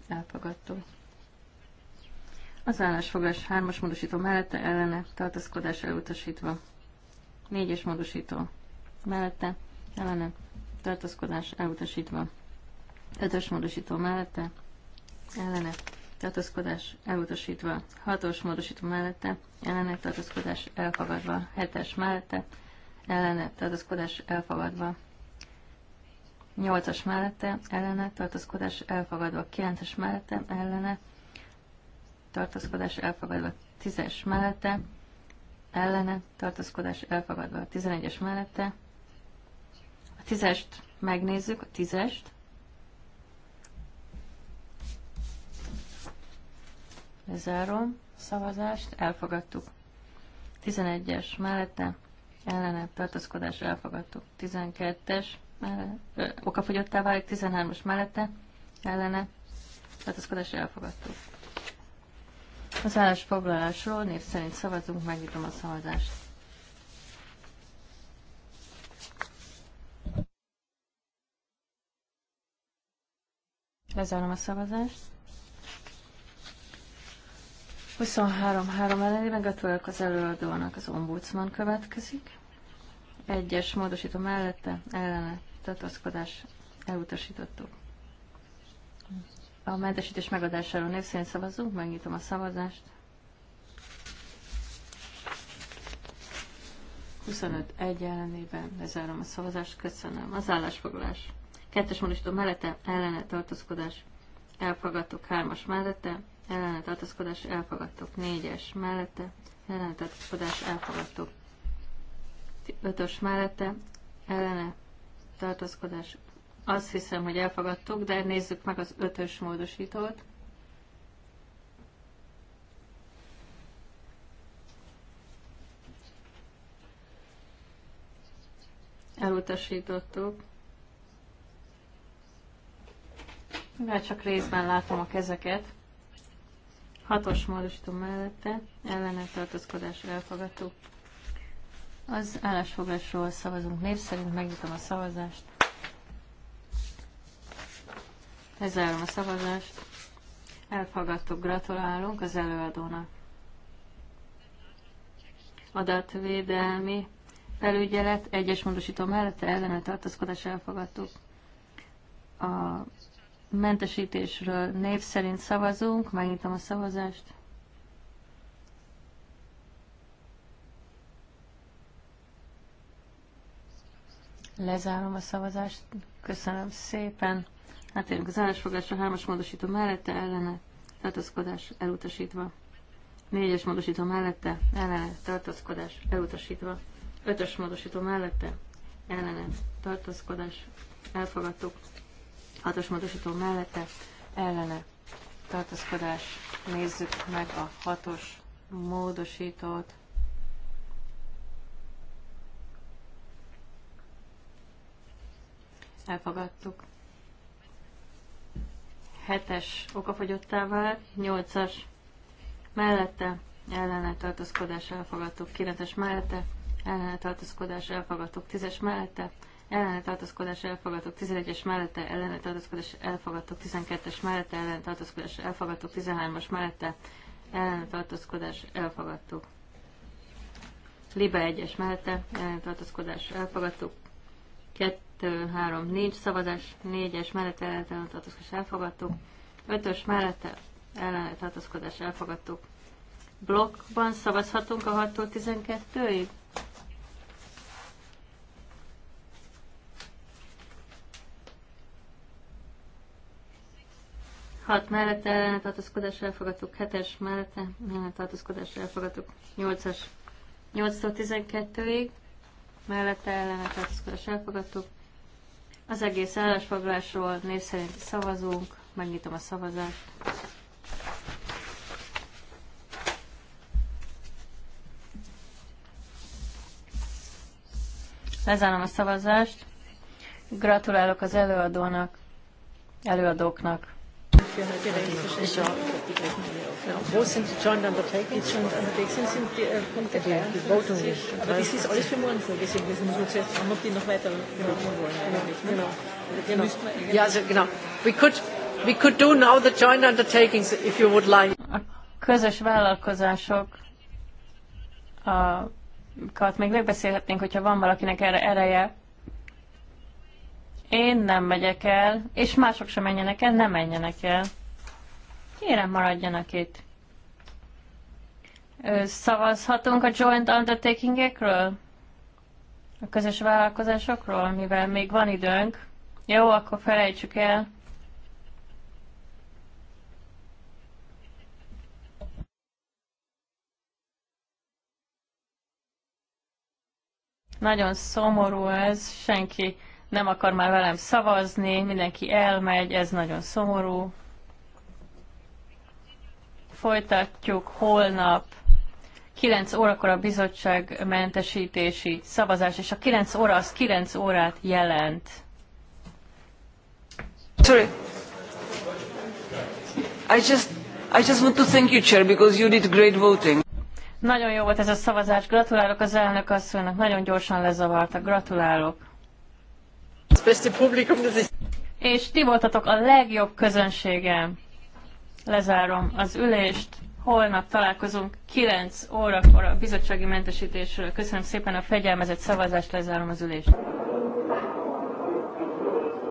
[SPEAKER 3] Elfogadtuk. Az állásfoglás 3-as módosító mellette ellene tartózkodás elutasítva. 4-es módosító mellette ellene tartózkodás elutasítva. 5-ös módosító mellette ellene tartózkodás elutasítva. 6-os módosító mellette ellene tartózkodás elfogadva. 7-es mellette ellene tartózkodás elfogadva. 8-as mellette ellene tartózkodás elfogadva. 9-es mellette ellene tartózkodás elfogadva 10-es mellette, ellene tartózkodás elfogadva a 11-es mellette. A 10-est megnézzük, a 10-est. Lezárom szavazást, elfogadtuk. 11-es mellette, ellene tartózkodás elfogadtuk. 12-es okafogyottá válik, 13-as mellette, ellene tartózkodás elfogadtuk. Az állásfoglalásról név szerint szavazunk, megnyitom a szavazást. Lezárom a szavazást. 23-3 ellenében gratulálok az előadónak, az ombudsman következik. Egyes módosító mellette ellene tartózkodás elutasítottuk. A mentesítés megadásáról név szerint szavazunk, megnyitom a szavazást. 25 egy ellenében lezárom a szavazást, köszönöm. Az állásfoglalás. Kettes monistó mellette ellene tartózkodás elfogadtok. hármas mellette ellene tartózkodás elfogadtok. négyes mellette ellene tartózkodás elfogadtok. ötös mellette ellene tartózkodás azt hiszem, hogy elfogadtuk, de nézzük meg az ötös módosítót. Elutasítottuk. Mivel csak részben látom a kezeket, hatos módosítom mellette ellene tartózkodás elfogadtuk. Az állásfoglásról szavazunk név szerint, megnyitom a szavazást. Lezárom a szavazást. Elfogadtuk, gratulálunk az előadónak. Adatvédelmi felügyelet, egyes módosító mellette ellene tartózkodás elfogadtuk. A mentesítésről név szerint szavazunk, megnyitom a szavazást. Lezárom a szavazást. Köszönöm szépen. Átérünk az állásfogásra, hármas módosító mellette, ellene, tartózkodás elutasítva. Négyes módosító mellette, ellene, tartózkodás elutasítva. Ötös módosító mellette, ellene, tartózkodás elfogadtuk. Hatos módosító mellette, ellene, tartózkodás. Nézzük meg a hatos módosítót. Elfogadtuk. 7-es okafogyottá vált, 8-as mellette ellene tartózkodás elfogadtuk, 9-es mellette ellene tartózkodás elfogadtuk, 10-es mellette ellene tartózkodás elfogadtuk, 11-es mellette ellene tartózkodás elfogadtuk, 12-es mellette ellene tartózkodás elfogadtuk, 13-as mellette ellene tartózkodás elfogadtuk. Libe 1-es mellette ellene tartózkodás elfogadtuk, 2, 3, 4 szavazás, 4-es mellette ellene tartózkodás elfogadtuk, 5-ös mellette ellene tartózkodás elfogadtuk. Blokkban szavazhatunk a 6-tól 12-ig? Hat mellette ellen tartózkodás elfogadtuk, 7-es mellette ellene tartózkodás elfogadtuk, 8 nyolctól 8 ig mellette ellene tartózkodás elfogadtuk. Az egész állásfoglalásról név szerint szavazunk, megnyitom a szavazást. Lezárom a szavazást. Gratulálok az előadónak, előadóknak.
[SPEAKER 2] A közös vállalkozások
[SPEAKER 3] még megbeszélhetnénk, hogyha van valakinek erre ereje én nem megyek el, és mások sem menjenek el, nem menjenek el. Kérem, maradjanak itt. Szavazhatunk a joint undertakingekről? A közös vállalkozásokról, mivel még van időnk. Jó, akkor felejtsük el. Nagyon szomorú ez, senki nem akar már velem szavazni, mindenki elmegy, ez nagyon szomorú. Folytatjuk holnap 9 órakor a bizottság mentesítési szavazás, és a 9 óra az 9 órát jelent. Sorry.
[SPEAKER 1] I just, I just want to thank you, Chair, because you did great voting.
[SPEAKER 3] Nagyon jó volt ez a szavazás. Gratulálok az elnök asszonynak. Nagyon gyorsan lezavartak. Gratulálok. És ti voltatok a legjobb közönségem. Lezárom az ülést. Holnap találkozunk 9 órakor a bizottsági mentesítésről. Köszönöm szépen a fegyelmezett szavazást, lezárom az ülést.